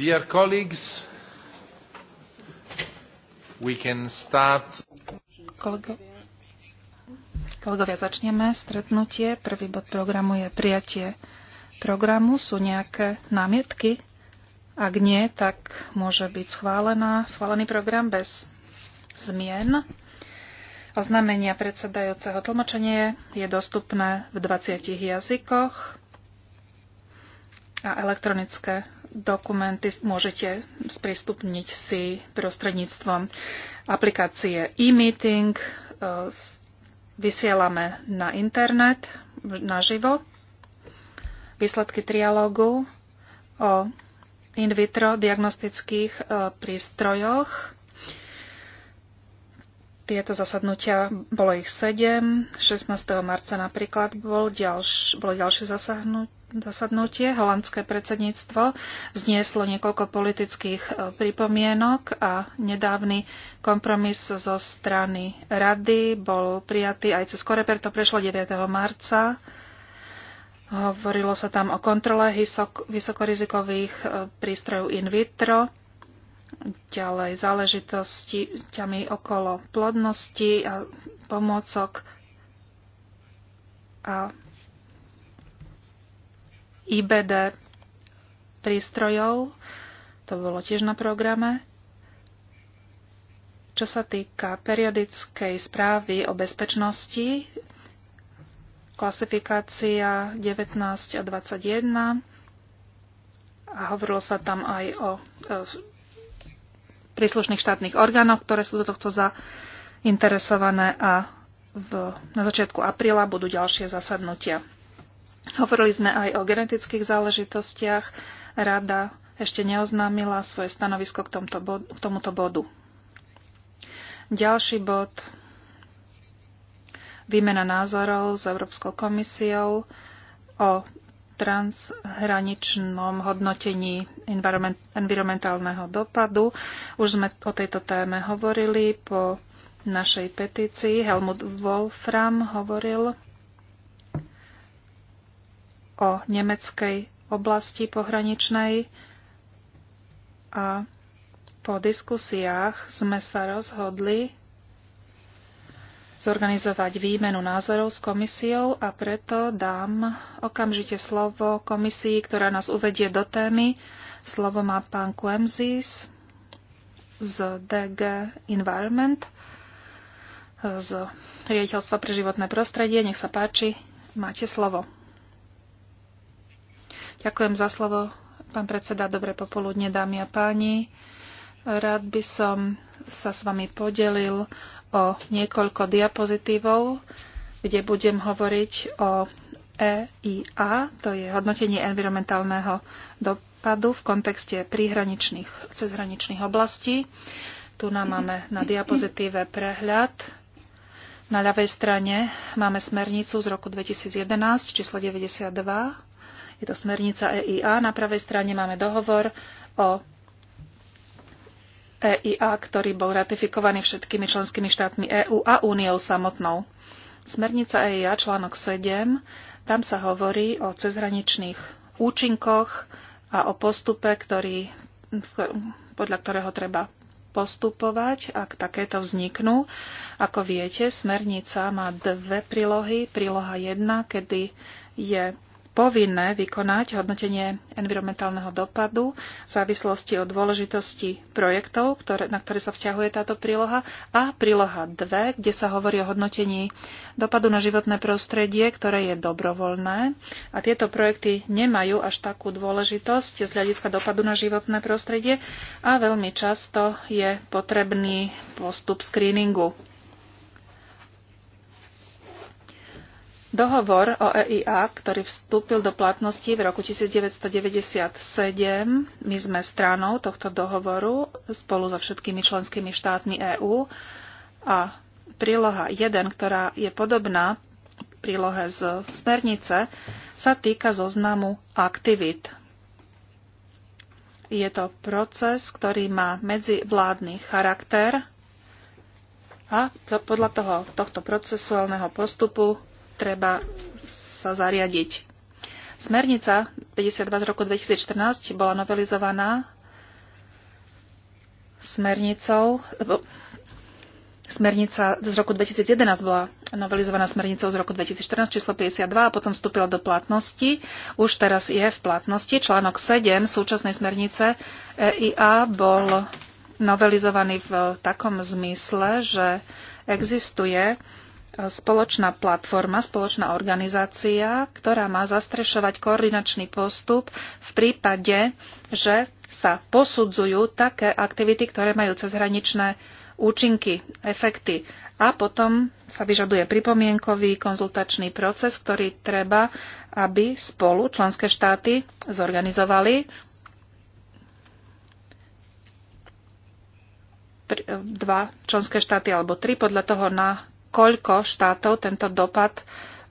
Dear colleagues, we can start. Kolego, kolegovia, začneme stretnutie. Prvý bod programu je prijatie programu. Sú nejaké námietky? Ak nie, tak môže byť schválená, schválený program bez zmien. Oznámenia predsedajúceho tlmočenie je dostupné v 20 jazykoch a elektronické dokumenty môžete sprístupniť si prostredníctvom aplikácie e-meeting. E, vysielame na internet naživo výsledky trialógu o in vitro diagnostických e, prístrojoch. Tieto zasadnutia, bolo ich 7. 16. marca napríklad bol ďalš, bolo ďalšie zasahnutie zasadnutie. Holandské predsedníctvo vznieslo niekoľko politických e, pripomienok a nedávny kompromis zo strany rady bol prijatý aj cez Koreper. To prešlo 9. marca. Hovorilo sa tam o kontrole vysokorizikových e, prístrojov in vitro, ďalej záležitostiami okolo plodnosti a pomôcok a IBD prístrojov. To bolo tiež na programe. Čo sa týka periodickej správy o bezpečnosti, klasifikácia 19 a 21 a hovorilo sa tam aj o e, príslušných štátnych orgánoch, ktoré sú do tohto zainteresované a v, na začiatku apríla budú ďalšie zasadnutia. Hovorili sme aj o genetických záležitostiach. Rada ešte neoznámila svoje stanovisko k, tomto bod, k tomuto bodu. Ďalší bod. Výmena názorov s Európskou komisiou o transhraničnom hodnotení environment, environmentálneho dopadu. Už sme o tejto téme hovorili po našej petícii. Helmut Wolfram hovoril o nemeckej oblasti pohraničnej a po diskusiách sme sa rozhodli zorganizovať výmenu názorov s komisiou a preto dám okamžite slovo komisii, ktorá nás uvedie do témy. Slovo má pán Kuemzis z DG Environment z Riediteľstva pre životné prostredie. Nech sa páči, máte slovo. Ďakujem za slovo, pán predseda. Dobré popoludne, dámy a páni. Rád by som sa s vami podelil o niekoľko diapozitívov, kde budem hovoriť o EIA, to je hodnotenie environmentálneho dopadu v kontexte príhraničných, cezhraničných oblastí. Tu nám máme na diapozitíve prehľad na ľavej strane máme smernicu z roku 2011, číslo 92, je to smernica EIA. Na pravej strane máme dohovor o EIA, ktorý bol ratifikovaný všetkými členskými štátmi EÚ a úniou samotnou. Smernica EIA článok 7, tam sa hovorí o cezhraničných účinkoch a o postupe, ktorý, podľa ktorého treba postupovať, ak takéto vzniknú. Ako viete, smernica má dve prílohy. Príloha 1, kedy je povinné vykonať hodnotenie environmentálneho dopadu v závislosti od dôležitosti projektov, ktoré, na ktoré sa vzťahuje táto príloha, a príloha 2, kde sa hovorí o hodnotení dopadu na životné prostredie, ktoré je dobrovoľné. A tieto projekty nemajú až takú dôležitosť z hľadiska dopadu na životné prostredie a veľmi často je potrebný postup screeningu. Dohovor o EIA, ktorý vstúpil do platnosti v roku 1997, my sme stranou tohto dohovoru spolu so všetkými členskými štátmi EÚ a príloha 1, ktorá je podobná prílohe z smernice, sa týka zoznamu aktivít. Je to proces, ktorý má medzivládny charakter a podľa toho, tohto procesuálneho postupu treba sa zariadiť. Smernica 52 z roku 2014 bola novelizovaná smernicou Smernica z roku 2011 bola novelizovaná smernicou z roku 2014 číslo 52 a potom vstúpila do platnosti. Už teraz je v platnosti. Článok 7 súčasnej smernice EIA bol novelizovaný v takom zmysle, že existuje spoločná platforma, spoločná organizácia, ktorá má zastrešovať koordinačný postup v prípade, že sa posudzujú také aktivity, ktoré majú cezhraničné účinky, efekty. A potom sa vyžaduje pripomienkový konzultačný proces, ktorý treba, aby spolu členské štáty zorganizovali dva členské štáty alebo tri podľa toho, na koľko štátov tento dopad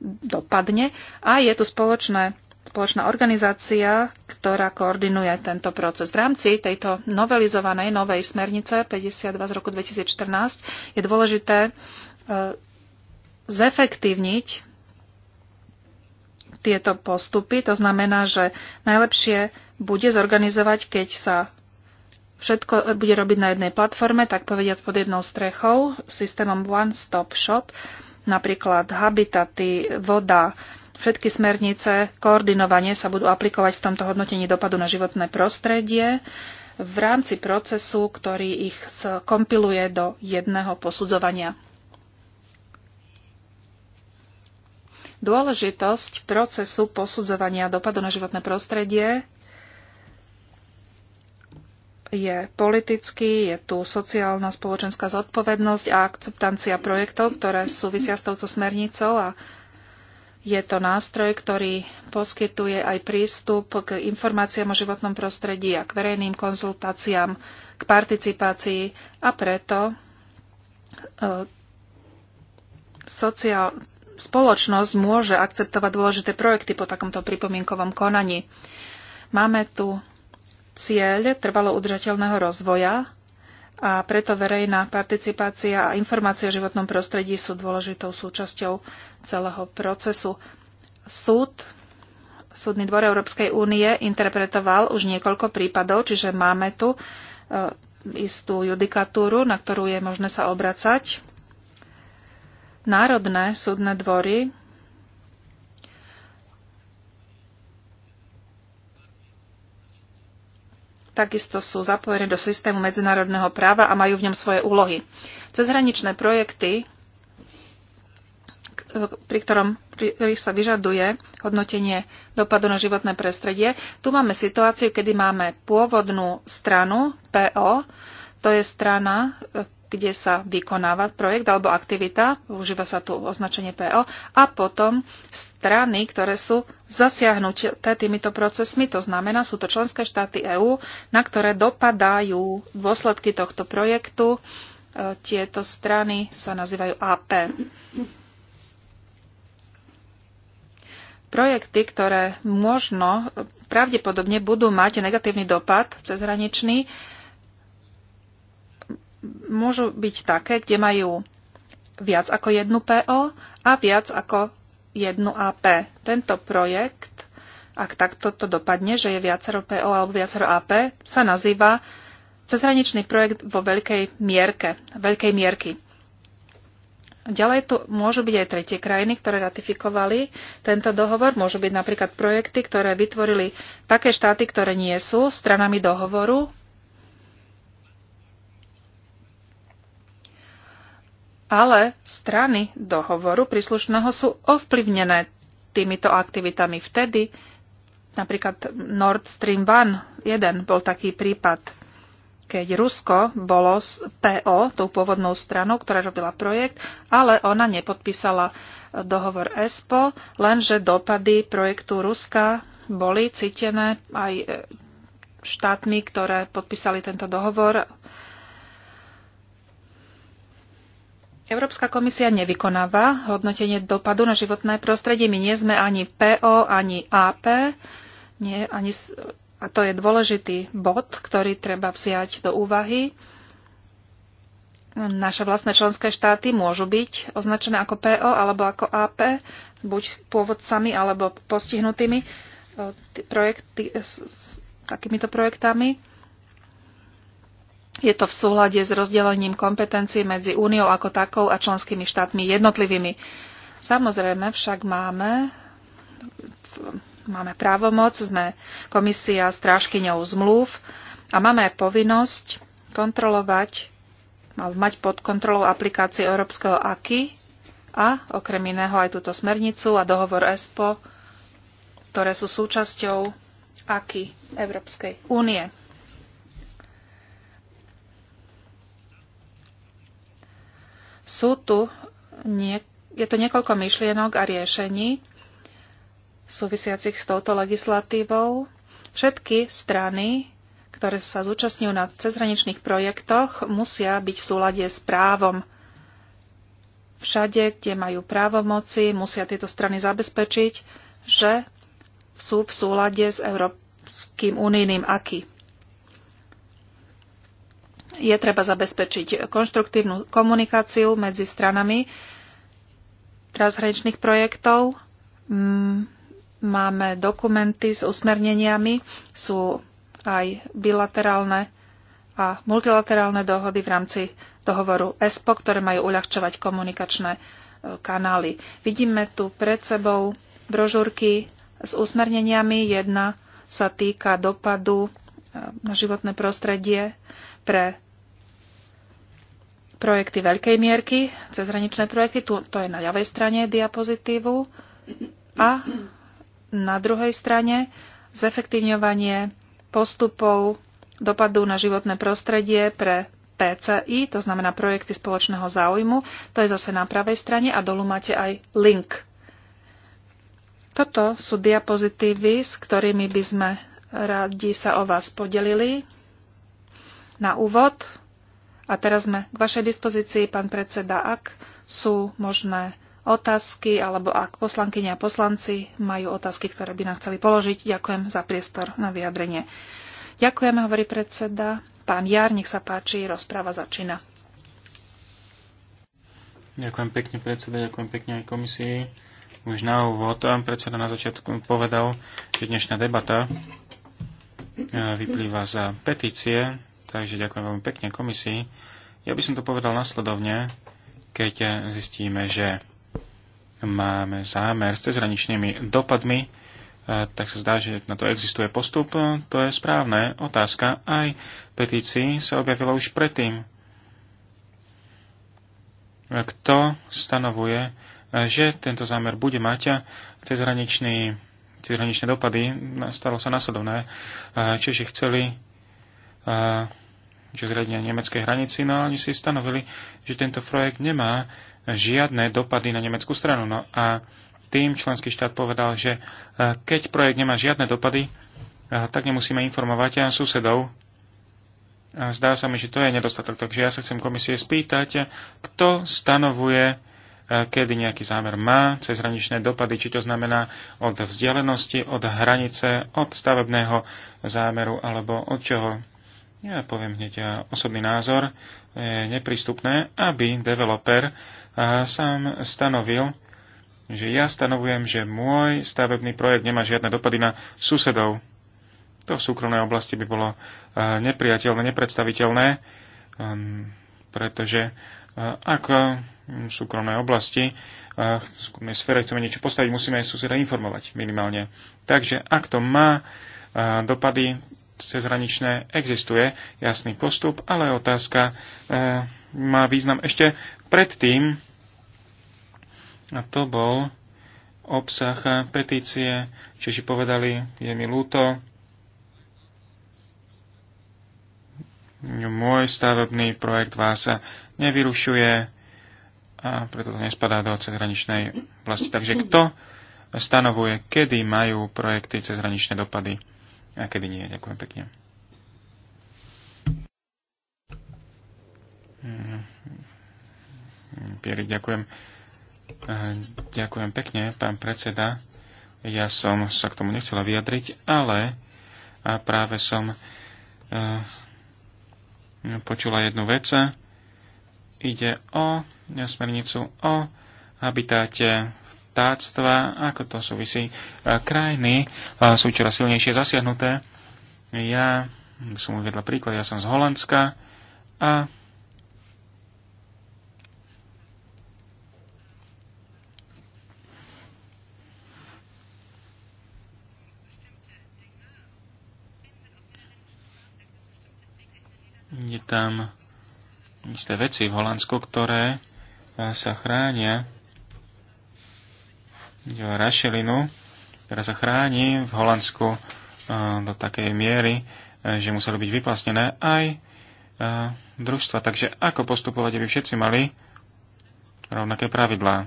dopadne. A je tu spoločné, spoločná organizácia, ktorá koordinuje tento proces. V rámci tejto novelizovanej novej smernice 52 z roku 2014 je dôležité e, zefektívniť tieto postupy. To znamená, že najlepšie bude zorganizovať, keď sa všetko bude robiť na jednej platforme, tak povediac pod jednou strechou, systémom One Stop Shop, napríklad habitaty, voda, všetky smernice, koordinovanie sa budú aplikovať v tomto hodnotení dopadu na životné prostredie v rámci procesu, ktorý ich kompiluje do jedného posudzovania. Dôležitosť procesu posudzovania dopadu na životné prostredie je politický, je tu sociálna spoločenská zodpovednosť a akceptancia projektov, ktoré súvisia s touto smernicou a je to nástroj, ktorý poskytuje aj prístup k informáciám o životnom prostredí a k verejným konzultáciám, k participácii a preto e, sociál, spoločnosť môže akceptovať dôležité projekty po takomto pripomienkovom konaní. Máme tu cieľ trvalo udržateľného rozvoja a preto verejná participácia a informácie o životnom prostredí sú dôležitou súčasťou celého procesu. Súd, Súdny dvor Európskej únie interpretoval už niekoľko prípadov, čiže máme tu e, istú judikatúru, na ktorú je možné sa obracať. Národné súdne dvory takisto sú zapojené do systému medzinárodného práva a majú v ňom svoje úlohy. Cezhraničné projekty, pri ktorom pri sa vyžaduje hodnotenie dopadu na životné prostredie. Tu máme situáciu, kedy máme pôvodnú stranu PO, to je strana, kde sa vykonáva projekt alebo aktivita, užíva sa tu označenie PO, a potom strany, ktoré sú zasiahnuté týmito procesmi, to znamená, sú to členské štáty EÚ, na ktoré dopadajú dôsledky tohto projektu. E, tieto strany sa nazývajú AP. Projekty, ktoré možno e, pravdepodobne budú mať negatívny dopad cezhraničný, hraničný, môžu byť také, kde majú viac ako jednu PO a viac ako jednu AP. Tento projekt, ak takto to dopadne, že je viacero PO alebo viacero AP, sa nazýva cezhraničný projekt vo veľkej mierke, veľkej mierky. Ďalej tu môžu byť aj tretie krajiny, ktoré ratifikovali tento dohovor. Môžu byť napríklad projekty, ktoré vytvorili také štáty, ktoré nie sú stranami dohovoru, ale strany dohovoru príslušného sú ovplyvnené týmito aktivitami. Vtedy napríklad Nord Stream 1 1 bol taký prípad, keď Rusko bolo s PO, tou pôvodnou stranou, ktorá robila projekt, ale ona nepodpísala dohovor ESPO, lenže dopady projektu Ruska boli citené aj e, štátmi, ktoré podpísali tento dohovor Európska komisia nevykonáva hodnotenie dopadu na životné prostredie. My nie sme ani PO, ani AP. Nie, ani, a to je dôležitý bod, ktorý treba vziať do úvahy. Naše vlastné členské štáty môžu byť označené ako PO alebo ako AP, buď pôvodcami alebo postihnutými projekty, takýmito projektami. Je to v súlade s rozdelením kompetencií medzi úniou ako takou a členskými štátmi jednotlivými. Samozrejme však máme, máme právomoc, sme komisia strážkyňou zmluv a máme aj povinnosť kontrolovať, mať pod kontrolou aplikácie Európskeho AKI a okrem iného aj túto smernicu a dohovor ESPO, ktoré sú súčasťou AKI Európskej únie. Sú tu nie, je to niekoľko myšlienok a riešení súvisiacich s touto legislatívou. Všetky strany, ktoré sa zúčastňujú na cezhraničných projektoch, musia byť v súlade s právom. Všade, kde majú právomoci, musia tieto strany zabezpečiť, že sú v súlade s Európskym unijným aký je treba zabezpečiť konštruktívnu komunikáciu medzi stranami transhraničných projektov. Mm, máme dokumenty s usmerneniami, sú aj bilaterálne a multilaterálne dohody v rámci dohovoru ESPO, ktoré majú uľahčovať komunikačné e, kanály. Vidíme tu pred sebou brožúrky s usmerneniami. Jedna sa týka dopadu e, na životné prostredie pre projekty veľkej mierky, cezhraničné projekty, tu, to je na ľavej strane diapozitívu, a na druhej strane zefektívňovanie postupov dopadu na životné prostredie pre PCI, to znamená projekty spoločného záujmu, to je zase na pravej strane a dolu máte aj link. Toto sú diapozitívy, s ktorými by sme radi sa o vás podelili. Na úvod a teraz sme k vašej dispozícii, pán predseda, ak sú možné otázky, alebo ak poslankyne a poslanci majú otázky, ktoré by nám chceli položiť. Ďakujem za priestor na vyjadrenie. Ďakujem, hovorí predseda. Pán Jar, nech sa páči, rozpráva začína. Ďakujem pekne, predseda, ďakujem pekne aj komisii. Už na úvod, predseda na začiatku povedal, že dnešná debata e, vyplýva za petície Takže ďakujem veľmi pekne komisii. Ja by som to povedal nasledovne, keď zistíme, že máme zámer s cezhraničnými dopadmi, eh, tak sa zdá, že na to existuje postup. To je správne. Otázka aj petícii sa objavila už predtým. Kto stanovuje, že tento zámer bude mať cezhraničný, cezhraničné dopady? No, stalo sa nasledovné. Eh, čiže chceli eh, čo zriadenia nemeckej hranici, no oni si stanovili, že tento projekt nemá žiadne dopady na nemeckú stranu. No a tým členský štát povedal, že e, keď projekt nemá žiadne dopady, e, tak nemusíme informovať aj e, susedov. A zdá sa mi, že to je nedostatok. Takže ja sa chcem komisie spýtať, kto stanovuje kedy nejaký zámer má, cez hraničné dopady, či to znamená od vzdialenosti, od hranice, od stavebného zámeru alebo od čoho ja poviem hneď ja, osobný názor, je neprístupné, aby developer sám stanovil, že ja stanovujem, že môj stavebný projekt nemá žiadne dopady na susedov. To v súkromnej oblasti by bolo nepriateľné, nepredstaviteľné, um, pretože ak v súkromnej oblasti, v súkromnej sfére chceme niečo postaviť, musíme aj suseda informovať minimálne. Takže ak to má dopady cezhraničné existuje jasný postup, ale otázka e, má význam ešte predtým, a to bol obsah petície. Češi povedali, je mi ľúto, môj stavebný projekt vás nevyrušuje a preto to nespadá do cezhraničnej vlasti. Takže kto stanovuje, kedy majú projekty cezhraničné dopady? a kedy nie. Ďakujem pekne. Mm. Pierik, ďakujem. Ďakujem pekne, pán predseda. Ja som sa k tomu nechcela vyjadriť, ale a práve som e, počula jednu vec. Ide o smernicu o habitáte v štáctva, ako to súvisí. E, krajiny e, sú čoraz silnejšie zasiahnuté. Ja som uvedla príklad, ja som z Holandska a je tam isté veci v Holandsku, ktoré e, sa chránia rašelinu, ktorá sa chráni v Holandsku eh, do takej miery, eh, že museli byť vyplastnené aj eh, družstva. Takže ako postupovať, aby všetci mali rovnaké pravidlá?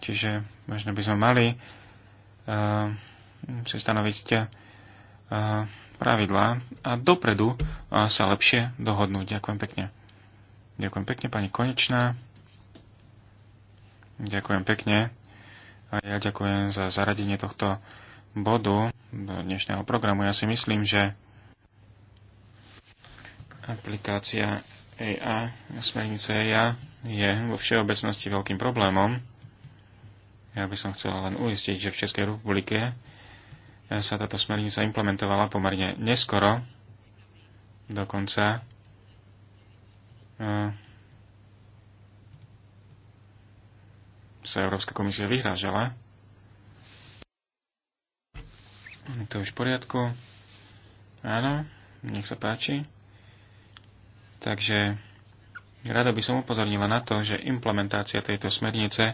Čiže možno by sme mali si stanoviť pravidlá a dopredu sa lepšie dohodnúť. Ďakujem pekne. Ďakujem pekne, pani Konečná. Ďakujem pekne. A ja ďakujem za zaradenie tohto bodu do dnešného programu. Ja si myslím, že aplikácia EA, smernice EA, je vo všeobecnosti veľkým problémom. Ja by som chcel len uistiť, že v Českej republike sa táto smernica implementovala pomerne neskoro, dokonca eh, sa Európska komisia vyhrážala. Je to už v poriadku. Áno, nech sa páči. Takže rada by som upozornila na to, že implementácia tejto smernice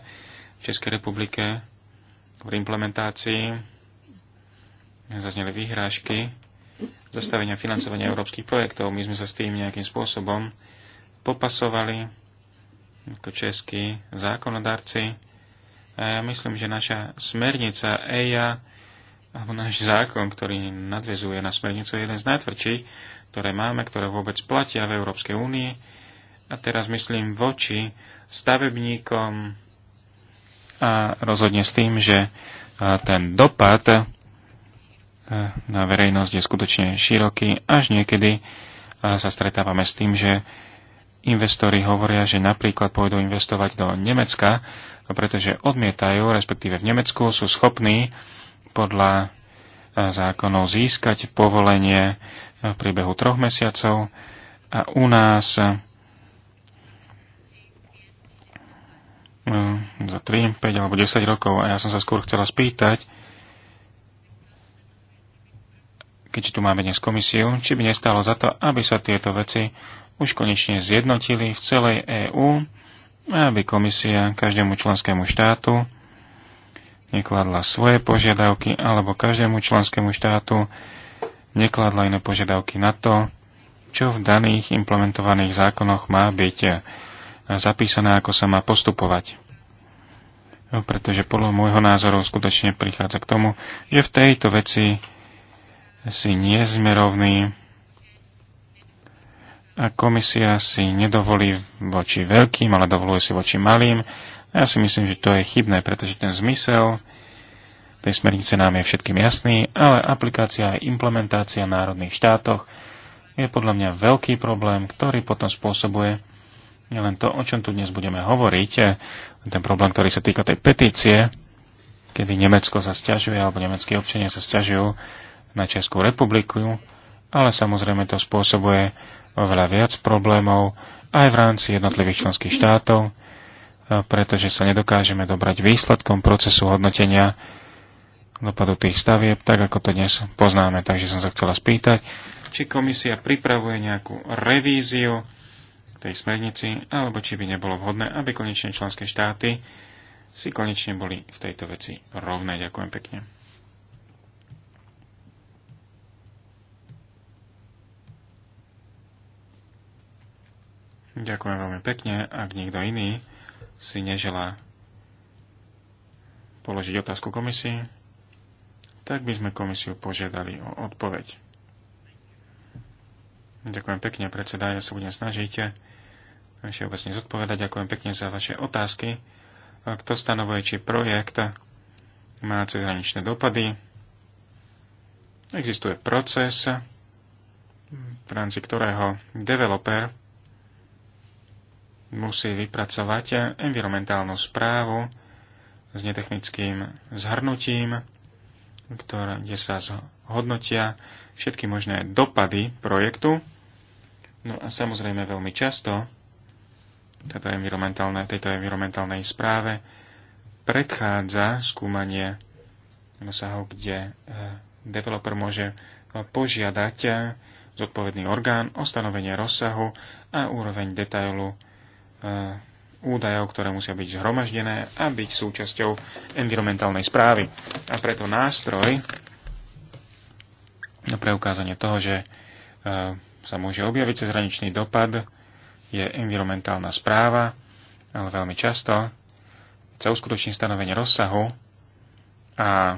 v Českej republike v implementácii zazneli výhrážky zastavenia financovania európskych projektov. My sme sa s tým nejakým spôsobom popasovali ako českí zákonodarci. A ja myslím, že naša smernica EIA, alebo náš zákon, ktorý nadvezuje na smernicu, je jeden z najtvrdších, ktoré máme, ktoré vôbec platia v Európskej únii. A teraz myslím voči stavebníkom a rozhodne s tým, že ten dopad na verejnosť je skutočne široký, až niekedy sa stretávame s tým, že investori hovoria, že napríklad pôjdu investovať do Nemecka, pretože odmietajú, respektíve v Nemecku sú schopní podľa e, zákonov získať povolenie e, v priebehu troch mesiacov a u nás e, za 3, 5 alebo 10 rokov. A ja som sa skôr chcela spýtať, keďže tu máme dnes komisiu, či by nestalo za to, aby sa tieto veci už konečne zjednotili v celej EÚ, aby komisia každému členskému štátu nekladla svoje požiadavky, alebo každému členskému štátu nekladla iné požiadavky na to, čo v daných implementovaných zákonoch má byť zapísané, ako sa má postupovať. Pretože podľa môjho názoru skutočne prichádza k tomu, že v tejto veci si nie sme rovní a komisia si nedovolí voči veľkým, ale dovoluje si voči malým. A ja si myslím, že to je chybné, pretože ten zmysel tej smernice nám je všetkým jasný, ale aplikácia a implementácia v národných štátoch je podľa mňa veľký problém, ktorý potom spôsobuje nielen to, o čom tu dnes budeme hovoriť, ten problém, ktorý sa týka tej petície, kedy Nemecko sa stiažuje, alebo nemeckí občania sa stiažujú na Českú republiku, ale samozrejme to spôsobuje oveľa viac problémov aj v rámci jednotlivých členských štátov, e, pretože sa nedokážeme dobrať výsledkom procesu hodnotenia dopadu tých stavieb, tak ako to dnes poznáme. Takže som sa chcela spýtať, či komisia pripravuje nejakú revíziu tej smernici, alebo či by nebolo vhodné, aby konečne členské štáty si konečne boli v tejto veci rovné. Ďakujem pekne. Ďakujem veľmi pekne. Ak niekto iný si neželá položiť otázku komisii, tak by sme komisiu požiadali o odpoveď. Ďakujem pekne, predseda, ja sa budem snažiť všeobecne zodpovedať. Ďakujem pekne za vaše otázky. Kto stanovuje, či projekt má cezhraničné dopady? Existuje proces, v rámci ktorého developer musí vypracovať environmentálnu správu s netechnickým zhrnutím, ktoré, kde sa zhodnotia všetky možné dopady projektu. No a samozrejme veľmi často tejto environmentálnej, tejto environmentálnej správe predchádza skúmanie rozsahov, kde eh, developer môže požiadať eh, zodpovedný orgán o stanovenie rozsahu a úroveň detailu E, údajov, ktoré musia byť zhromaždené a byť súčasťou environmentálnej správy. A preto nástroj na preukázanie toho, že e, sa môže objaviť cezhraničný dopad, je environmentálna správa, ale veľmi často sa uskutoční stanovenie rozsahu a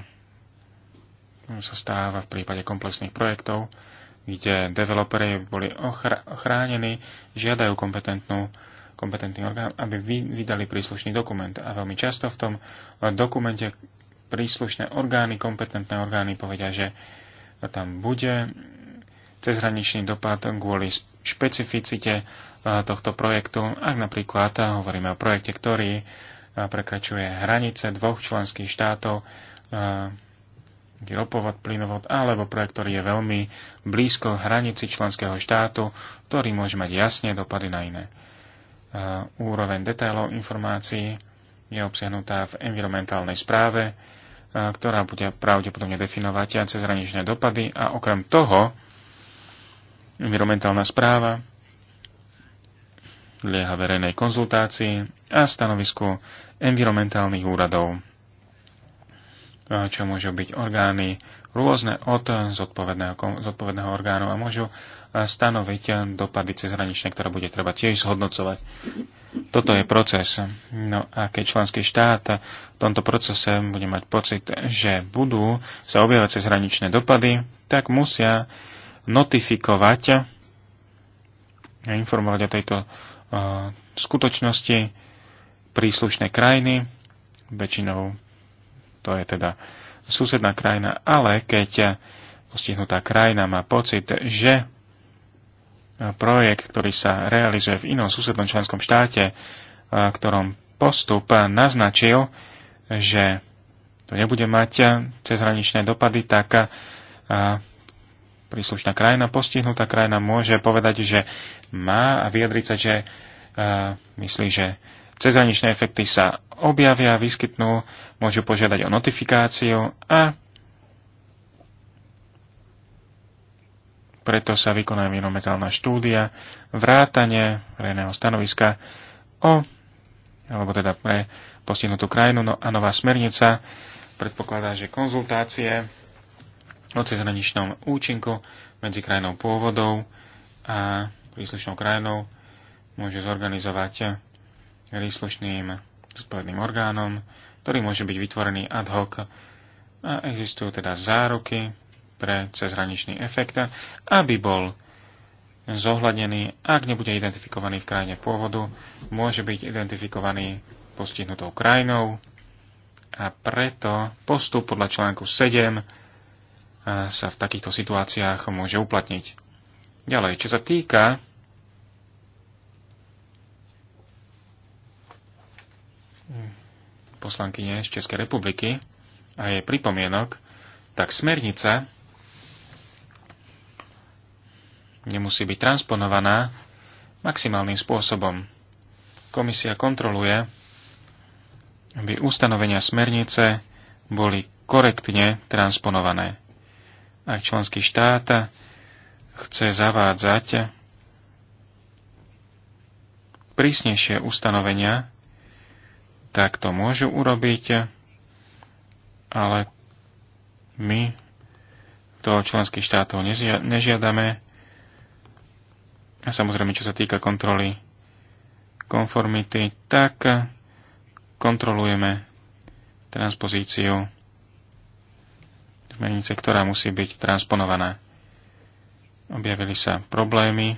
sa stáva v prípade komplexných projektov, kde developeri boli ochránení, žiadajú kompetentnú kompetentný orgán, aby vydali príslušný dokument. A veľmi často v tom eh, dokumente príslušné orgány, kompetentné orgány povedia, že tam bude cezhraničný dopad kvôli špecificite eh, tohto projektu, ak napríklad eh, hovoríme o projekte, ktorý prekračuje hranice dvoch členských štátov, ropovod, plynovod alebo projekt, ktorý je veľmi blízko hranici členského štátu, ktorý môže mať jasne dopady na iné úroveň detailov informácií je obsiahnutá v environmentálnej správe, ktorá bude pravdepodobne definovať aj cezhraničné dopady a okrem toho environmentálna správa lieha verejnej konzultácii a stanovisku environmentálnych úradov, čo môžu byť orgány rôzne od zodpovedného, zodpovedného orgánu a môžu stanoviť dopady cezhraničné, ktoré bude treba tiež zhodnocovať. Toto je proces. No a keď členský štát v tomto procese bude mať pocit, že budú sa objavať cezhraničné dopady, tak musia notifikovať a informovať o tejto uh, skutočnosti príslušné krajiny, väčšinou to je teda susedná krajina, ale keď postihnutá krajina má pocit, že projekt, ktorý sa realizuje v inom susednom členskom štáte, e, ktorom postup naznačil, že to nebude mať cezhraničné dopady, tak e, príslušná krajina, postihnutá krajina môže povedať, že má a vyjadriť sa, že e, myslí, že cezhraničné efekty sa objavia, vyskytnú, môžu požiadať o notifikáciu a preto sa vykoná environmentálna štúdia, vrátanie verejného stanoviska o, alebo teda pre postihnutú krajinu no a nová smernica predpokladá, že konzultácie o cezhraničnom účinku medzi krajinou pôvodov a príslušnou krajinou môže zorganizovať príslušným zodpovedným orgánom, ktorý môže byť vytvorený ad hoc a existujú teda záruky pre cezhraničný efekt, aby bol zohľadnený, ak nebude identifikovaný v krajine pôvodu, môže byť identifikovaný postihnutou krajinou a preto postup podľa článku 7 sa v takýchto situáciách môže uplatniť. Ďalej, čo sa týka poslankyne z Českej republiky a jej pripomienok, tak smernica nemusí byť transponovaná maximálnym spôsobom. Komisia kontroluje, aby ustanovenia smernice boli korektne transponované. Ak členský štát chce zavádzať prísnejšie ustanovenia, tak to môžu urobiť, ale my toho členských štátov nežiadame a samozrejme, čo sa týka kontroly konformity, tak kontrolujeme transpozíciu zmenice, ktorá musí byť transponovaná. Objavili sa problémy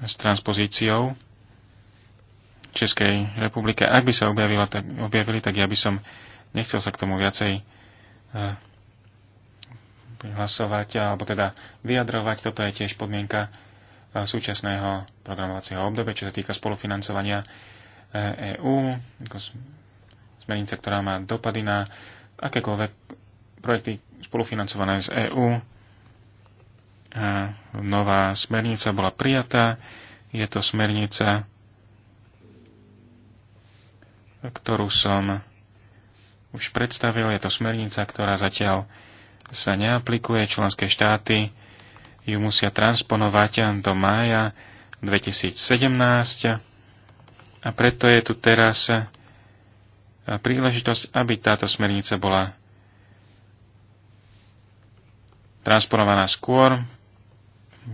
s transpozíciou Českej republike. Ak by sa objavila, tak, objavili, tak ja by som nechcel sa k tomu viacej eh, hlasovať, alebo teda vyjadrovať. Toto je tiež podmienka súčasného programovacieho obdobia, čo sa týka spolufinancovania EÚ, e smernica, ktorá má dopady na akékoľvek projekty spolufinancované z EÚ. Nová smernica bola prijatá. Je to smernica, ktorú som už predstavil. Je to smernica, ktorá zatiaľ sa neaplikuje. Členské štáty ju musia transponovať do mája 2017 a preto je tu teraz príležitosť, aby táto smernica bola transponovaná skôr,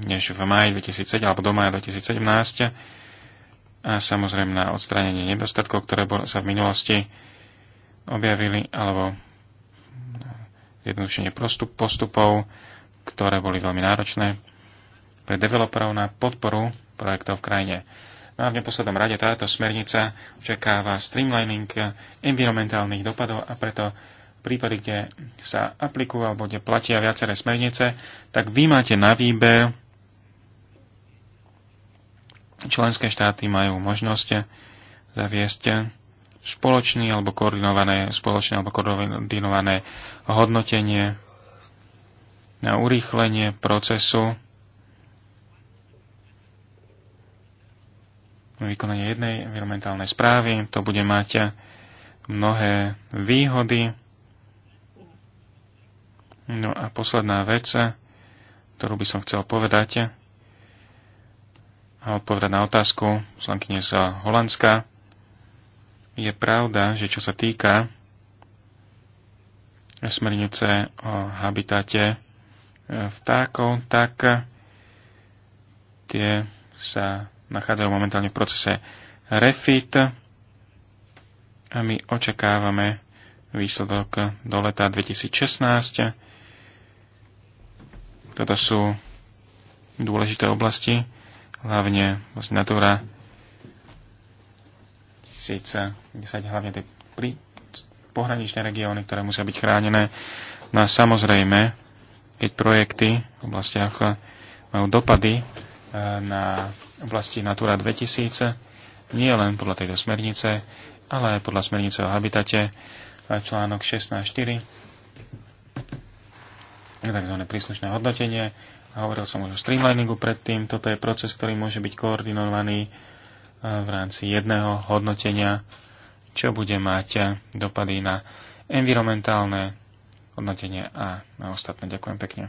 než v máji 2007 alebo do mája 2017 a samozrejme na odstránenie nedostatkov, ktoré sa v minulosti objavili alebo postup postupov, ktoré boli veľmi náročné pre developerov na podporu projektov v krajine. No a v neposlednom rade táto smernica očakáva streamlining environmentálnych dopadov a preto prípady, kde sa aplikujú alebo kde platia viaceré smernice, tak vy máte na výber, členské štáty majú možnosť zaviesť spoločný alebo koordinované, spoločné alebo koordinované hodnotenie na urýchlenie procesu vykonanie jednej environmentálnej správy. To bude mať mnohé výhody. No a posledná vec, ktorú by som chcel povedať a odpovedať na otázku poslankyne z Holandska. Je pravda, že čo sa týka smernice o habitate, vtákov, tak eh, tie sa nachádzajú momentálne v procese refit a my očakávame výsledok do leta 2016. Toto sú dôležité oblasti, hlavne vlastne Natura 1010, hlavne tie pri, pohraničné regióny, ktoré musia byť chránené. No a samozrejme, keď projekty v oblastiach eh, majú dopady eh, na oblasti Natura 2000, nie len podľa tejto smernice, ale aj podľa smernice o habitate, článok 16.4, tzv. príslušné hodnotenie. Hovoril som už o streamliningu predtým. Toto je proces, ktorý môže byť koordinovaný eh, v rámci jedného hodnotenia, čo bude mať dopady na environmentálne hodnotenie a na ostatné. Ďakujem pekne.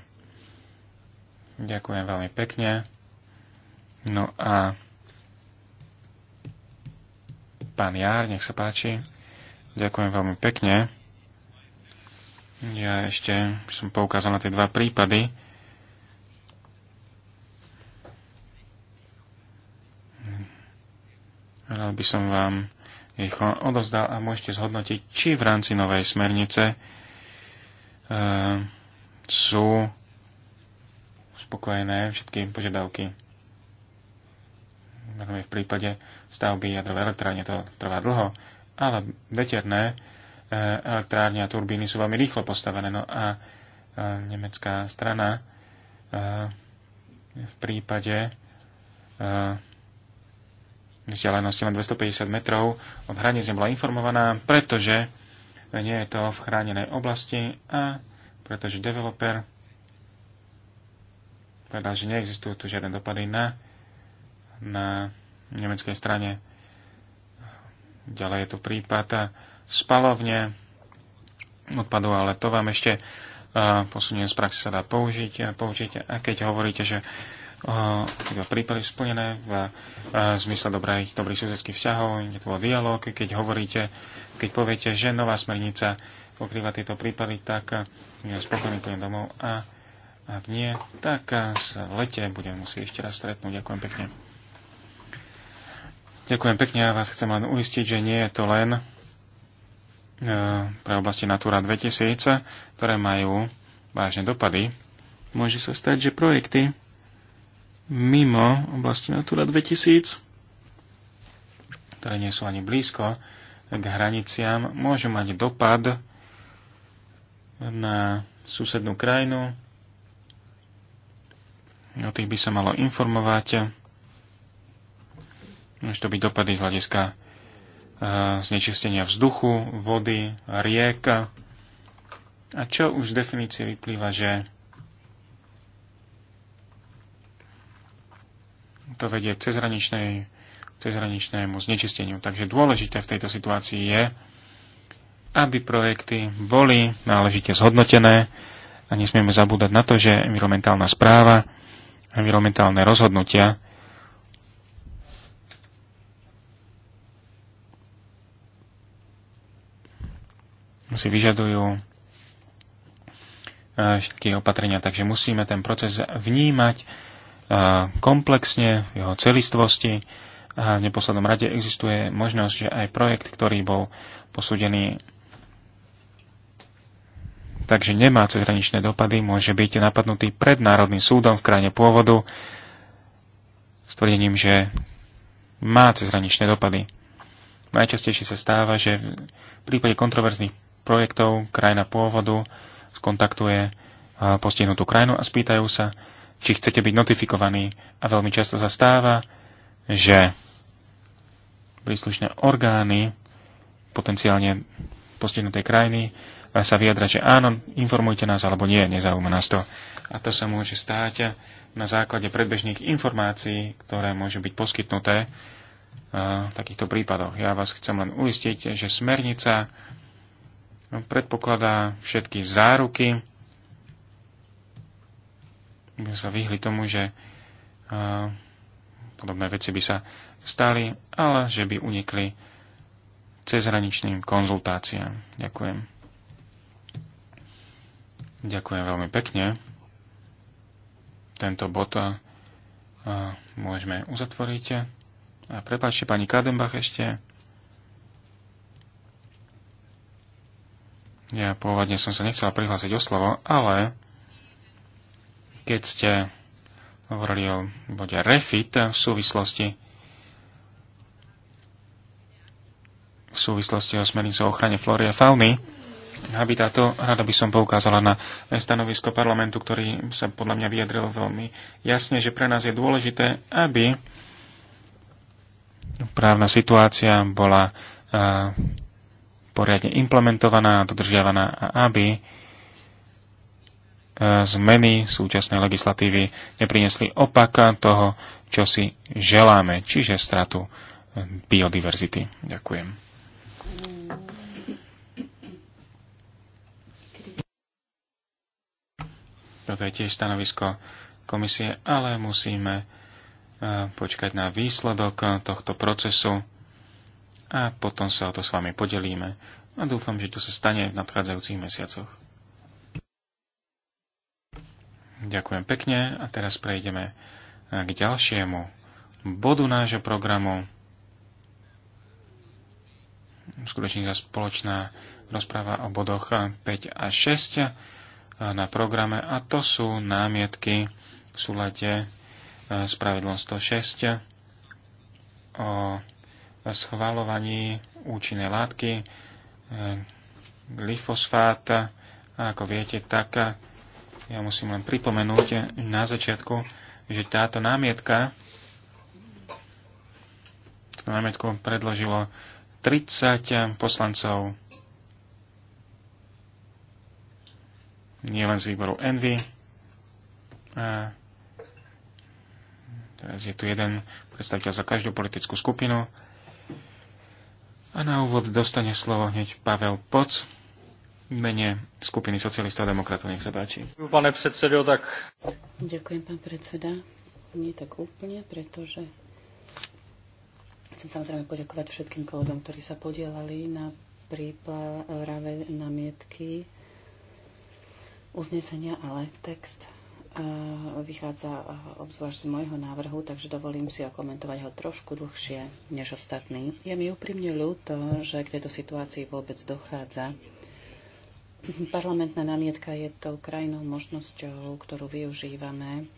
Ďakujem veľmi pekne. No a pán Jár, nech sa páči. Ďakujem veľmi pekne. Ja ešte som poukázal na tie dva prípady. Rád by som vám ich odovzdal a môžete zhodnotiť, či v rámci novej smernice Eh, sú spokojené všetky požiadavky. V prípade stavby jadrovej elektrárne to trvá dlho, ale veterné eh, elektrárne a turbíny sú veľmi rýchlo postavené. No a eh, nemecká strana v prípade vzdialenosti len 250 metrov od hranice bola informovaná, pretože nie je to v chránenej oblasti a pretože developer povedal, že neexistujú tu žiadne dopady na, na nemeckej strane. Ďalej je tu prípad spalovne odpadu, ale to vám ešte eh, posuniem z praxe sa dá použiť. a použiť. A keď hovoríte, že iba prípady splnené v, v zmysle dobrých, dobrých susedských vzťahov, je to dialog, keď hovoríte, keď poviete, že nová smernica pokrýva tieto prípady, tak je spokojný plne domov a ak nie, tak sa v lete budem musieť ešte raz stretnúť. Ďakujem pekne. Ďakujem pekne a vás chcem len uistiť, že nie je to len e, pre oblasti Natura 2000, ktoré majú vážne dopady. Môže sa stať, že projekty mimo oblasti Natura 2000, ktoré nie sú ani blízko k hraniciám môžu mať dopad na susednú krajinu. O tých by sa malo informovať. Môže to byť dopady z hľadiska e, znečistenia vzduchu, vody, rieka, A čo už z definície vyplýva, že to vedie k cezhraničnej, cezhraničnému znečisteniu. Takže dôležité v tejto situácii je, aby projekty boli náležite zhodnotené a nesmieme zabúdať na to, že environmentálna správa, environmentálne rozhodnutia si vyžadujú eh, všetky opatrenia, takže musíme ten proces vnímať komplexne, v jeho celistvosti a v neposlednom rade existuje možnosť, že aj projekt, ktorý bol posúdený takže nemá cezhraničné dopady, môže byť napadnutý pred Národným súdom v krajine pôvodu s tvrdením, že má cezhraničné dopady. Najčastejšie sa stáva, že v prípade kontroverzných projektov krajina pôvodu skontaktuje postihnutú krajinu a spýtajú sa, či chcete byť notifikovaní. A veľmi často sa stáva, že príslušné orgány potenciálne postihnutej krajiny sa vyjadrať, že áno, informujte nás alebo nie, nezaujíma nás to. A to sa môže stáť na základe predbežných informácií, ktoré môžu byť poskytnuté v takýchto prípadoch. Ja vás chcem len uistiť, že smernica predpokladá všetky záruky, by sa vyhli tomu, že uh, podobné veci by sa stali, ale že by unikli cezhraničným konzultáciám. Ďakujem. Ďakujem veľmi pekne. Tento bod uh, môžeme uzatvoriť. A prepáčte, pani Kadenbach ešte. Ja pôvodne som sa nechcela prihlásiť o slovo, ale keď ste hovorili o bode refit v súvislosti v súvislosti o smernicu ochrane flóry a fauny habitátu, rada by som poukázala na stanovisko parlamentu, ktorý sa podľa mňa vyjadril veľmi jasne, že pre nás je dôležité, aby právna situácia bola eh, poriadne implementovaná a dodržiavaná a aby E, zmeny súčasnej legislatívy neprinesli opaka toho, čo si želáme, čiže stratu e, biodiverzity. Ďakujem. Toto je tiež stanovisko komisie, ale musíme e, počkať na výsledok tohto procesu a potom sa o to s vami podelíme. A dúfam, že to sa stane v nadchádzajúcich mesiacoch. Ďakujem pekne a teraz prejdeme e, k ďalšiemu bodu nášho programu. Skutočne za spoločná rozpráva o bodoch 5 e, a 6 e, na programe a to sú námietky v súlade s pravidlom 106 o schvalovaní účinnej látky glyfosfát. A ako viete, tak ja musím len pripomenúť na začiatku, že táto námietka tú námietku predložilo 30 poslancov nielen z výboru Envy. A teraz je tu jeden predstaviteľ za každú politickú skupinu. A na úvod dostane slovo hneď Pavel Poc mene skupiny socialistov a demokratov. Nech sa páči. Pane predsedo, tak... Ďakujem, pán predseda. Nie tak úplne, pretože chcem samozrejme poďakovať všetkým kolegom, ktorí sa podielali na príprave namietky uznesenia, ale text vychádza obzvlášť z môjho návrhu, takže dovolím si okomentovať ho trošku dlhšie než ostatný. Je mi úprimne ľúto, že k tejto situácii vôbec dochádza. Parlamentná namietka je tou krajnou možnosťou, ktorú využívame,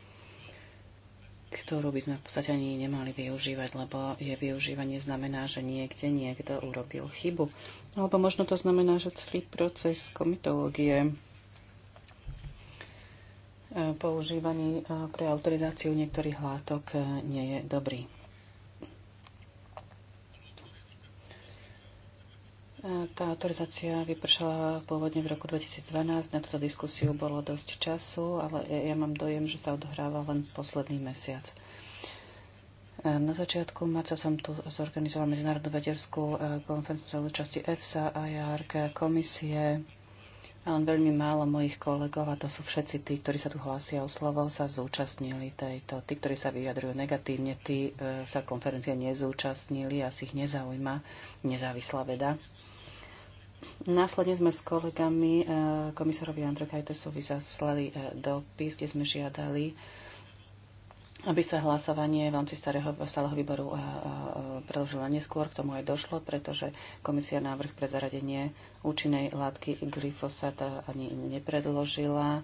ktorú by sme v podstate ani nemali využívať, lebo je využívanie znamená, že niekde niekto urobil chybu. Alebo možno to znamená, že celý proces komitológie e, používaný e, pre autorizáciu niektorých látok e, nie je dobrý. Tá autorizácia vypršala pôvodne v roku 2012. Na túto diskusiu bolo dosť času, ale ja mám dojem, že sa odohráva len posledný mesiac. Na začiatku marca som tu zorganizoval medzinárodnú vederskú e, konferenciu za účasti EFSA, JARK komisie, a len veľmi málo mojich kolegov, a to sú všetci tí, ktorí sa tu hlásia o slovo, sa zúčastnili tejto. Tí, ktorí sa vyjadrujú negatívne, tí e, sa konferencie nezúčastnili, asi ich nezaujíma nezávislá veda Následne sme s kolegami eh, komisárovi Androkajtesovi zaslali eh, dopis, kde sme žiadali, aby sa hlasovanie v rámci starého stáleho výboru eh, predlžilo neskôr. K tomu aj došlo, pretože komisia návrh pre zaradenie účinnej látky glyfosát ani nepredložila,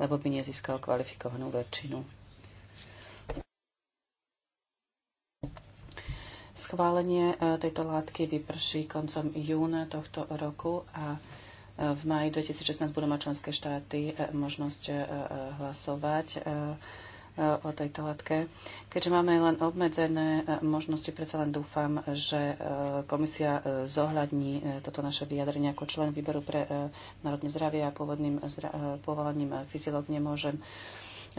lebo by nezískal kvalifikovanú väčšinu. Schválenie e, tejto látky vyprší koncom júna tohto roku a e, v maji 2016 budú mať členské štáty e, možnosť hlasovať o tejto látke. Keďže máme len obmedzené možnosti, predsa len dúfam, že komisia zohľadní toto naše vyjadrenie ako člen výboru pre národné zdravie a pôvodným povolaním fyziolog nemôžem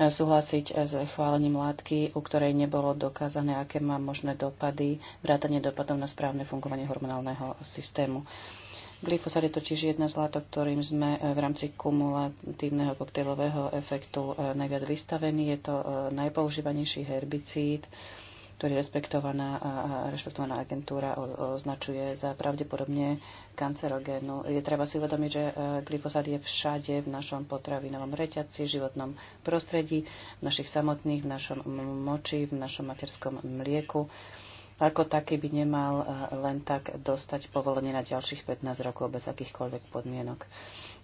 súhlasiť s chválením látky, u ktorej nebolo dokázané, aké má možné dopady, vrátanie dopadov na správne fungovanie hormonálneho systému. Glyfosát je totiž jedna z látok, ktorým sme v rámci kumulatívneho koktejlového efektu eh, najviac vystavení. Je to eh, najpoužívanejší herbicíd ktorý rešpektovaná, rešpektovaná agentúra označuje za pravdepodobne kancerogénu. Je treba si uvedomiť, že e, glyfosát je všade v našom potravinovom v životnom prostredí, v našich samotných, v našom moči, v našom materskom mlieku ako taký by nemal e, len tak dostať povolenie na ďalších 15 rokov bez akýchkoľvek podmienok.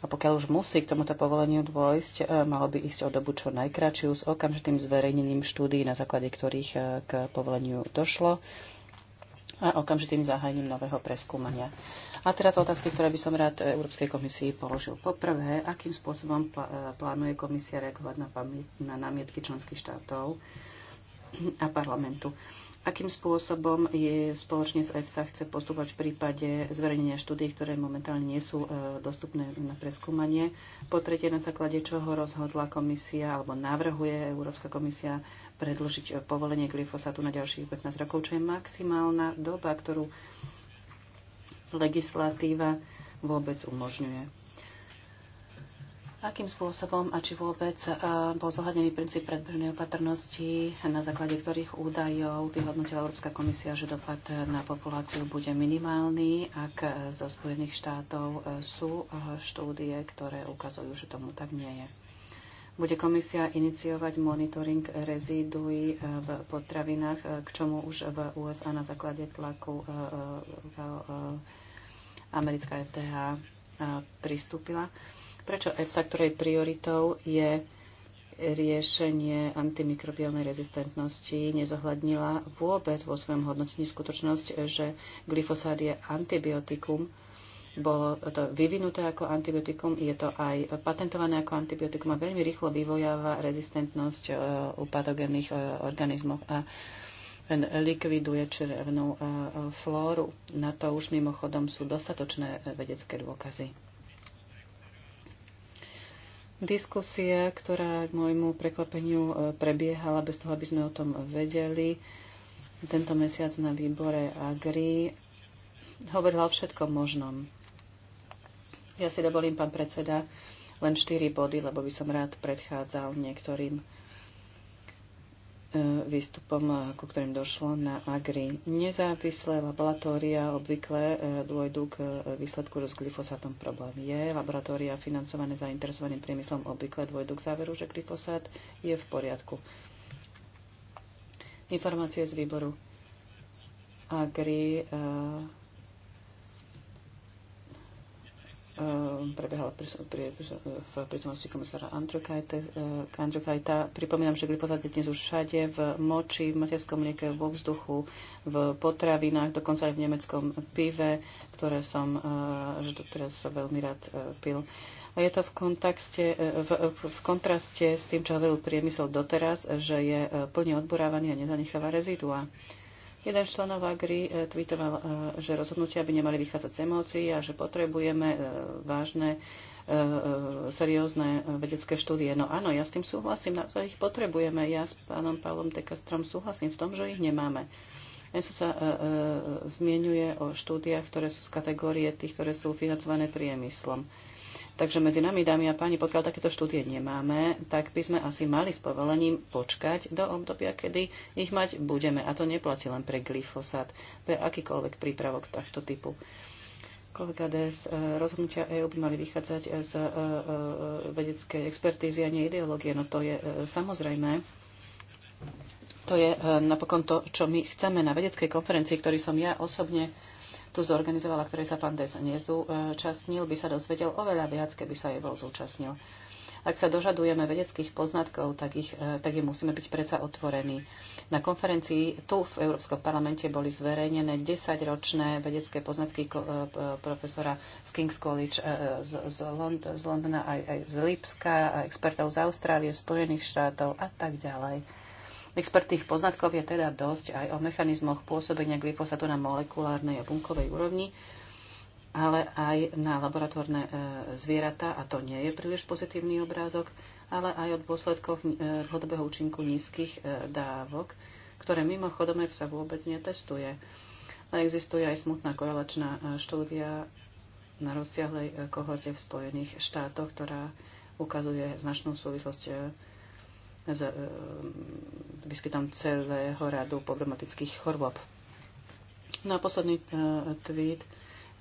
A pokiaľ už musí k tomuto povoleniu dôjsť, e, malo by ísť o dobu čo najkračiu s okamžitým zverejnením štúdií, na základe ktorých e, k povoleniu došlo a okamžitým zahájením nového preskúmania. A teraz otázky, ktoré by som rád Európskej komisii položil. Poprvé, akým spôsobom plánuje komisia reagovať na, na námietky členských štátov a parlamentu? akým spôsobom je spoločne s EFSA chce postupovať v prípade zverejnenia štúdií, ktoré momentálne nie sú e, dostupné na preskúmanie. Po tretie, na základe čoho rozhodla komisia alebo navrhuje Európska komisia predložiť e, povolenie glyfosátu na ďalších 15 rokov, čo je maximálna doba, ktorú legislatíva vôbec umožňuje. Akým spôsobom a či vôbec e, bol zohľadnený princíp predbežnej opatrnosti, na základe ktorých údajov vyhodnotila Európska komisia, že dopad na populáciu bude minimálny, ak zo Spojených štátov e, sú e, štúdie, ktoré ukazujú, že tomu tak nie je. Bude komisia iniciovať monitoring reziduí v potravinách, k čomu už v USA na základe tlaku americká FTH pristúpila. Prečo EFSA, ktorej prioritou je riešenie antimikrobiálnej rezistentnosti nezohľadnila vôbec vo svojom hodnotení skutočnosť, že glyfosát je antibiotikum. Bolo to vyvinuté ako antibiotikum, je to aj patentované ako antibiotikum a veľmi rýchlo vyvojáva rezistentnosť e, u patogénnych e, organizmov a likviduje červenú e, flóru. Na to už mimochodom sú dostatočné vedecké dôkazy. Diskusia, ktorá k môjmu prekvapeniu e, prebiehala bez toho, aby sme o tom vedeli, tento mesiac na výbore Agri hovorila o všetkom možnom. Ja si dovolím, pán predseda, len štyri body, lebo by som rád predchádzal niektorým výstupom, eh, ku ktorým došlo na Agri. Nezávislé laboratória obvykle eh, dôjdu k eh, výsledku, že s glyfosátom problém je. Laboratória financované zainteresovaným priemyslom obvykle dôjdu k záveru, že glyfosát je v poriadku. Informácie z výboru Agri Ehm, prebiehala pri, pri, v prítomnosti komisára eh, Andrukajta. Pripomínam, že glyfozát je dnes už všade, v moči, v materskom mlieke, vo vzduchu, v potravinách, dokonca aj v nemeckom pive, ktoré som, eh, že teraz som veľmi rád eh, pil. A je to v, kontakte, v, v kontraste s tým, čo hovoril priemysel doteraz, že je plne odborávaný a nezanecháva rezidua. Jeden z členov Agri e, tweetoval, e, že rozhodnutia by nemali vychádzať z emócií a že potrebujeme e, vážne, seriózne vedecké štúdie. No áno, ja s tým súhlasím, na to ich potrebujeme. Ja s pánom Pavlom Tekastrom súhlasím v tom, že ich nemáme. ESA sa e, e, zmienuje o štúdiách, ktoré sú z kategórie tých, ktoré sú financované priemyslom. E, Takže medzi nami, dámy a páni, pokiaľ takéto štúdie nemáme, tak by sme asi mali s povolením počkať do obdobia, kedy ich mať budeme. A to neplatí len pre glyfosát, pre akýkoľvek prípravok tohto typu. Kolega DS, e, rozhodnutia EÚ by mali vychádzať z e, e, vedeckej expertízy a nie ideológie. No to je samozrejme. To je napokon to, čo my chceme na vedeckej konferencii, ktorý som ja osobne tu zorganizovala, ktorý sa pán Des nezúčastnil, by sa dozvedel oveľa viac, keby sa jej bol zúčastnil. Ak sa dožadujeme vedeckých poznatkov, tak, ich, eh, tak im musíme byť predsa otvorení. Na konferencii tu v Európskom parlamente boli zverejnené 10-ročné vedecké poznatky eh, profesora z King's College eh, z, z, Lond- z Londýna, aj, aj z Lipska, expertov z Austrálie, Spojených štátov a tak ďalej. Expertných poznatkov je teda dosť aj o mechanizmoch pôsobenia glyfosatu na molekulárnej a bunkovej úrovni, ale aj na laboratórne e, zvieratá, a to nie je príliš pozitívny obrázok, ale aj od dôsledkov e, dlhodobého účinku nízkych e, dávok, ktoré mimochodom sa vôbec netestuje. A existuje aj smutná korelačná štúdia na rozsiahlej kohorte v Spojených štátoch, ktorá ukazuje značnú súvislosť s e, výskytom celého radu problematických chorôb. No a posledný e, tweet.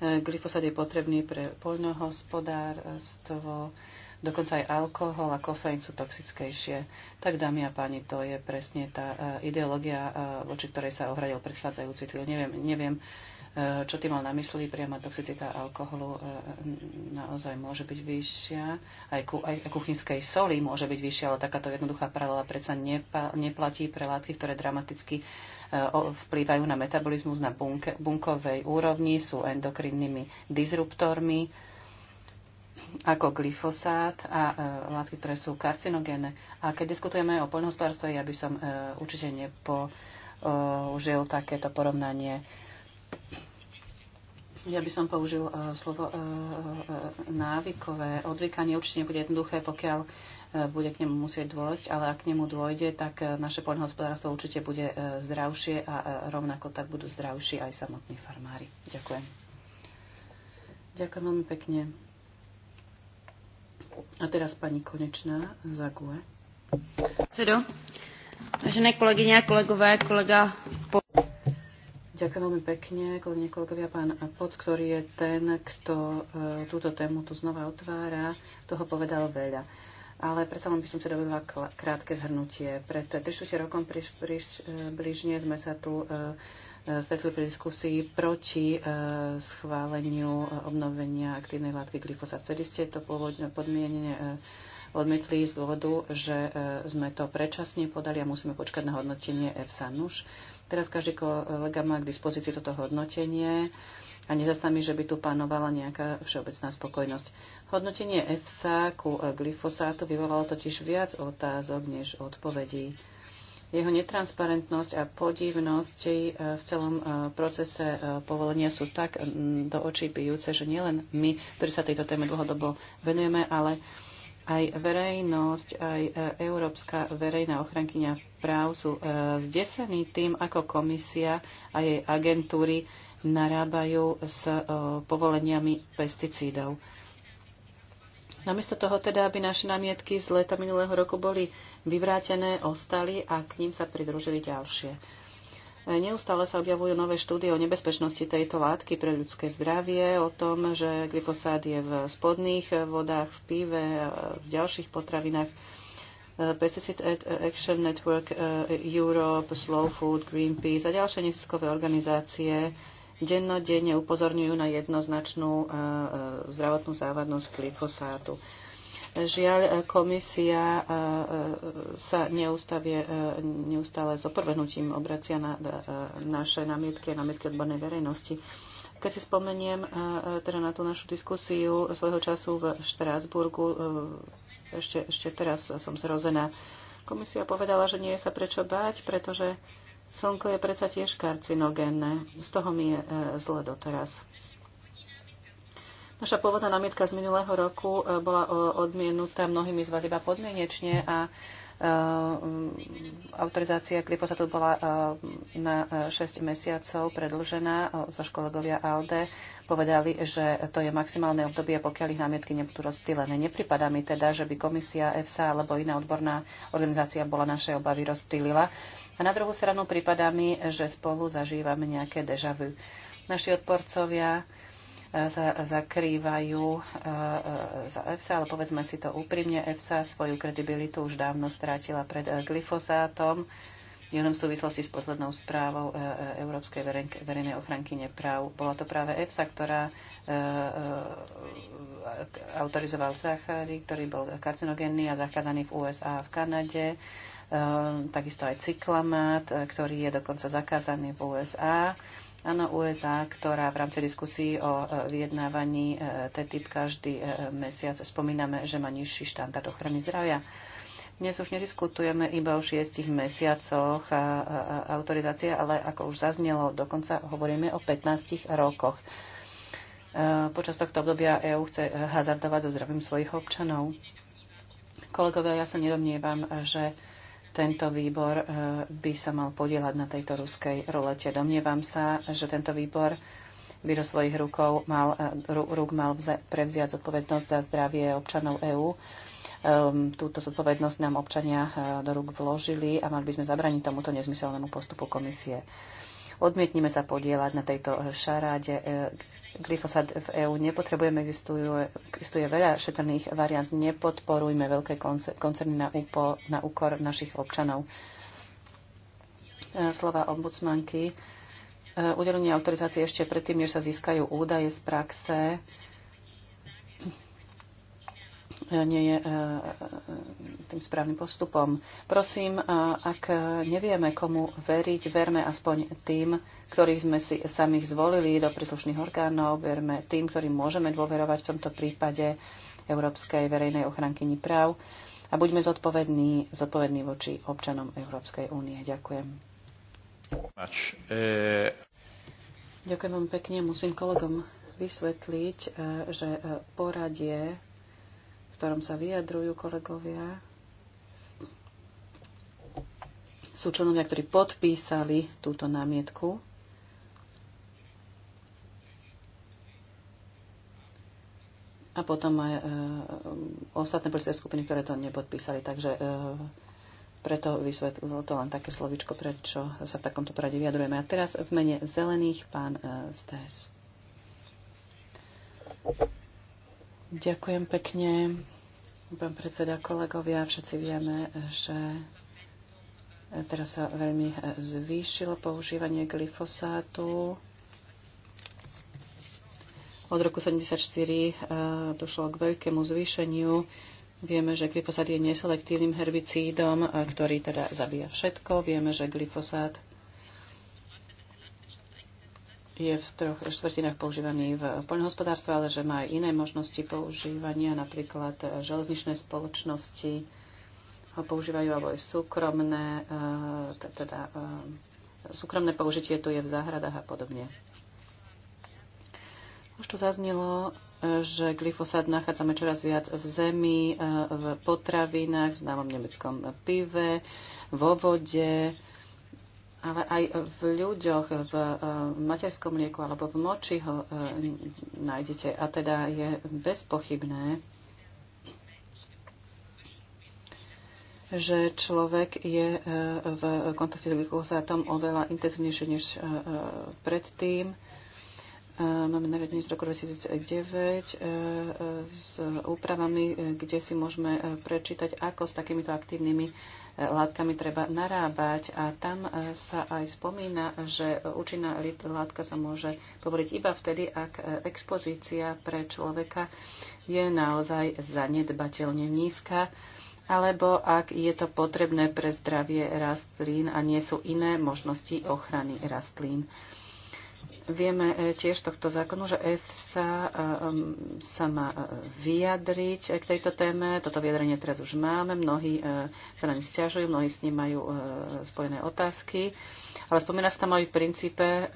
E, glyfosát je potrebný pre poľnohospodárstvo, dokonca aj alkohol a kofeín sú toxickejšie. Tak, dámy a páni, to je presne tá ideológia, voči ktorej sa ohradil predchádzajúci tweet. Neviem, neviem E, čo ty mal na mysli, priama toxicita alkoholu e, naozaj môže byť vyššia. Aj, ku, aj kuchynskej soli môže byť vyššia, ale takáto jednoduchá paralela predsa nepa, neplatí pre látky, ktoré dramaticky e, vplývajú na metabolizmus na bunke, bunkovej úrovni, sú endokrinnými disruptormi ako glyfosát a e, látky, ktoré sú karcinogéne. A keď diskutujeme o poľnohospodárstve, ja by som e, určite nepoužil e, takéto porovnanie. Ja by som použil uh, slovo uh, návykové. Odvykanie určite nebude jednoduché, pokiaľ uh, bude k nemu musieť dôjsť, ale ak k nemu dôjde, tak uh, naše poľnohospodárstvo určite bude uh, zdravšie a uh, rovnako tak budú zdravší aj samotní farmári. Ďakujem. Ďakujem veľmi pekne. A teraz pani Konečná za GUE. vážené kolegyne a kolegové, kolega... Po... Ďakujem veľmi pekne, kolegyne, kolegovia, pán Poc, ktorý je ten, kto e, túto tému tu znova otvára, toho povedal veľa. Ale predsa len by som si dovedla krátke zhrnutie. Pred 3 rokom priš, priš, e, bližne sme sa tu e, stretli pri diskusii proti schváleniu obnovenia aktívnej látky glyfosát. Vtedy ste to pôvodne podmienenie odmietli z dôvodu, že e, sme to predčasne podali a musíme počkať na hodnotenie EFSA. Nuž, teraz každý kolega má k dispozícii toto hodnotenie a nezá sa mi, že by tu panovala nejaká všeobecná spokojnosť. Hodnotenie EFSA ku e, glyfosátu vyvolalo totiž viac otázok než odpovedí. Jeho netransparentnosť a podivnosť e, v celom procese povolenia sú tak do očí bijúce, že nielen my, ktorí sa tejto téme dlhodobo venujeme, ale aj verejnosť, aj e, Európska verejná ochrankyňa práv sú e, zdesení tým, ako komisia a jej agentúry narábajú s e, povoleniami pesticídov. Namiesto toho teda, aby naše námietky z leta minulého roku boli vyvrátené, ostali a k ním sa pridružili ďalšie. Neustále sa objavujú nové štúdie o nebezpečnosti tejto látky pre ľudské zdravie, o tom, že glyfosát je v spodných vodách, v pive, v ďalších potravinách. Uh, Pesticide Action Network uh, Europe, Slow Food, Greenpeace a ďalšie neziskové organizácie dennodenne upozorňujú na jednoznačnú uh, zdravotnú závadnosť glyfosátu. Žiaľ, e, komisia e, e, sa neustavie, neustále s oprvenutím obracia na naše námietky a námietky odbornej verejnosti. Keď si spomeniem teda na tú našu diskusiu svojho času v Štrásburgu, ešte, ešte teraz som zrozená, komisia povedala, že nie je sa prečo báť, pretože slnko je predsa tiež karcinogénne. Z toho mi je zle doteraz. Naša pôvodná námietka z minulého roku e, bola e, odmienutá mnohými z vás iba podmienečne a e, mm, autorizácia glyfosatu bola na 6 mesiacov predlžená. Za kolegovia ALDE povedali, že to je maximálne obdobie, pokiaľ ich námietky nebudú rozptýlené. Nepripadá mi teda, že by komisia EFSA alebo iná odborná organizácia bola naše obavy rozptýlila. A na druhú stranu pripadá mi, že spolu zažívame nejaké deja vu. Naši odporcovia zakrývajú e, e, za EFSA, ale povedzme si to úprimne, EFSA svoju kredibilitu už dávno strátila pred e, glyfosátom, jenom v súvislosti s poslednou správou Európskej verejnej ochranky nepráv. Bola to práve EFSA, ktorá autorizoval sachary, ktorý bol karcinogénny a zakázaný v USA a v Kanade takisto aj cyklamát, ktorý je dokonca zakázaný v USA. Áno, USA, ktorá v rámci diskusí o e, vyjednávaní e, TTIP každý e, mesiac spomíname, že má nižší štandard ochrany zdravia. Dnes už nediskutujeme iba o šiestich mesiacoch autorizácie, ale ako už zaznelo, dokonca hovoríme o 15 rokoch. Počas tohto obdobia EÚ chce hazardovať so zdravím svojich občanov. Kolegovia, ja sa nedomnievam, že tento výbor eh, by sa mal podielať na tejto ruskej rolete. Domnievam sa, že tento výbor by do svojich rukov mal, eh, rúk mal prevziať zodpovednosť za zdravie občanov EÚ. Ehm, túto zodpovednosť nám občania eh, do rúk vložili a mali by sme zabraniť tomuto nezmyselnému postupu komisie. Odmietnime sa podielať na tejto šaráde, glyfosát v EÚ nepotrebujeme, existuje veľa šetrných variant, nepodporujme veľké koncerny na, úpo, na úkor našich občanov. E, slova ombudsmanky. E, udelenie autorizácie ešte predtým, než sa získajú údaje z praxe, E, nie je e, e, tým správnym postupom. Prosím, ak nevieme, komu veriť, verme aspoň tým, ktorých sme si samých zvolili do príslušných orgánov, verme tým, ktorým môžeme dôverovať v tomto prípade Európskej verejnej ochrankyni práv a buďme zodpovední, zodpovední voči občanom Európskej únie. Ďakujem. Ďakujem vám pekne. Musím kolegom vysvetliť, že poradie ktorom sa vyjadrujú kolegovia, sú členovia, ktorí podpísali túto námietku. A potom aj e, e ostatné politické skupiny, ktoré to nepodpísali. Takže e, preto vysvetlilo to len také slovičko, prečo sa v takomto porade vyjadrujeme. A teraz v mene zelených pán e, Stes. Ďakujem pekne. Pán predseda, kolegovia, všetci vieme, že teraz sa veľmi zvýšilo používanie glyfosátu. Od roku 1974 eh, došlo k veľkému zvýšeniu. Vieme, že glyfosát je neselektívnym herbicídom, eh, ktorý teda zabíja všetko. Vieme, že glyfosát je v troch štvrtinách používaný v poľnohospodárstve, ale že má aj iné možnosti používania, napríklad eh, železničné spoločnosti ho používajú, alebo aj súkromné, eh, teda eh, súkromné použitie tu je v záhradách a podobne. Už tu zaznelo, že glyfosát nachádzame čoraz viac v zemi, v potravinách, v známom nemeckom pive, vo vode, ale aj v ľuďoch, v eh, materskom mlieku alebo v moči ho eh, nájdete. A teda je bezpochybné, že človek je eh, v kontakte s glykosátom oveľa intenzívnejšie než predtým. Máme nariadenie z roku 2009 s úpravami, kde si môžeme prečítať, ako s takýmito aktívnymi látkami treba narábať a tam e, sa aj spomína, že účinná látka sa môže povoliť iba vtedy, ak e, expozícia pre človeka je naozaj zanedbateľne nízka alebo ak je to potrebné pre zdravie rastlín a nie sú iné možnosti ochrany rastlín. Vieme eh, tiež z tohto zákonu, že EFSA eh, um, sa má eh, vyjadriť k tejto téme. Toto vyjadrenie teraz už máme. Mnohí sa naň stiažujú, mnohí s ním majú spojené otázky. Ale spomína sa tam aj princípe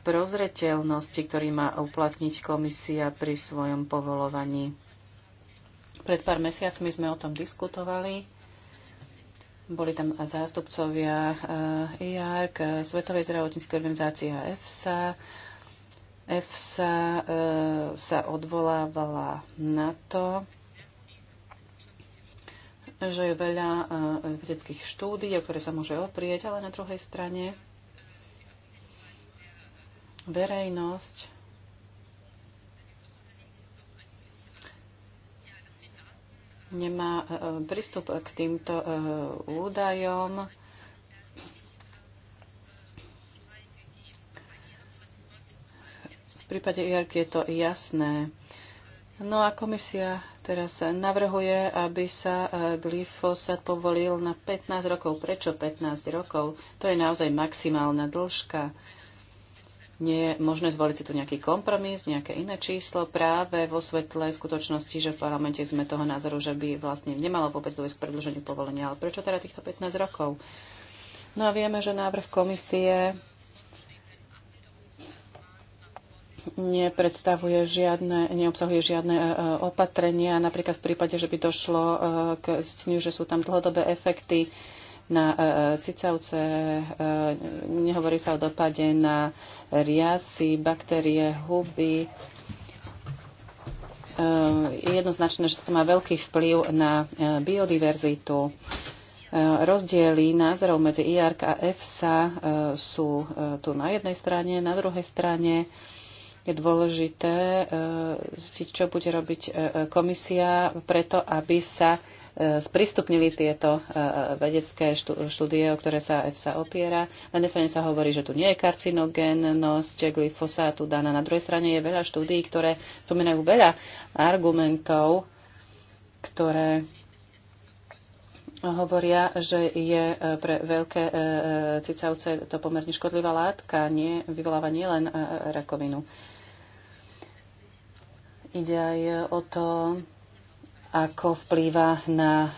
prozreteľnosti, ktorý má uplatniť komisia pri svojom povolovaní. Pred pár mesiacmi sme o tom diskutovali boli tam zástupcovia eh, IARC, Svetovej zdravotníckej organizácie a EFSA. EFSA eh, sa odvolávala na to, že je veľa eh, vedeckých štúdí, o ktoré sa môže oprieť, ale na druhej strane verejnosť nemá e, e, prístup k týmto e, údajom. V prípade IRK je to jasné. No a komisia teraz navrhuje, aby sa glyfosát povolil na 15 rokov. Prečo 15 rokov? To je naozaj maximálna dĺžka nie je možné zvoliť si tu nejaký kompromis, nejaké iné číslo práve vo svetle skutočnosti, že v parlamente sme toho názoru, že by vlastne nemalo vôbec dôjsť k predlženiu povolenia. Ale prečo teda týchto 15 rokov? No a vieme, že návrh komisie nepredstavuje žiadne, neobsahuje žiadne e, e, opatrenia, napríklad v prípade, že by došlo e, k zisteniu, že sú tam dlhodobé efekty na e, e, cicavce, e, nehovorí sa o dopade na riasy, baktérie, huby. Je jednoznačné, že to má veľký vplyv na biodiverzitu. Rozdiely názorov medzi IARC a EFSA sú tu na jednej strane, na druhej strane je dôležité e, zistiť, čo bude robiť e, e, komisia preto, aby sa sprístupnili tieto vedecké štúdie, o ktoré sa EFSA opiera. Na jednej strane sa hovorí, že tu nie je karcinogénnosť glyfosátu daná. Na druhej strane je veľa štúdií, ktoré spomínajú veľa argumentov, ktoré hovoria, že je e, pre veľké e, e, cicavce to pomerne škodlivá látka, nie, vyvoláva nielen rakovinu. Ide aj o to, ako vplýva na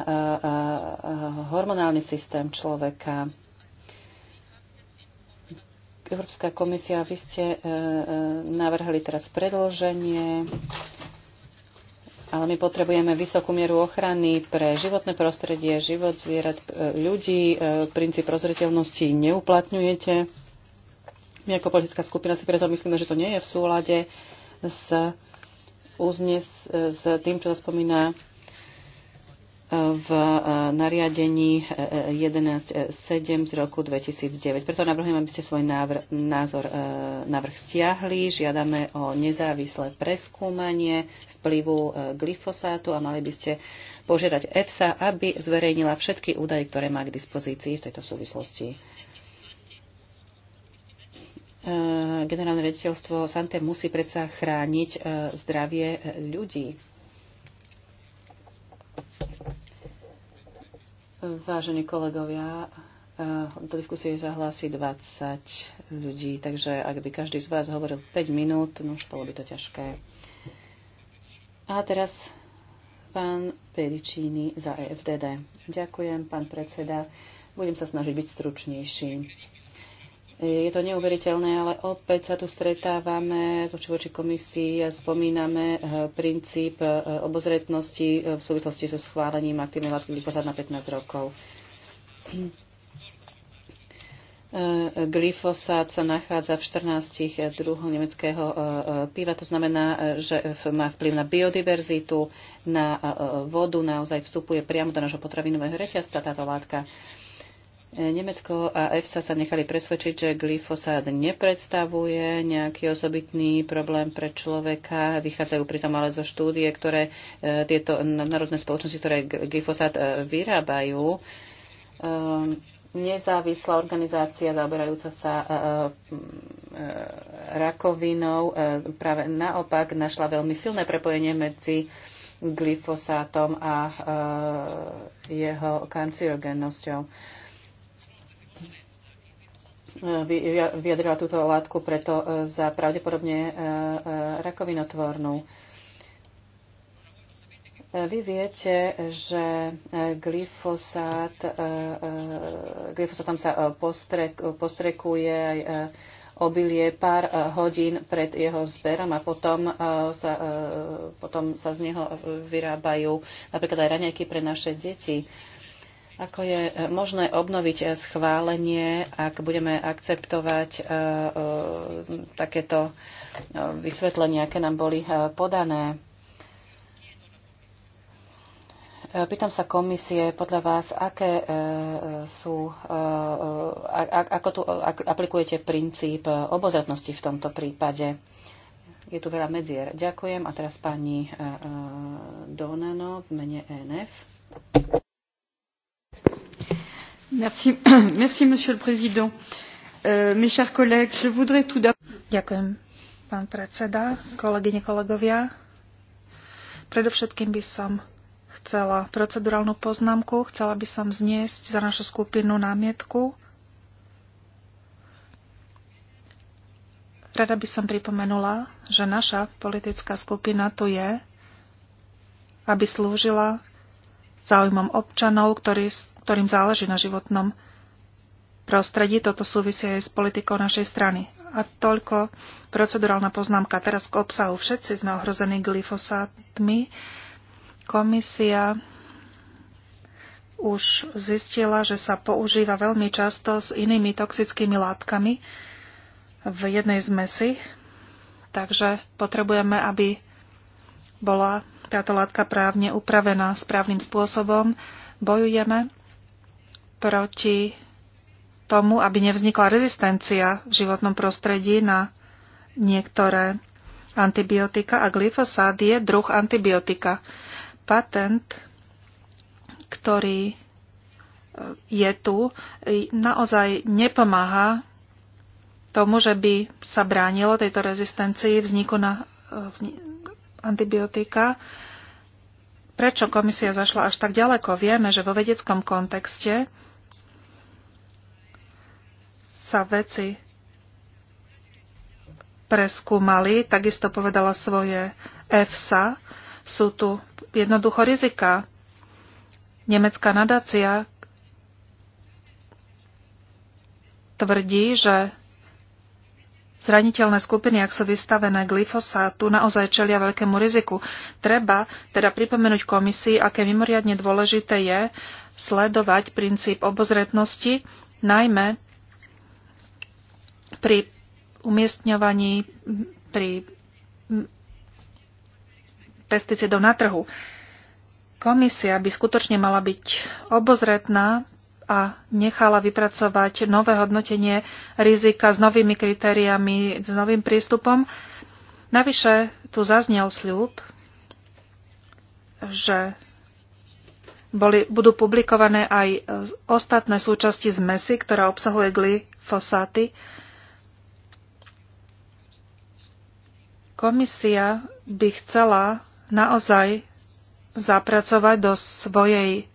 hormonálny systém človeka. Európska komisia, vy ste navrhli teraz predloženie ale my potrebujeme vysokú mieru ochrany pre životné prostredie, život zvierat, e, ľudí. E, princíp rozretelnosti neuplatňujete. My ako politická skupina si preto myslíme, že to nie je v súlade s, uznes, e, s tým, čo sa spomína v e, nariadení 11.7 e, e, z roku 2009. Preto navrhujem, aby ste svoj návr, názor, návrh stiahli. Žiadame o nezávislé preskúmanie vplyvu glyfosátu a mali by ste požiadať EFSA, aby zverejnila všetky údaje, ktoré má k dispozícii v tejto súvislosti. Generálne rediteľstvo Sante musí predsa chrániť zdravie ľudí Vážení kolegovia, eh, do diskusie sa hlási 20 ľudí, takže ak by každý z vás hovoril 5 minút, no už bolo by to ťažké. A teraz pán Pedicini za EFDD. Ďakujem, pán predseda. Budem sa snažiť byť stručnejší. Je to neuveriteľné, ale opäť sa tu stretávame s voči komisii a spomíname eh, princíp eh, obozretnosti eh, v súvislosti so schválením aktívnej látky glyfosát na 15 rokov. Glyfosát sa nachádza v 14 druhov nemeckého piva. To znamená, že má vplyv na biodiverzitu, na vodu, naozaj vstupuje priamo do nášho potravinového reťazca táto látka. E, Nemecko a EFSA sa nechali presvedčiť, že glyfosát nepredstavuje nejaký osobitný problém pre človeka. Vychádzajú pritom ale zo štúdie, ktoré e, tieto národné spoločnosti, ktoré glyfosát e, vyrábajú, nezávislá organizácia zaoberajúca sa rakovinou práve naopak našla veľmi silné prepojenie medzi glyfosátom a jeho kancerogennosťou vyjadrila túto látku preto e, za pravdepodobne e, e, rakovinotvornú. Vy viete, že glyfosát, glyfosátom sa postrek, postrekuje aj obilie pár hodín pred jeho zberom a potom sa, potom sa z neho vyrábajú napríklad aj raňajky pre naše deti. Ako je e, možné obnoviť e, schválenie, ak budeme akceptovať e, takéto vysvetlenia, aké nám boli podané? Pýtam sa komisie, podľa vás, aké sú, ako tu aplikujete princíp obozretnosti v tomto prípade? Je tu veľa medzier. Ďakujem. A teraz pani Donano v mene ENF. monsieur le président. Euh, mes chers collègues, je voudrais tout d'abord. pán predseda, kolegyne, kolegovia. Predovšetkým by som chcela procedurálnu poznámku. Chcela by som zniesť za našu skupinu námietku. Rada by som pripomenula, že naša politická skupina tu je, aby slúžila záujmom občanov, ktorý, ktorým záleží na životnom prostredí. Toto súvisí aj s politikou našej strany. A toľko procedurálna poznámka. Teraz k obsahu. Všetci sme ohrození glyfosátmi. Komisia už zistila, že sa používa veľmi často s inými toxickými látkami v jednej zmesi. Takže potrebujeme, aby bola táto látka právne upravená správnym spôsobom. Bojujeme proti tomu, aby nevznikla rezistencia v životnom prostredí na niektoré antibiotika a glyfosát je druh antibiotika. Patent, ktorý e, je tu, e, naozaj nepomáha tomu, že by sa bránilo tejto rezistencii vzniku na e, antibiotika. Prečo komisia zašla až tak ďaleko? Vieme, že vo vedeckom kontexte sa veci preskúmali, takisto povedala svoje EFSA, sú tu jednoducho rizika. Nemecká nadácia tvrdí, že zraniteľné skupiny, ak sú vystavené glyfosátu, naozaj čelia veľkému riziku. Treba teda pripomenúť komisii, aké mimoriadne dôležité je sledovať princíp obozretnosti, najmä pri umiestňovaní pri pesticidov na trhu. Komisia by skutočne mala byť obozretná a nechala vypracovať nové hodnotenie rizika s novými kritériami, s novým prístupom. Navyše tu zaznel sľub, že boli, budú publikované aj ostatné súčasti zmesi, ktorá obsahuje glyfosáty. Komisia by chcela naozaj zapracovať do svojej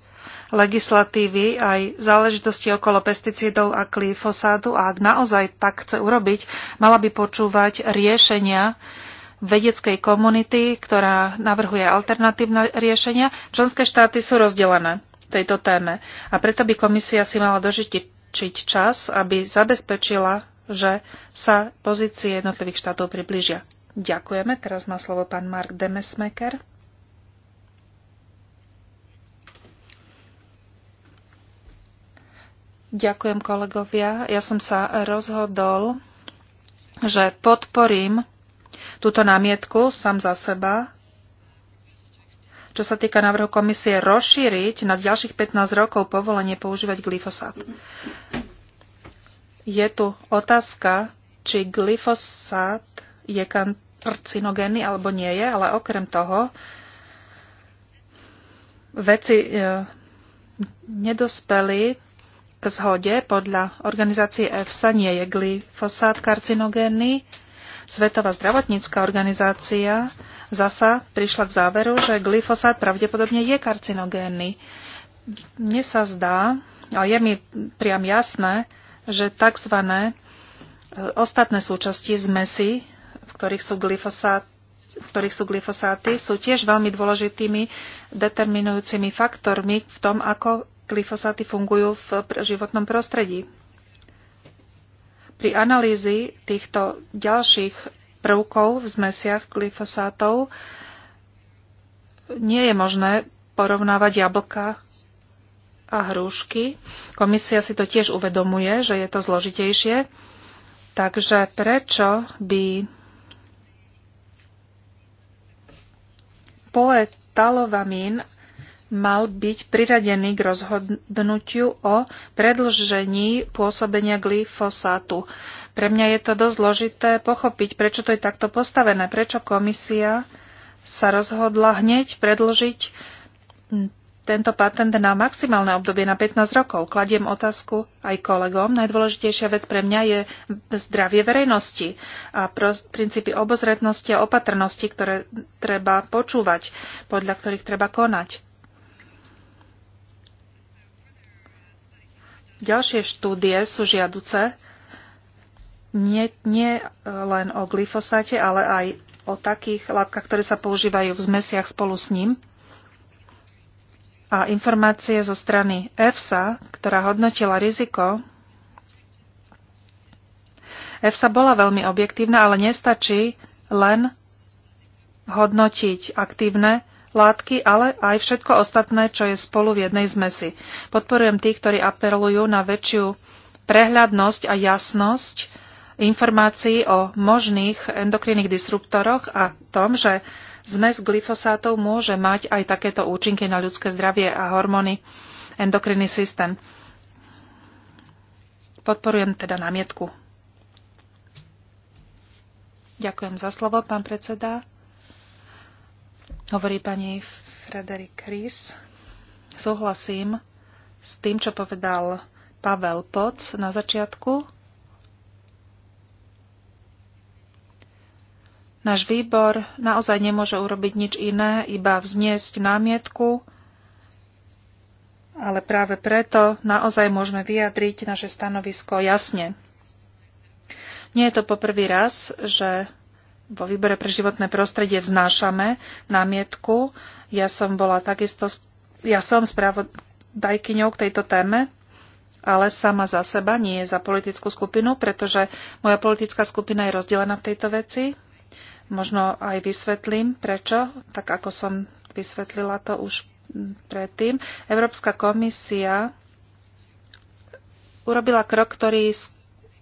legislatívy aj záležitosti okolo pesticídov a klifosádu a ak naozaj tak chce urobiť, mala by počúvať riešenia vedeckej komunity, ktorá navrhuje alternatívne riešenia. Členské štáty sú rozdelené v tejto téme a preto by komisia si mala dožitičiť čas, aby zabezpečila, že sa pozície jednotlivých štátov približia. Ďakujeme. Teraz má slovo pán Mark Demesmeker. Ďakujem kolegovia. Ja som sa rozhodol, že podporím túto námietku sám za seba, čo sa týka návrhu komisie rozšíriť na ďalších 15 rokov povolenie používať glyfosát. Je tu otázka, či glyfosát je karcinogénny alebo nie je, ale okrem toho veci eh, nedospeli k zhode podľa organizácie EFSA nie je glyfosát karcinogénny. Svetová zdravotnícká organizácia zasa prišla k záveru, že glyfosát pravdepodobne je karcinogénny. Mne sa zdá, a je mi priam jasné, že tzv. E, ostatné súčasti zmesi, v ktorých sú glyfosát, v ktorých sú glyfosáty, sú tiež veľmi dôležitými determinujúcimi faktormi v tom, ako glyfosáty fungujú v životnom prostredí. Pri analýzi týchto ďalších prvkov v zmesiach glyfosátov nie je možné porovnávať jablka a hrušky. Komisia si to tiež uvedomuje, že je to zložitejšie. Takže prečo by poetalovamín mal byť priradený k rozhodnutiu o predlžení pôsobenia glyfosátu. Pre mňa je to dosť zložité pochopiť, prečo to je takto postavené, prečo komisia sa rozhodla hneď predlžiť tento patent na maximálne obdobie na 15 rokov. Kladiem otázku aj kolegom. Najdôležitejšia vec pre mňa je zdravie verejnosti a princípy obozretnosti a opatrnosti, ktoré treba počúvať, podľa ktorých treba konať. Ďalšie štúdie sú žiaduce nie, nie len o glyfosáte, ale aj o takých látkach, ktoré sa používajú v zmesiach spolu s ním. A informácie zo strany EFSA, ktorá hodnotila riziko, EFSA bola veľmi objektívna, ale nestačí len hodnotiť aktívne látky, ale aj všetko ostatné, čo je spolu v jednej zmesi. Podporujem tých, ktorí apelujú na väčšiu prehľadnosť a jasnosť informácií o možných endokrinných disruptoroch a tom, že zmes glyfosátov môže mať aj takéto účinky na ľudské zdravie a hormóny endokrinný systém. Podporujem teda námietku. Ďakujem za slovo, pán predseda hovorí pani Frederik Ries. Súhlasím s tým, čo povedal Pavel Poc na začiatku. Náš výbor naozaj nemôže urobiť nič iné, iba vzniesť námietku, ale práve preto naozaj môžeme vyjadriť naše stanovisko jasne. Nie je to poprvý raz, že vo výbore pre životné prostredie vznášame námietku. Ja som bola takisto, ja som správodajkyňou k tejto téme, ale sama za seba, nie za politickú skupinu, pretože moja politická skupina je rozdelená v tejto veci. Možno aj vysvetlím, prečo, tak ako som vysvetlila to už predtým. Európska komisia urobila krok, ktorý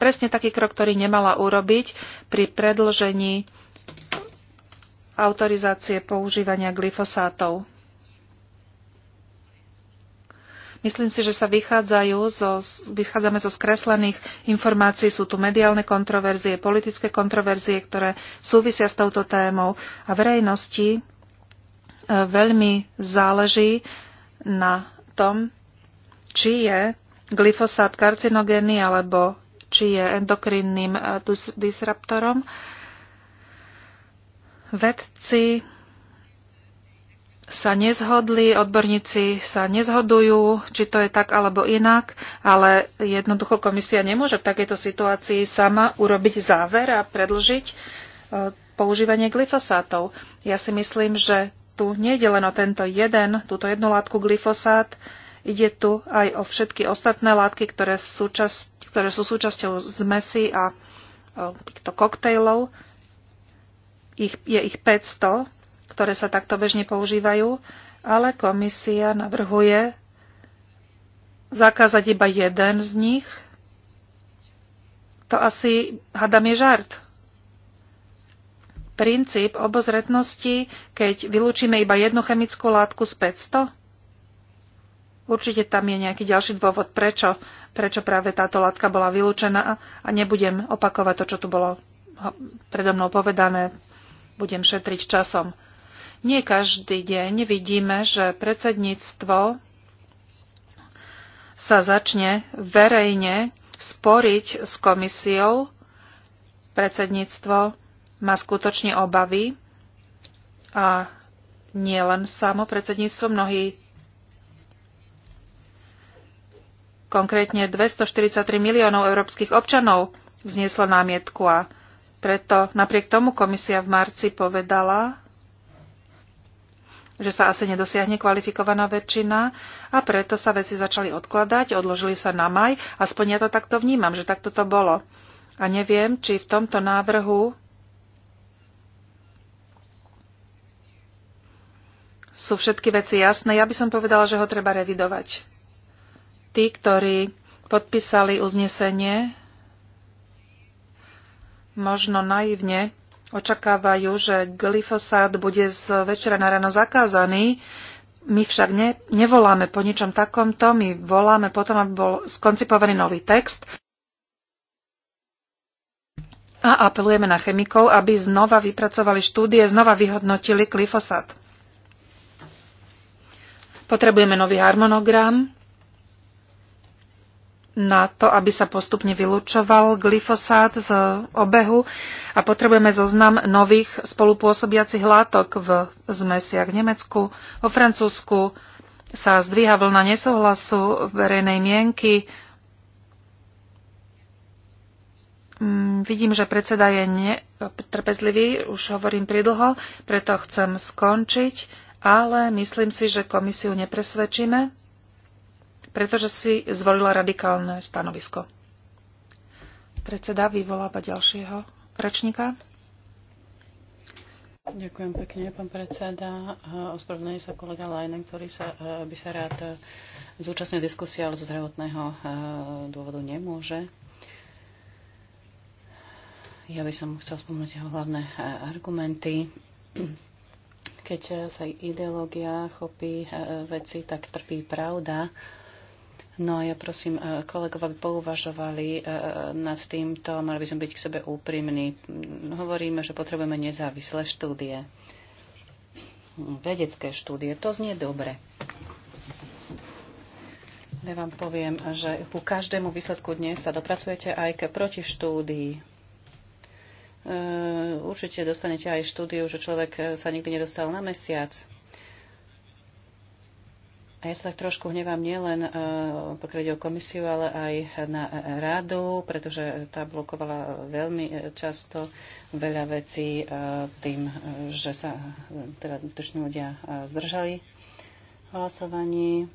presne taký krok, ktorý nemala urobiť pri predlžení autorizácie používania glyfosátov. Myslím si, že sa vychádzajú zo, vychádzame zo skreslených informácií. Sú tu mediálne kontroverzie, politické kontroverzie, ktoré súvisia s touto témou a verejnosti e, veľmi záleží na tom, či je glyfosát karcinogénny alebo či je endokrinným eh, disruptorom. Vedci sa nezhodli, odborníci sa nezhodujú, či to je tak alebo inak, ale jednoducho komisia nemôže v takejto situácii sama urobiť záver a predlžiť eh, používanie glyfosátov. Ja si myslím, že tu je len o tento jeden, túto jednu látku glyfosát, ide tu aj o všetky ostatné látky, ktoré v súčasnosti ktoré sú súčasťou zmesy a e, týchto koktejlov. Ich, je ich 500, ktoré sa takto bežne používajú, ale komisia navrhuje zakázať iba jeden z nich. To asi, hadam, je žart. Princíp obozretnosti, keď vylúčime iba jednu chemickú látku z 500? Určite tam je nejaký ďalší dôvod, prečo, prečo práve táto látka bola vylúčená a nebudem opakovať to, čo tu bolo predo mnou povedané. Budem šetriť časom. Nie každý deň vidíme, že predsedníctvo sa začne verejne sporiť s komisiou. Predsedníctvo má skutočne obavy a nie len samo predsedníctvo, mnohí konkrétne 243 miliónov európskych občanov vznieslo námietku a preto napriek tomu komisia v marci povedala, že sa asi nedosiahne kvalifikovaná väčšina a preto sa veci začali odkladať, odložili sa na maj, aspoň ja to takto vnímam, že takto to bolo. A neviem, či v tomto návrhu sú všetky veci jasné. Ja by som povedala, že ho treba revidovať tí, ktorí podpísali uznesenie, možno naivne očakávajú, že glyfosát bude z večera na ráno zakázaný. My však ne, nevoláme po ničom takomto, my voláme potom, aby bol skoncipovaný nový text a apelujeme na chemikov, aby znova vypracovali štúdie, znova vyhodnotili glyfosát. Potrebujeme nový harmonogram, na to, aby sa postupne vylúčoval glyfosát z obehu a potrebujeme zoznam nových spolupôsobiacich látok v zmesiach v Nemecku. Vo Francúzsku sa zdvíha vlna v verejnej mienky. Mm, vidím, že predseda je trpezlivý, už hovorím pridlho, preto chcem skončiť, ale myslím si, že komisiu nepresvedčíme pretože si zvolila radikálne stanovisko. Predseda vyvoláva ďalšieho rečníka. Ďakujem pekne, pán predseda. Ospravedlňujem sa kolega Lajnen, ktorý sa, eh, by sa rád eh, zúčastnil diskusie, ale zo zdravotného eh, dôvodu nemôže. Ja by som chcel spomenúť jeho hlavné argumenty. Keď sa ideológia chopí veci, tak trpí pravda. No a ja prosím e, kolegov, aby pouvažovali e, nad týmto, mali by sme byť k sebe úprimní. Hovoríme, že potrebujeme nezávislé štúdie. Vedecké štúdie, to znie dobre. Ja vám poviem, že ku každému výsledku dnes sa dopracujete aj k protištúdii. E, určite dostanete aj štúdiu, že človek sa nikdy nedostal na mesiac a ja sa tak trošku hnevám nielen e, pokiaľ ide o komisiu, ale aj na rádu, pretože tá blokovala veľmi e, často veľa vecí e, tým, že sa teda ľudia zdržali hlasovaní.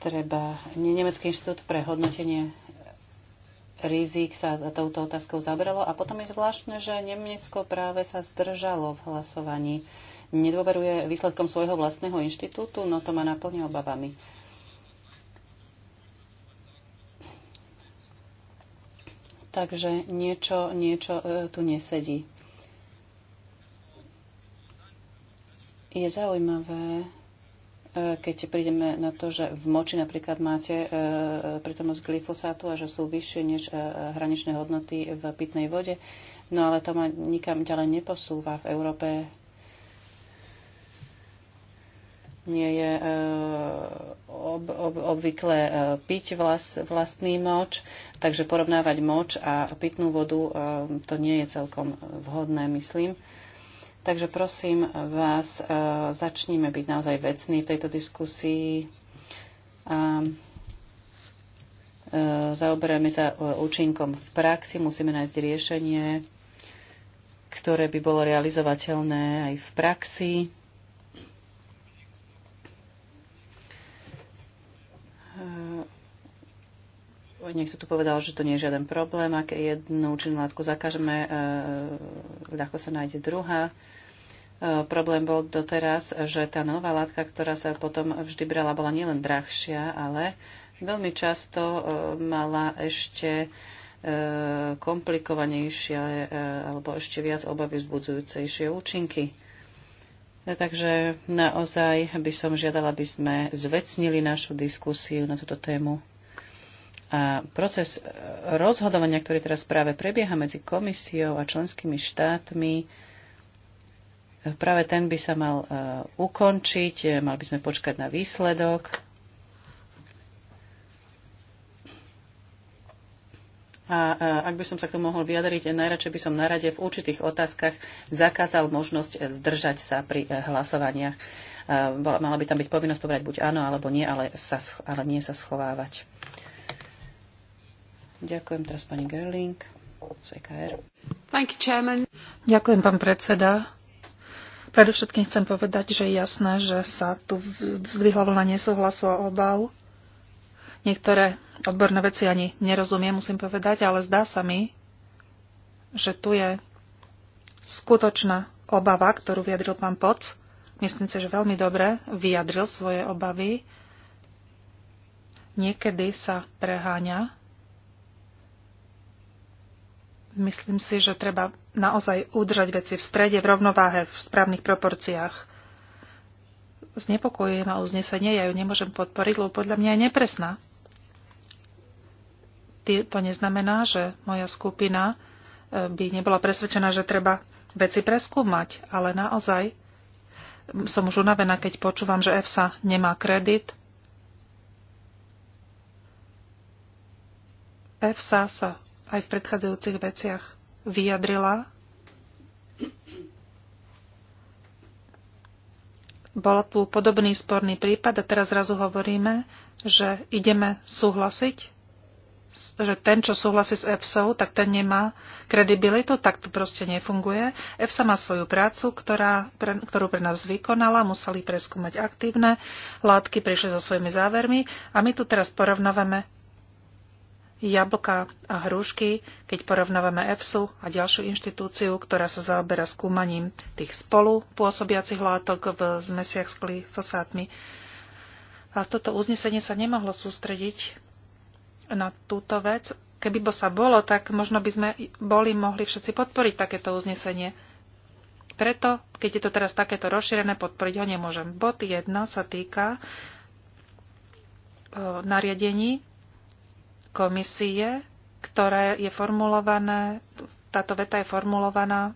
Treba, Nemecký inštitút pre hodnotenie rizik sa touto otázkou zabralo a potom je zvláštne, že Nemecko práve sa zdržalo v hlasovaní nedôveruje výsledkom svojho vlastného inštitútu, no to ma naplne obavami. Takže niečo, niečo e, tu nesedí. Je zaujímavé, e, keď prídeme na to, že v moči napríklad máte e, prítomnosť glyfosátu a že sú vyššie než hraničné hodnoty v pitnej vode, no ale to ma nikam ďalej neposúva. V Európe nie je e, ob, ob, obvykle e, piť vlas, vlastný moč, takže porovnávať moč a pitnú vodu e, to nie je celkom vhodné, myslím. Takže prosím vás, začníme byť naozaj vecní v tejto diskusii. A zaoberáme sa účinkom v praxi, musíme nájsť riešenie, ktoré by bolo realizovateľné aj v praxi. Niekto tu povedal, že to nie je žiaden problém, ak jednu účinnú látku zakažeme, e, ľahko sa nájde druhá. E, problém bol doteraz, že tá nová látka, ktorá sa potom vždy brala, bola nielen drahšia, ale veľmi často e, mala ešte komplikovanejšie alebo ešte viac obavy vzbudzujúcejšie účinky. Takže naozaj by som žiadala, aby sme zvecnili našu diskusiu na túto tému. A proces e, rozhodovania, ktorý teraz práve prebieha medzi komisiou a členskými štátmi, e, práve ten by sa mal e, ukončiť, mal by sme počkať na výsledok. A ak by som sa k tomu mohol vyjadriť, najradšej by som na rade v určitých otázkach zakázal možnosť zdržať sa pri hlasovaniach. Mala by tam byť povinnosť povedať buď áno alebo nie, ale, sa, ale nie sa schovávať. Ďakujem teraz pani Gerling z EKR. Thank you, chairman. Ďakujem, pán predseda. Predovšetkým chcem povedať, že je jasné, že sa tu zdvihla vlna nesúhlasu a obav. Niektoré odborné veci ani nerozumiem, musím povedať, ale zdá sa mi, že tu je skutočná obava, ktorú vyjadril pán Poc. Myslím si, že veľmi dobre vyjadril svoje obavy. Niekedy sa preháňa Myslím si, že treba naozaj udržať veci v strede, v rovnováhe, v správnych proporciách. Znepokojujem a uznesenie, ja ju nemôžem podporiť, lebo podľa mňa je nepresná. To neznamená, že moja skupina e, by nebola presvedčená, že treba veci preskúmať, ale naozaj som už unavená, keď počúvam, že EFSA nemá kredit. EFSA sa aj v predchádzajúcich veciach vyjadrila, bol tu podobný sporný prípad a teraz zrazu hovoríme, že ideme súhlasiť, že ten, čo súhlasí s EFSA, tak ten nemá kredibilitu, tak to proste nefunguje. EFSA má svoju prácu, ktorá, pre, ktorú pre nás vykonala, museli preskúmať aktívne látky, prišli so svojimi závermi a my tu teraz porovnávame jablka a hrušky, keď porovnávame EFSU a ďalšiu inštitúciu, ktorá sa zaoberá skúmaním tých spolu pôsobiacich látok v zmesiach s glyfosátmi. A toto uznesenie sa nemohlo sústrediť na túto vec. Keby bo sa bolo, tak možno by sme boli mohli všetci podporiť takéto uznesenie. Preto, keď je to teraz takéto rozšírené, podporiť ho nemôžem. Bod 1 sa týka e, nariadení komisie, ktoré je formulované, táto veta je formulovaná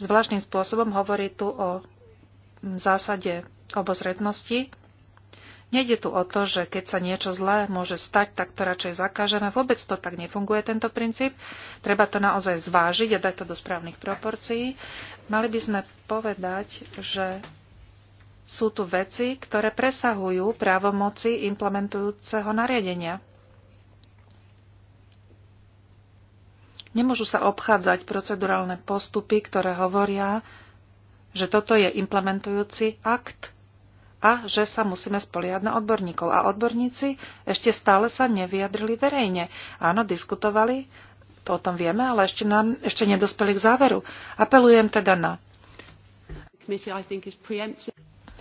zvláštnym spôsobom, hovorí tu o zásade obozretnosti. Nejde tu o to, že keď sa niečo zlé môže stať, tak to radšej zakážeme. Vôbec to tak nefunguje, tento princíp. Treba to naozaj zvážiť a dať to do správnych proporcií. Mali by sme povedať, že sú tu veci, ktoré presahujú právomoci implementujúceho nariadenia. Nemôžu sa obchádzať procedurálne postupy, ktoré hovoria, že toto je implementujúci akt a že sa musíme spoliať na odborníkov. A odborníci ešte stále sa nevyjadrili verejne. Áno, diskutovali, to o tom vieme, ale ešte, nám, ešte nedospeli k záveru. Apelujem teda na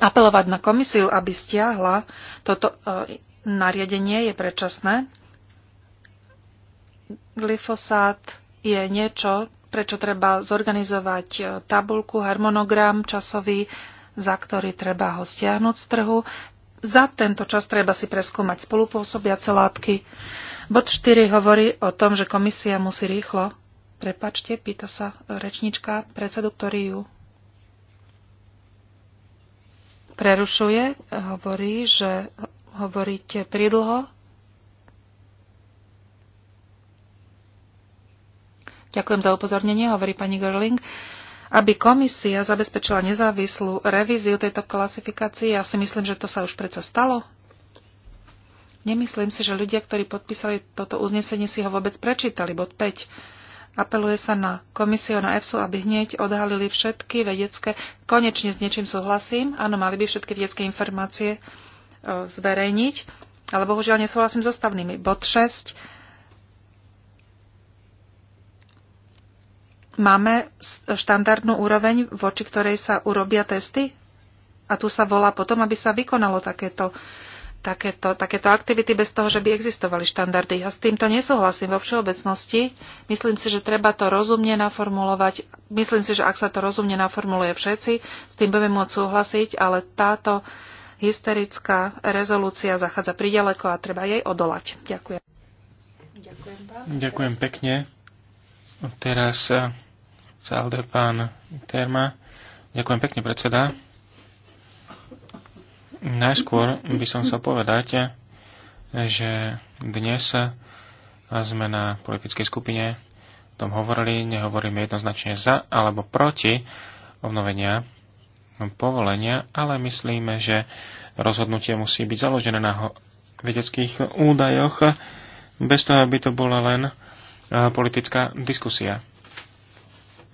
apelovať na komisiu, aby stiahla toto e, nariadenie, je predčasné. Glyfosát je niečo, prečo treba zorganizovať e, tabulku, harmonogram časový, za ktorý treba ho stiahnuť z trhu. Za tento čas treba si preskúmať spolupôsobiace látky. Bod 4 hovorí o tom, že komisia musí rýchlo. Prepačte, pýta sa rečnička predsedu, ktorý ju prerušuje, hovorí, že hovoríte pridlho. Ďakujem za upozornenie, hovorí pani Gerling. Aby komisia zabezpečila nezávislú revíziu tejto klasifikácie, ja si myslím, že to sa už predsa stalo. Nemyslím si, že ľudia, ktorí podpísali toto uznesenie, si ho vôbec prečítali, bod 5. Apeluje sa na komisiu, na EFSU, aby hneď odhalili všetky vedecké, konečne s niečím súhlasím, áno, mali by všetky vedecké informácie e, zverejniť, ale bohužiaľ nesúhlasím so ostavnými Bod 6. Máme štandardnú úroveň, voči ktorej sa urobia testy? A tu sa volá potom, aby sa vykonalo takéto uh, takéto, takéto aktivity bez toho, že by existovali štandardy. Ja s týmto nesúhlasím vo všeobecnosti. Myslím si, že treba to rozumne naformulovať. Myslím si, že ak sa to rozumne naformuluje všetci, s tým budeme môcť súhlasiť, ale táto hysterická rezolúcia zachádza priďaleko a treba jej odolať. Ďakujem. Ďakujem, pán. Ďakujem pekne. Teraz sa eh, pán Terma. Ďakujem pekne, predseda. Najskôr by som sa povedať, že dnes sme na politickej skupine o tom hovorili, nehovoríme jednoznačne za alebo proti obnovenia povolenia, ale myslíme, že rozhodnutie musí byť založené na vedeckých údajoch, bez toho, aby to bola len eh, politická diskusia.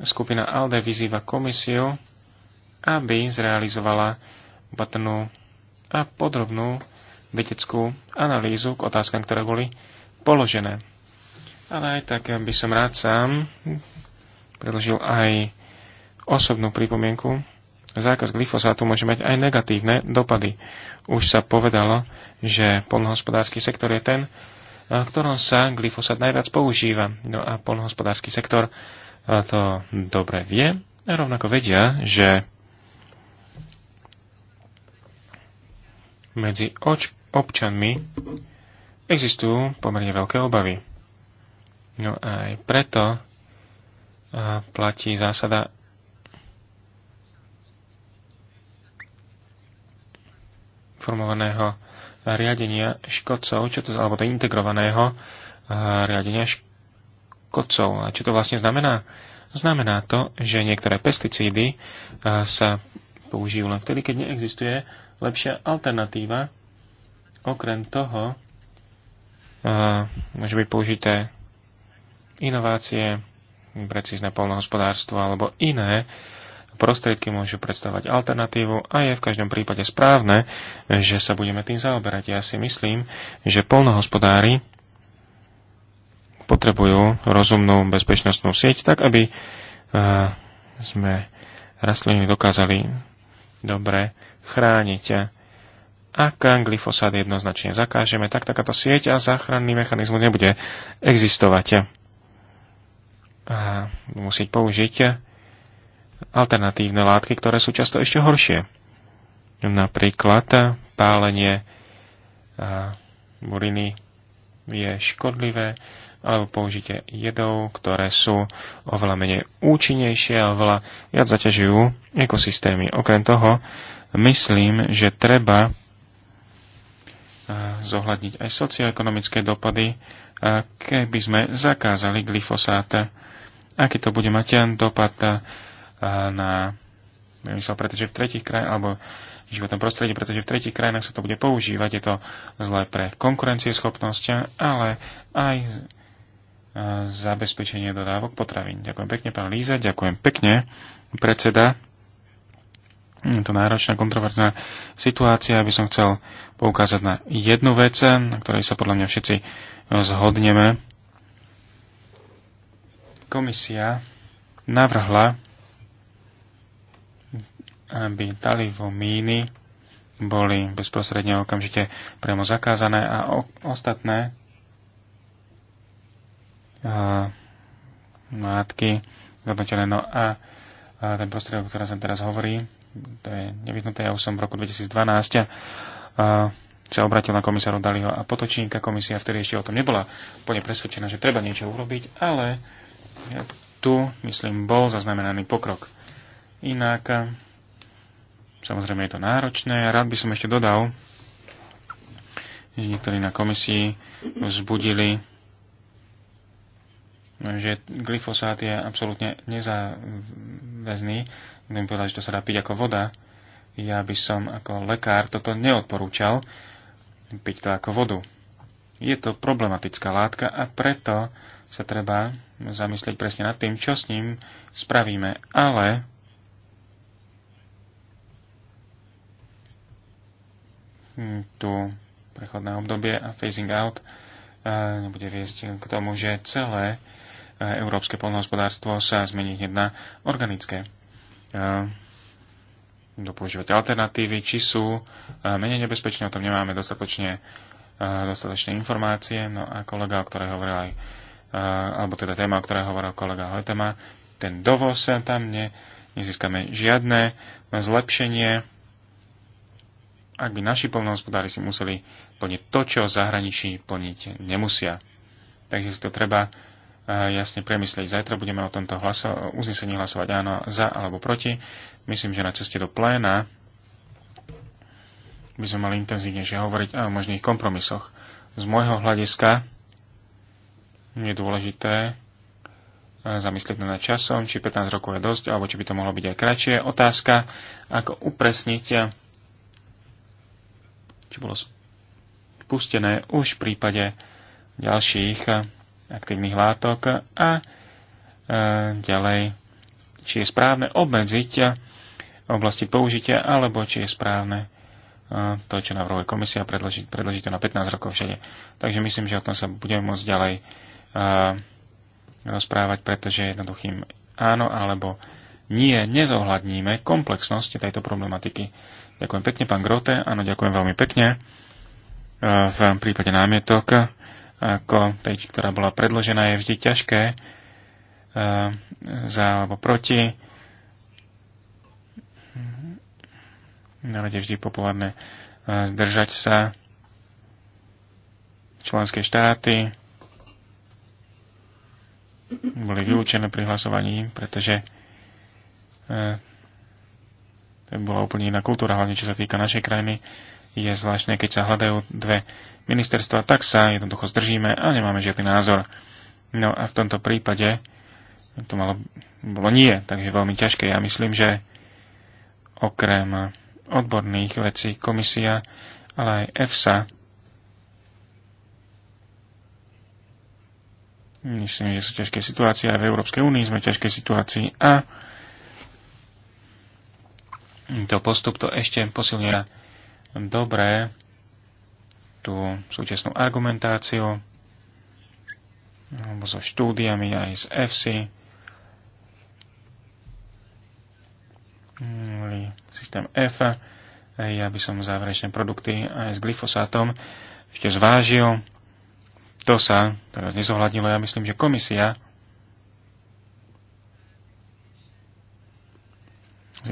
Skupina ALDE vyzýva komisiu, aby zrealizovala opatrnú a podrobnú vedeckú analýzu k otázkam, ktoré boli položené. Ale aj tak by som rád sám predložil aj osobnú pripomienku. Zákaz glyfosátu môže mať aj negatívne dopady. Už sa povedalo, že polnohospodársky sektor je ten, v ktorom sa glyfosát najviac používa. No a polnohospodársky sektor to dobre vie a rovnako vedia, že medzi oč- občanmi existujú pomerne veľké obavy. No a aj preto platí zásada formovaného riadenia škodcov, čo to, alebo to integrovaného riadenia škodcov. A čo to vlastne znamená? Znamená to, že niektoré pesticídy sa použijú len no vtedy, keď neexistuje lepšia alternatíva. Okrem toho uh, môže byť použité inovácie, precízne polnohospodárstvo alebo iné prostriedky môžu predstavovať alternatívu a je v každom prípade správne, že sa budeme tým zaoberať. Ja si myslím, že polnohospodári potrebujú rozumnú bezpečnostnú sieť, tak aby uh, sme rastliny dokázali dobre chrániť. Ak glyfosát jednoznačne zakážeme, tak takáto sieť a záchranný mechanizmus nebude existovať. A musieť použiť alternatívne látky, ktoré sú často ešte horšie. Napríklad pálenie buriny je škodlivé alebo použite jedov, ktoré sú oveľa menej účinnejšie a oveľa viac zaťažujú ekosystémy. Okrem toho, myslím, že treba eh, zohľadniť aj socioekonomické dopady, keby sme zakázali glyfosát. Aký to bude mať dopad eh, na myslel, pretože v tretich krajinách, alebo životnom prostredí, pretože v tretich krajinách sa to bude používať. Je to zlé pre konkurencieschopnosť, ale aj E, zabezpečenie dodávok potravín. Ďakujem pekne, pán Líza, ďakujem pekne, predseda. Je to náročná, kontroverzná situácia. By som chcel poukázať na jednu vec, na ktorej sa podľa mňa všetci zhodneme. Komisia navrhla, aby talivomíny boli bezprostredne okamžite priamo zakázané a ostatné látky zhodnotené. No a, a ten prostriedok, o ktorom sa teraz hovorí, to je nevyhnuté. Ja už som v roku 2012 a, sa obratil na komisáru Daliho a Potočníka. Komisia vtedy ešte o tom nebola plne presvedčená, že treba niečo urobiť, ale tu, myslím, bol zaznamenaný pokrok. Inak, samozrejme je to náročné. Rád by som ešte dodal, že niektorí na komisii vzbudili že glyfosát je absolútne nezáväzný. Budem povedať, že to sa dá piť ako voda. Ja by som ako lekár toto neodporúčal, piť to ako vodu. Je to problematická látka a preto sa treba zamyslieť presne nad tým, čo s ním spravíme. Ale tu prechodné obdobie a phasing out eh, nebude viesť k tomu, že celé európske polnohospodárstvo sa zmení hneď na organické. E, Dopoužívať alternatívy, či sú e, menej nebezpečné, o tom nemáme dostatočne, e, dostatočné informácie. No a kolega, o ktorej hovoril aj, alebo teda téma, o ktorej hovoril kolega Hojtema, ten dovoz tam ne, nezískame žiadne zlepšenie ak by naši polnohospodári si museli plniť to, čo zahraničí plniť nemusia. Takže si to treba E, jasne premyslieť. Zajtra budeme o tomto hlaso- uznesení hlasovať áno za alebo proti. Myslím, že na ceste do pléna by sme mali intenzívnejšie hovoriť aj o možných kompromisoch. Z môjho hľadiska je dôležité e, zamyslieť nad časom, či 15 rokov je dosť, alebo či by to mohlo byť aj kratšie. Otázka, ako upresniť, či bolo spustené už v prípade ďalších aktívnych látok a e, ďalej, či je správne obmedziť oblasti použitia, alebo či je správne e, to, čo navrhuje komisia, predložiť, predložiť to na 15 rokov všade. Takže myslím, že o tom sa budeme môcť ďalej e, rozprávať, pretože jednoduchým áno alebo nie, nezohľadníme komplexnosť tejto problematiky. Ďakujem pekne, pán Grote. Áno, ďakujem veľmi pekne. V prípade námietok ako teď, ktorá bola predložená, je vždy ťažké uh, za alebo proti. Národe vždy populárne uh, zdržať sa členské štáty boli vylúčené pri hlasovaní, pretože uh, to bola úplne iná kultúra, hlavne čo sa týka našej krajiny. Uh, je zvláštne, keď sa hľadajú dve ministerstva, tak sa jednoducho zdržíme a nemáme žiadny názor. No a v tomto prípade to malo, bolo nie, tak je veľmi ťažké. Ja myslím, že okrem odborných vecí komisia, ale aj EFSA, myslím, že sú ťažké situácie aj v Európskej únii sme v ťažkej situácii a to postup to ešte posilňuje Dobré tú súčasnú argumentáciu alebo so štúdiami aj z FC systém F. Ja by som záverečné produkty aj s glyfosátom ešte zvážil. To sa teraz nezohľadnilo. Ja myslím, že komisia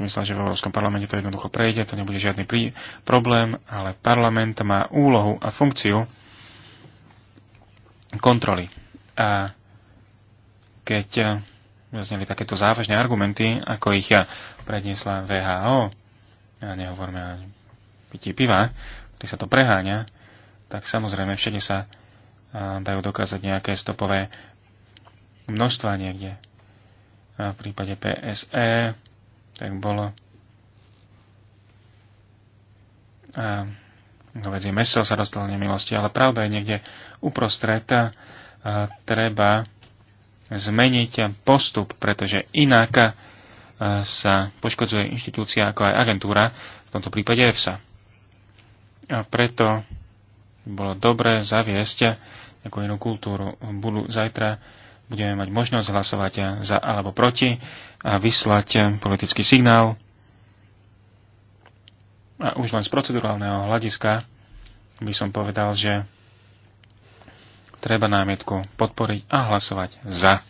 myslel, že v Európskom parlamente to jednoducho prejde, to nebude žiadny problém, ale parlament má úlohu a funkciu kontroly. A keď eh, zazneli takéto závažné argumenty, ako ich ja eh, predniesla VHO, a nehovorme o pití piva, kde sa to preháňa, tak samozrejme všade sa eh, dajú dokázať nejaké stopové množstva niekde. A v prípade PSE tak bolo. A hovedzie meso sa dostalo nemilosti, ale pravda je niekde uprostred. A treba zmeniť postup, pretože inak sa poškodzuje inštitúcia ako aj agentúra, v tomto prípade EFSA. A preto bolo dobré zaviesť ako inú kultúru. Budú zajtra budeme mať možnosť hlasovať za alebo proti a vyslať politický signál. A už len z procedurálneho hľadiska by som povedal, že treba námietku podporiť a hlasovať za.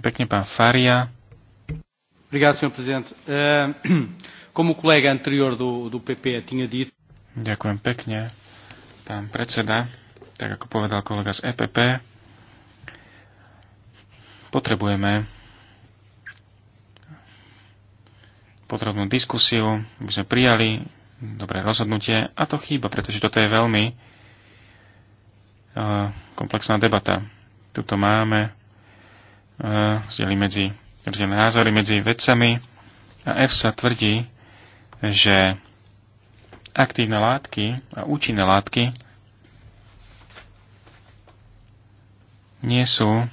Pekne pán Faria. Eh, Ďakujem pekne, pán predseda tak ako povedal kolega z EPP, potrebujeme potrebnú diskusiu, aby sme prijali dobré rozhodnutie a to chýba, pretože toto je veľmi uh, komplexná debata. Tuto máme uh, medzi rozdielne názory medzi vedcami a EFSA tvrdí, že aktívne látky a účinné látky nie sú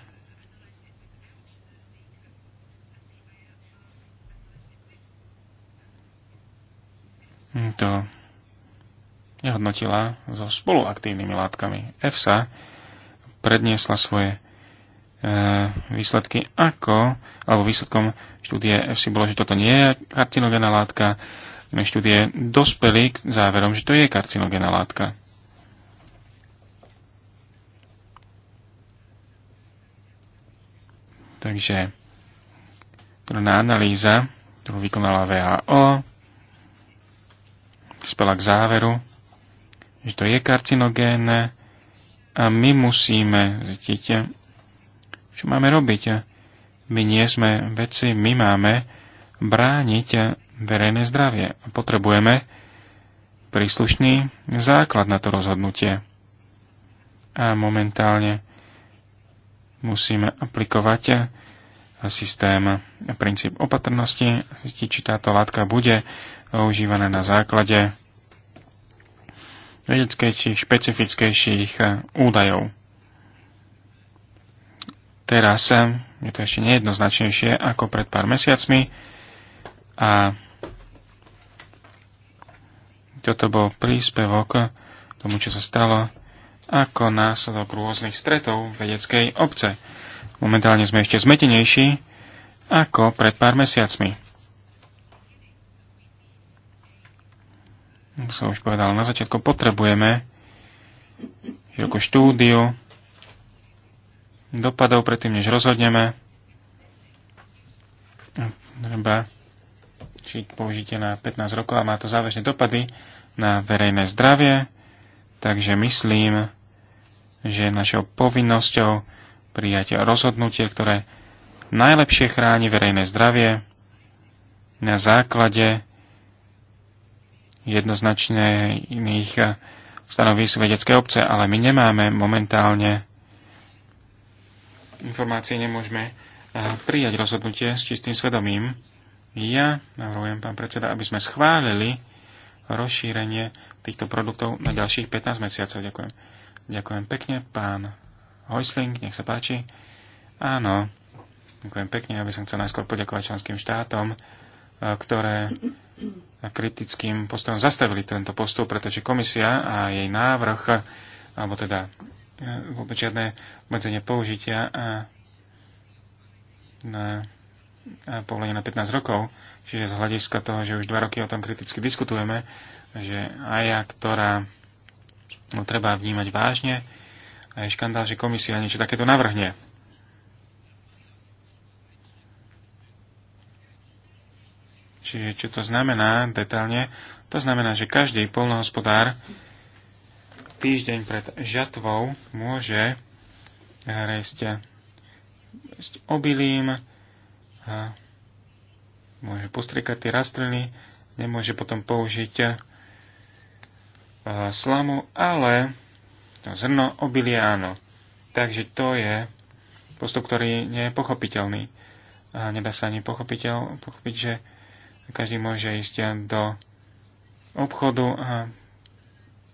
to nehodnotila so spoluaktívnymi látkami. EFSA predniesla svoje e, výsledky ako, alebo výsledkom štúdie EFSI bolo, že toto nie je karcinogénna látka, štúdie dospeli k záverom, že to je karcinogénna látka. Takže na analýza, ktorú vykonala VAO, spela k záveru, že to je karcinogénne a my musíme zistiť, čo máme robiť. My nie sme veci, my máme brániť verejné zdravie a potrebujeme príslušný základ na to rozhodnutie. A momentálne musíme aplikovať systém a princíp opatrnosti, zistiť, či táto látka bude používaná na základe vedeckejších, špecifickejších eh, údajov. Teraz eh, je to ešte nejednoznačnejšie ako pred pár mesiacmi a toto bol príspevok tomu, čo sa stalo ako následok rôznych stretov vedeckej obce. Momentálne sme ešte zmetenejší ako pred pár mesiacmi. Ako som už povedal, na začiatku potrebujeme širokú štúdiu dopadov predtým, než rozhodneme. Treba či použite na 15 rokov a má to závažné dopady na verejné zdravie, Takže myslím, že je našou povinnosťou prijať rozhodnutie, ktoré najlepšie chráni verejné zdravie na základe jednoznačne iných stanovísk vedecké obce, ale my nemáme momentálne informácie, nemôžeme prijať rozhodnutie s čistým svedomím. Ja navrhujem, pán predseda, aby sme schválili rozšírenie týchto produktov na ďalších 15 mesiacov. Ďakujem. Ďakujem pekne, pán Hojsling, nech sa páči. Áno, ďakujem pekne, aby som chcel najskôr poďakovať členským štátom, eh, ktoré kritickým postojom zastavili tento postup, pretože komisia a jej návrh, alebo teda eh, vôbec žiadne obmedzenie použitia a eh, na Eh, povolenie na 15 rokov. Čiže z hľadiska toho, že už 2 roky o tom kriticky diskutujeme, že aja, ktorá no, treba vnímať vážne, a je škandál, že komisia niečo takéto navrhne. Čiže čo to znamená detailne? To znamená, že každý polnohospodár týždeň pred žatvou môže rejsť obilím, a môže postriekať tie rastliny, nemôže potom použiť e, slamu, ale to zrno obilie áno. Takže to je postup, ktorý nie je pochopiteľný. A nedá sa ani pochopiteľ, pochopiť, že každý môže ísť do obchodu a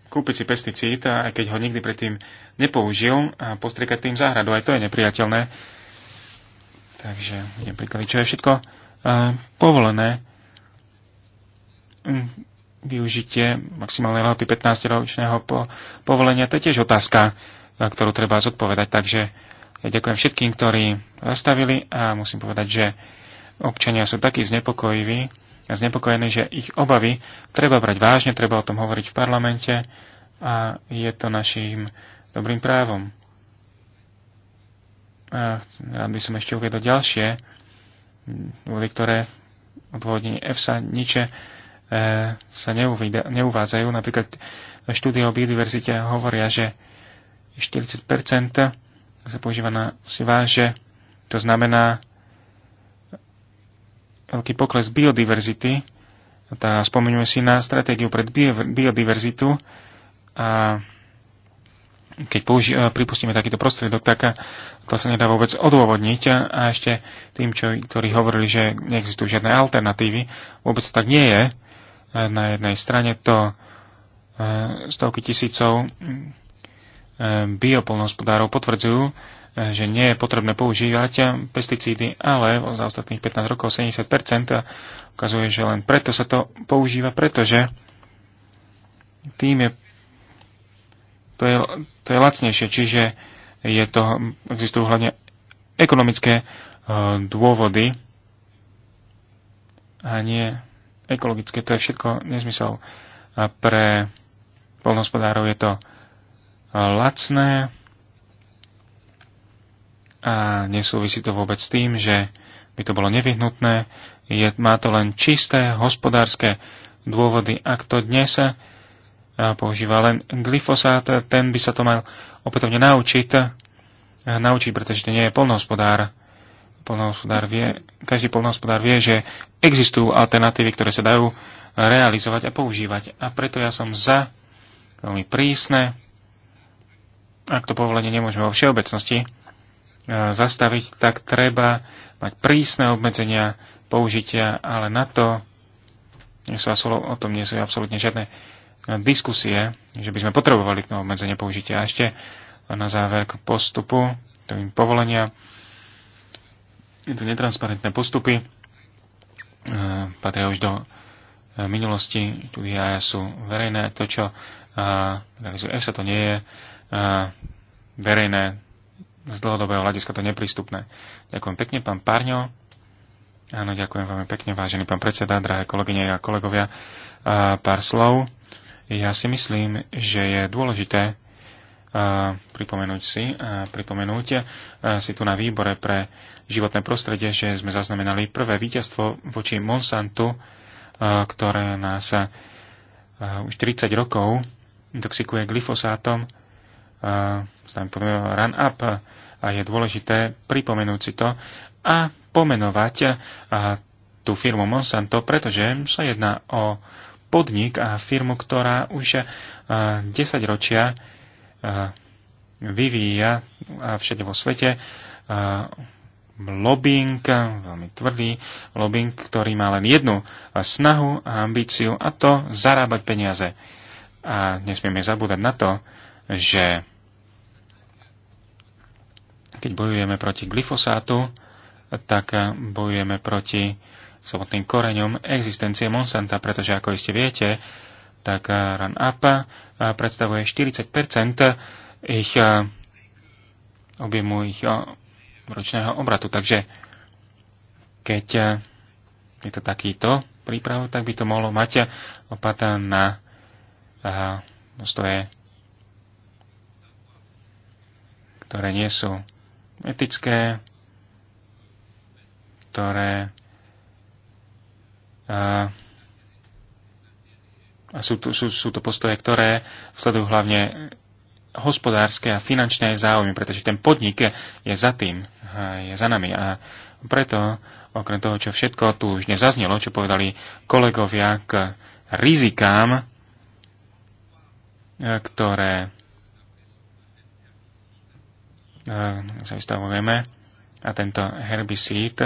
kúpiť si pesticíd, aj keď ho nikdy predtým nepoužil a postriekať tým záhradu. Aj to je nepriateľné. Takže budem príklady, čo je všetko e, povolené hm, využitie maximálnej lehoty 15-ročného po, povolenia, to je tiež otázka, ktorú treba zodpovedať. Takže ja ďakujem všetkým, ktorí zastavili a musím povedať, že občania sú takí znepokojiví a znepokojení, že ich obavy treba brať vážne, treba o tom hovoriť v parlamente a je to našim dobrým právom. A rád by som ešte uvedol ďalšie dôvody, ktoré odvodní EFSA niče e, sa neuvide, neuvádzajú. Napríklad štúdie o biodiverzite hovoria, že 40% sa používa na siváže, to znamená veľký pokles biodiverzity. Tá spomenuje si na stratégiu pred biodiverzitu a keď použi- eh, pripustíme takýto prostriedok, tak eh, to sa nedá vôbec odôvodniť eh, a ešte tým, čo, ktorí hovorili, že neexistujú žiadne alternatívy, vôbec to tak nie je. Na jednej strane to stovky tisícov mm, biopolnohospodárov potvrdzujú, že nie je potrebné používať pesticídy, ale za ostatných 15 rokov 70% ukazuje, že len preto sa to používa, pretože tým je to je, to je lacnejšie, čiže je to, existujú hlavne ekonomické e, dôvody a nie ekologické. To je všetko nezmysel. A pre polnohospodárov je to e, lacné a nesúvisí to vôbec s tým, že by to bolo nevyhnutné. Je, má to len čisté hospodárske dôvody. Ak to dnes používa len glyfosát, ten by sa to mal opätovne naučiť, eh, naučiť, pretože to nie je polnohospodár. Polnohospodár vie, každý polnohospodár vie, že existujú alternatívy, ktoré sa dajú realizovať a používať. A preto ja som za veľmi prísne, ak to povolenie nemôžeme vo všeobecnosti eh, zastaviť, tak treba mať prísne obmedzenia použitia, ale na to, nie sú o tom nie sú absolútne žiadne diskusie, že by sme potrebovali k tomu obmedzenie použitia. A ešte na záver k postupu, to im povolenia, je to netransparentné postupy, e, patria už do e, minulosti, štúdia sú verejné, to, čo e, realizuje EFSA, to nie je verejné, z dlhodobého hľadiska to neprístupné. Ďakujem pekne, pán Párňo. Áno, ďakujem veľmi pekne, vážený pán predseda, drahé kolegyne a kolegovia. Pár slov ja si myslím, že je dôležité eh, pripomenúť si, eh, pripomenúť eh, si tu na výbore pre životné prostredie, že sme zaznamenali prvé víťazstvo voči Monsantu, ktoré nás už 30 rokov intoxikuje glyfosátom, run up a je dôležité pripomenúť si to a pomenovať tú firmu Monsanto, pretože sa jedná o podnik a firmu, ktorá už 10 eh, ročia eh, vyvíja všade vo svete eh, lobbying, veľmi tvrdý lobbying, ktorý má len jednu snahu a ambíciu a to zarábať peniaze. A nesmieme zabúdať na to, že keď bojujeme proti glyfosátu, tak bojujeme proti samotným koreňom existencie Monsanta, pretože ako iste viete, tak eh, Run Up eh, predstavuje 40 ich eh, objemu ich ročného obratu. Takže keď je to takýto príprav, tak by to mohlo mať opata na postoje, ktoré nie sú etické, ktoré a, a sú, to, sú, sú to postoje, ktoré sledujú hlavne hospodárske a finančné záujmy, pretože ten podnik je za tým, je za nami. A preto, okrem toho, čo všetko tu už nezaznelo, čo povedali kolegovia k rizikám, e, ktoré e, sa vystavujeme, a tento herbicíd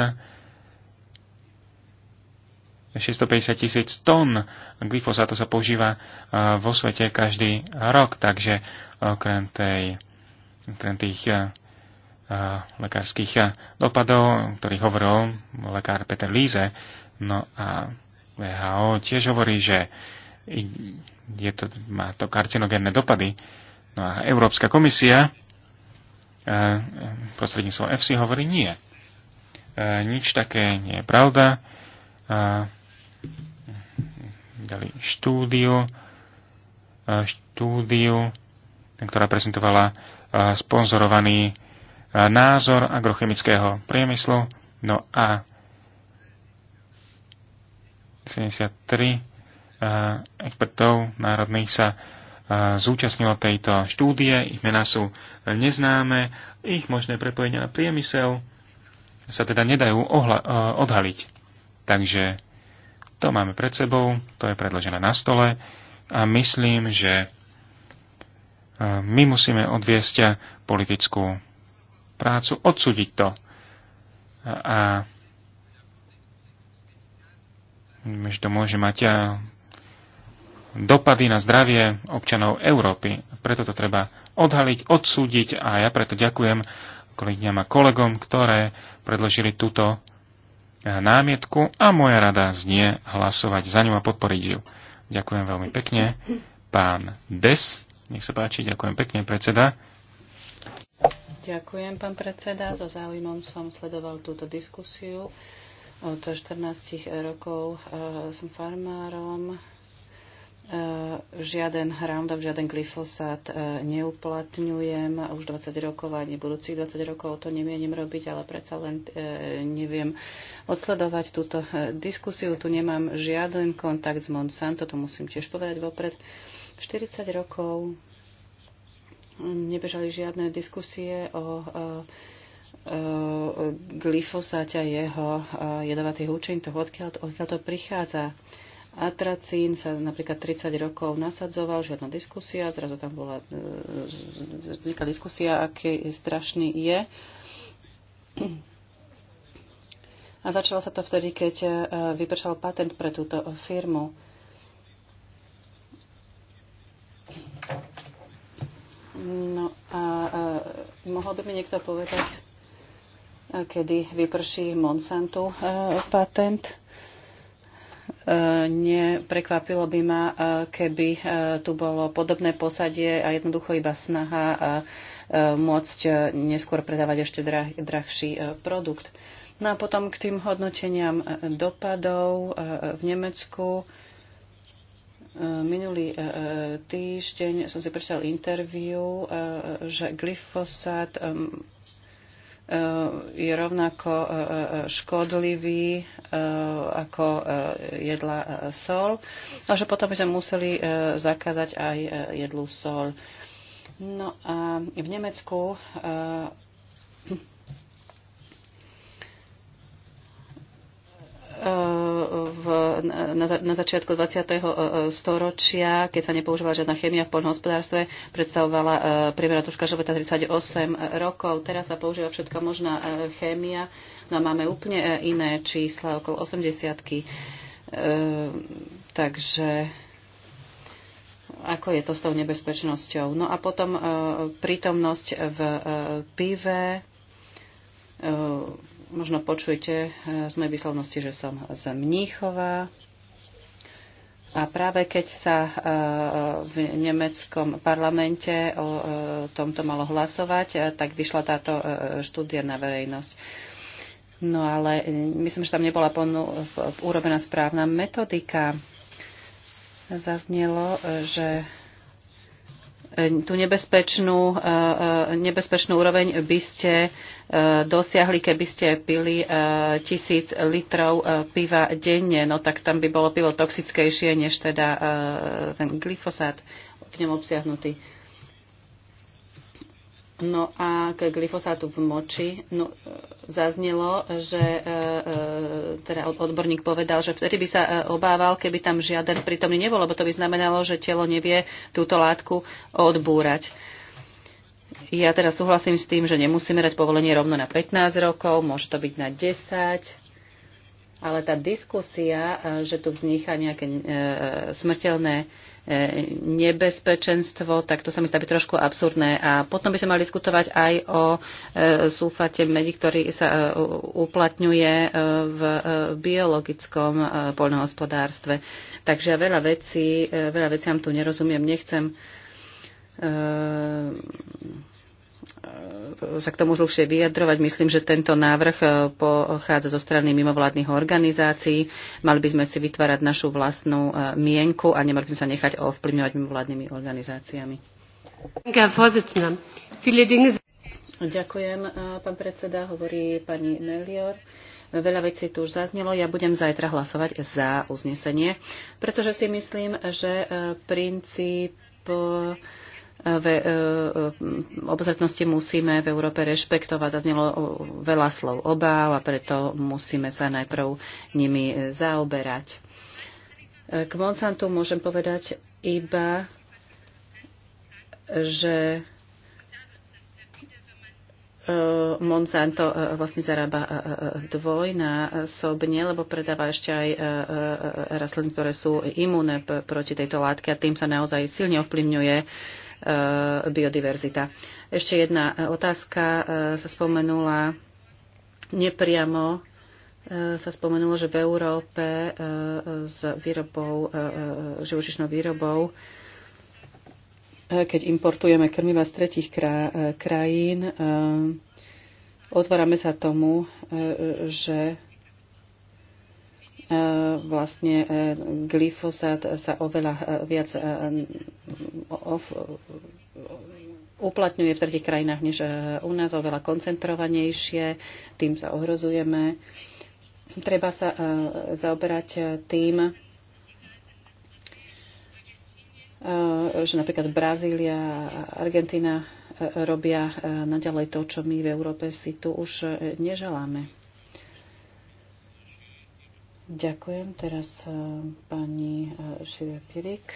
650 tisíc tón glyfosátu sa používa e, vo svete každý rok, takže okrem, tej, okrem tých e, e, lekárskych dopadov, ktorých hovoril lekár Peter Líze, no a VHO tiež hovorí, že je to, má to karcinogénne dopady. No a Európska komisia prostredníctvom EFSI hovorí nie. Nič také nie je pravda dali štúdiu, eh, štúdiu, ktorá prezentovala eh, sponzorovaný eh, názor agrochemického priemyslu. No a 73 expertov národných sa zúčastnilo tejto štúdie. Ich mená sú neznáme, ich možné prepojenia na priemysel sa teda nedajú odhaliť. Takže to máme pred sebou, to je predložené na stole a myslím, že e, my musíme odviesť politickú prácu, odsúdiť to. A že to môže mať e, dopady na zdravie občanov Európy. Preto to treba odhaliť, odsúdiť a ja preto ďakujem kolegyňam a kolegom, ktoré predložili túto námietku a moja rada znie hlasovať za ňu a podporiť ju. Ďakujem veľmi pekne. Pán Des, nech sa páči, ďakujem pekne, predseda. Ďakujem, pán predseda. So záujmom som sledoval túto diskusiu. Od 14 rokov eh, som farmárom E, žiaden Roundup, žiaden glyfosát e, neuplatňujem. Už 20 rokov, ani budúcich 20 rokov to nemienim robiť, ale predsa len e, neviem odsledovať túto diskusiu. Tu nemám žiaden kontakt s Monsanto, to musím tiež povedať vopred. 40 rokov nebežali žiadne diskusie o glyfosáte a jeho jedovatých účinkoch. Odkiaľ, odkiaľ to prichádza? Atracín sa napríklad 30 rokov nasadzoval, žiadna diskusia, zrazu tam bola, e, vznikla diskusia, aký strašný je. A začalo sa to vtedy, keď e, vypršal patent pre túto firmu. No a, a e, mohol by mi niekto povedať, kedy vyprší Monsantu patent? Neprekvapilo by ma, e, keby e, tu bolo podobné posadie a jednoducho iba snaha e, môcť neskôr predávať ešte drah, drahší produkt. No a potom k tým hodnoteniam dopadov v Nemecku. Minulý týždeň som si prečítal interviu, že glyfosát je rovnako e, e, škodlivý e, ako jedla sol a že potom by sme museli zakázať aj jedlu sol. No a v Nemecku v, na, na začiatku 20. E, e, storočia, keď sa nepoužívala žiadna chémia v poľnohospodárstve, predstavovala e, priemerná troška života 38 rokov. Teraz sa používa všetko možná chémia. No a máme úplne iné čísla, okolo 80. Takže ako je to s tou nebezpečnosťou. No a potom prítomnosť v pive Možno počujete eh, z mojej výslovnosti, že som z Mníchova. A práve keď sa eh, v nemeckom parlamente o eh, tomto malo hlasovať, tak vyšla táto štúdia na verejnosť. No ale myslím, že tam nebola urobená správna metodika. Zaznelo, že tú nebezpečnú, e, e, nebezpečnú úroveň by ste e, dosiahli, keby ste pili tisíc litrov piva denne. No tak tam by bolo pivo toxickejšie než teda ten glyfosát v ňom obsiahnutý. No a k glyfosátu v moči no, e, zaznelo, že e, e teda odborník povedal, že vtedy by sa e, obával, keby tam žiaden prítomný nebol, lebo to by znamenalo, že telo nevie túto látku odbúrať. Ja teda súhlasím s tým, že nemusíme dať povolenie rovno na 15 rokov, môže to byť na 10 ale tá diskusia, e, že tu vzniká nejaké e, smrteľné e, nebezpečenstvo, tak to sa mi zdá byť trošku absurdné. A potom by sme mali diskutovať aj o sulfate medi, ktorý sa uplatňuje v biologickom poľnohospodárstve. Takže veľa vecí, veľa vám tu nerozumiem, nechcem sa k tomu dlhšie vyjadrovať. Myslím, že tento návrh e, pochádza zo strany mimovládnych organizácií. Mali by sme si vytvárať našu vlastnú e, mienku a nemali by sme sa nechať ovplyvňovať mimovládnymi organizáciami. Ďakujem, e, pán predseda, hovorí pani Melior. Veľa vecí tu už zaznelo. Ja budem zajtra hlasovať za uznesenie, pretože si myslím, že princíp v e, e, obzretnosti musíme v Európe rešpektovať. Zaznelo veľa slov obáv a preto musíme sa najprv nimi zaoberať. E, k Monsantu môžem povedať iba, že Monsanto vlastne zarába dvojnásobne, lebo predáva ešte aj rastliny, ktoré sú imúne proti tejto látke a tým sa naozaj silne ovplyvňuje E, biodiverzita. Ešte jedna e, otázka e, sa spomenula nepriamo sa spomenulo, že v Európe s výrobou, živočišnou výrobou keď importujeme krmiva z tretich krajín, otvárame sa tomu, že E, vlastne e, glyfosát sa oveľa e, viac uplatňuje v tretich krajinách než u nás, oveľa koncentrovanejšie, tým sa ohrozujeme. Treba sa zaoberať tým, že napríklad Brazília a Argentína robia naďalej to, čo my v Európe si tu už neželáme. Ďakujem. Teraz e, pani Šivia e, Pirik.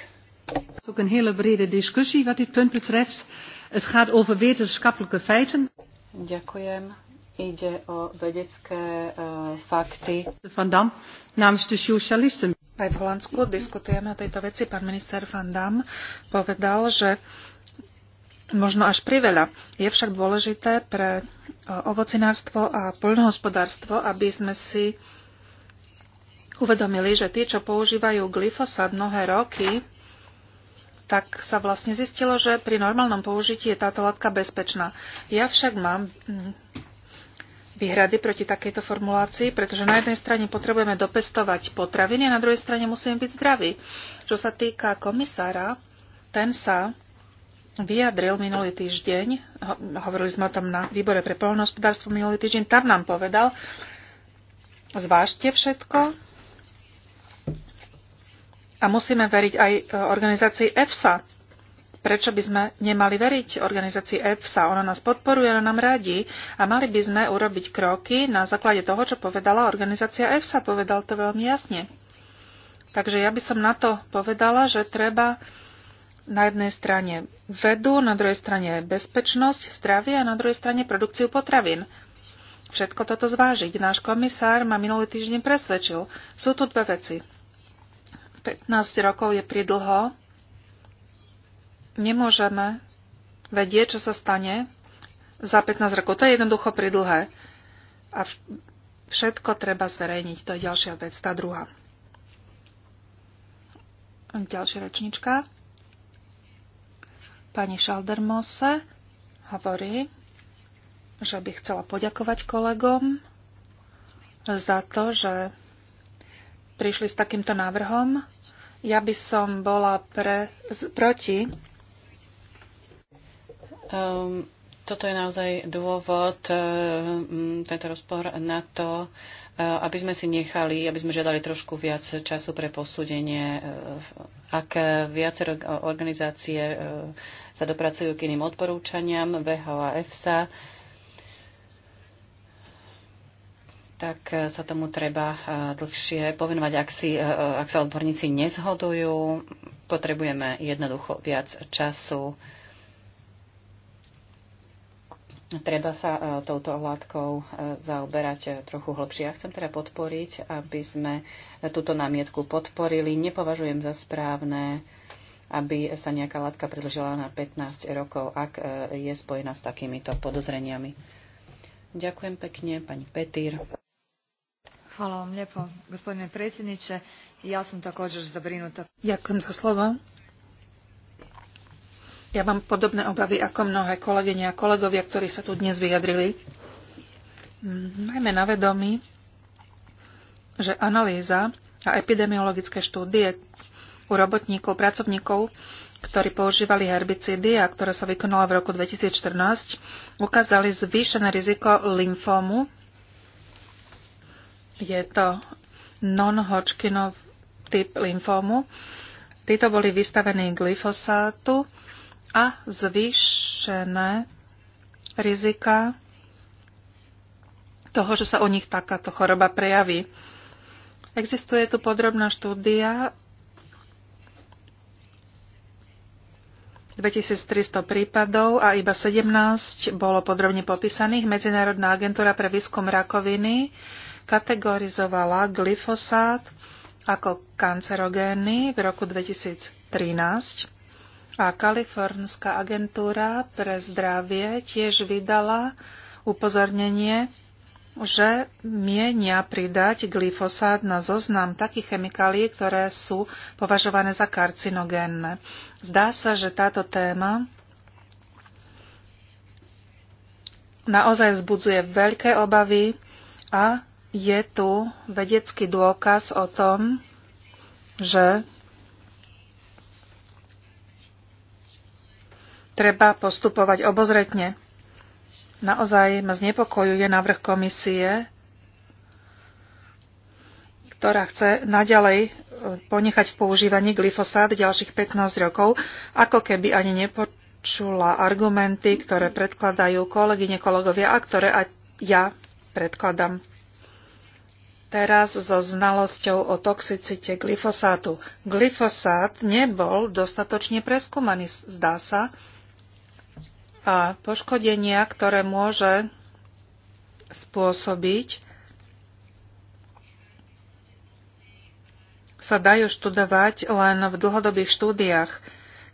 Ook een hele brede discussie wat dit punt betreft. Het gaat over wetenschappelijke feiten. Ďakujem. Ide o vedecké uh, fakty. Van Dam, namens de socialisten. Aj v Holandsku diskutujeme o tejto veci. Pán minister Van Dam povedal, že možno až priveľa. Je však dôležité pre ovocinárstvo a poľnohospodárstvo, aby sme si uh, uvedomili, že tí, čo používajú glyfosát mnohé roky, tak sa vlastne zistilo, že pri normálnom použití je táto látka bezpečná. Ja však mám mm, výhrady proti takejto formulácii, pretože na jednej strane potrebujeme dopestovať potraviny a na druhej strane musíme byť zdraví. Čo sa týka komisára, ten sa vyjadril minulý týždeň, hovorili sme o tom na výbore pre poľnohospodárstvo minulý týždeň, tam nám povedal, zvážte všetko, a musíme veriť aj e, organizácii EFSA. Prečo by sme nemali veriť organizácii EFSA? Ona nás podporuje, ona nám radí a mali by sme urobiť kroky na základe toho, čo povedala organizácia EFSA. Povedal to veľmi jasne. Takže ja by som na to povedala, že treba na jednej strane vedu, na druhej strane bezpečnosť zdravie a na druhej strane produkciu potravín. Všetko toto zvážiť. Náš komisár ma minulý týždeň presvedčil. Sú tu dve veci 15 rokov je pridlho. Nemôžeme vedieť, čo sa stane za 15 rokov. To je jednoducho pridlhé. A všetko treba zverejniť. To je ďalšia vec, tá druhá. Ďalšia rečnička. Pani Šaldermose hovorí, že by chcela poďakovať kolegom za to, že prišli s takýmto návrhom. Ja by som bola pre, z, proti. Um, toto je naozaj dôvod, um, tento rozpor na to, e, aby sme si nechali, aby sme žiadali trošku viac času pre posúdenie. E, ak viacero organizácie sa dopracujú k iným odporúčaniam, VHO a EFSA, tak e, sa tomu treba e, dlhšie povenovať. Ak, si, e, ak sa odborníci nezhodujú, potrebujeme jednoducho viac času. Treba sa touto látkou zaoberať trochu hlbšie. Ja chcem teda podporiť, aby sme túto námietku podporili. Nepovažujem za správne, aby sa nejaká látka predlžila na 15 rokov, ak je spojená s takýmito podozreniami. Ďakujem pekne, pani Petýr gospodine Ja sam zabrinuta. Ďakujem za slovo. Ja mám podobné obavy ako mnohé kolegyne a kolegovia, ktorí sa tu dnes vyjadrili. Najmä na vedomí, že analýza a epidemiologické štúdie u robotníkov, pracovníkov, ktorí používali herbicídy a ktorá sa vykonala v roku 2014, ukázali zvýšené riziko lymfómu je to non-Hodgkinov typ lymfómu. Títo boli vystavení glyfosátu a zvýšené rizika toho, že sa u nich takáto choroba prejaví. Existuje tu podrobná štúdia 2300 prípadov a iba 17 bolo podrobne popísaných. Medzinárodná agentúra pre výskum rakoviny kategorizovala glyfosát ako kancerogénny v roku 2013 a Kalifornská agentúra pre zdravie tiež vydala upozornenie, že mienia pridať glyfosát na zoznam takých chemikálií, ktoré sú považované za karcinogénne. Zdá sa, že táto téma naozaj vzbudzuje veľké obavy a je tu vedecký dôkaz o tom, že treba postupovať obozretne. Naozaj ma znepokojuje návrh komisie, ktorá chce naďalej e, ponechať v používaní glyfosát ďalších 15 rokov, ako keby ani nepočula argumenty, ktoré predkladajú kolegyne, kolegovia a ktoré aj ja predkladám. Teraz so znalosťou o toxicite glyfosátu. Glyfosát nebol dostatočne preskúmaný, zdá sa, a poškodenia, ktoré môže spôsobiť, sa dajú študovať len v dlhodobých štúdiách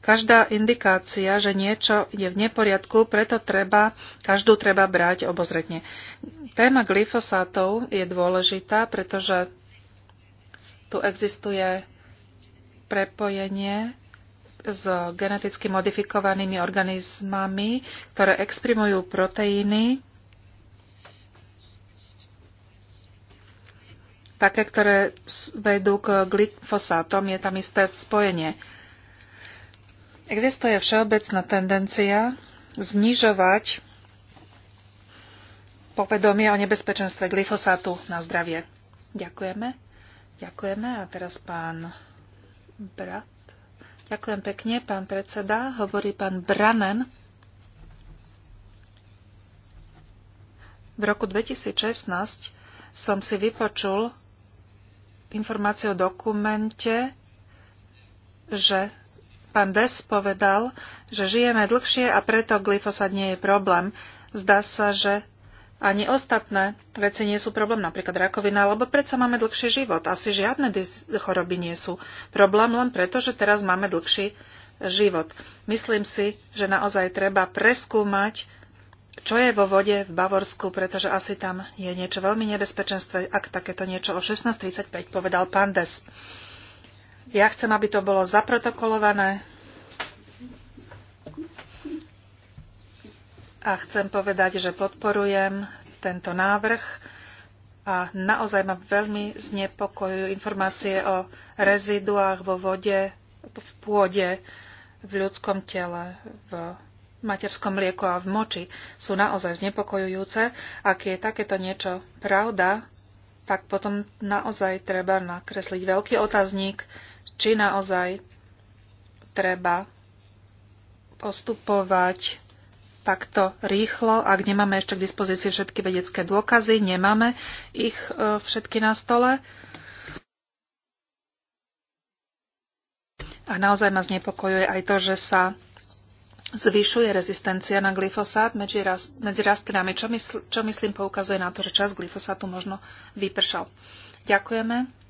Každá indikácia, že niečo je v neporiadku, preto treba, každú treba brať obozretne. Téma glyfosátov je dôležitá, pretože tu existuje prepojenie s geneticky modifikovanými organizmami, ktoré exprimujú proteíny, také, ktoré vedú k glyfosátom, je tam isté spojenie. Existuje všeobecná tendencia znižovať povedomie o nebezpečenstve glyfosátu na zdravie. Ďakujeme. Ďakujeme. A teraz pán Brat. Ďakujem pekne, pán predseda. Hovorí pán Branen. V roku 2016 som si vypočul informáciu o dokumente, že Pán Des povedal, že žijeme dlhšie a preto glyfosát nie je problém. Zdá sa, že ani ostatné veci nie sú problém, napríklad rakovina, lebo predsa máme dlhší život. Asi žiadne choroby nie sú problém, len preto, že teraz máme dlhší život. Myslím si, že naozaj treba preskúmať, čo je vo vode v Bavorsku, pretože asi tam je niečo veľmi nebezpečenstve, ak takéto niečo o 16.35 povedal pán Des. Ja chcem, aby to bolo zaprotokolované. A chcem povedať, že podporujem tento návrh a naozaj ma veľmi znepokojujú informácie o reziduách vo vode, v pôde, v ľudskom tele, v materskom lieku a v moči sú naozaj znepokojujúce. Ak je takéto niečo pravda, tak potom naozaj treba nakresliť veľký otazník či naozaj treba postupovať takto rýchlo, ak nemáme ešte k dispozícii všetky vedecké dôkazy, nemáme ich e, všetky na stole. A naozaj ma znepokojuje aj to, že sa zvyšuje rezistencia na glyfosát medzi, rast, medzi rastlinami, čo, mysl, čo myslím poukazuje na to, že čas glyfosátu možno vypršal. Ďakujeme.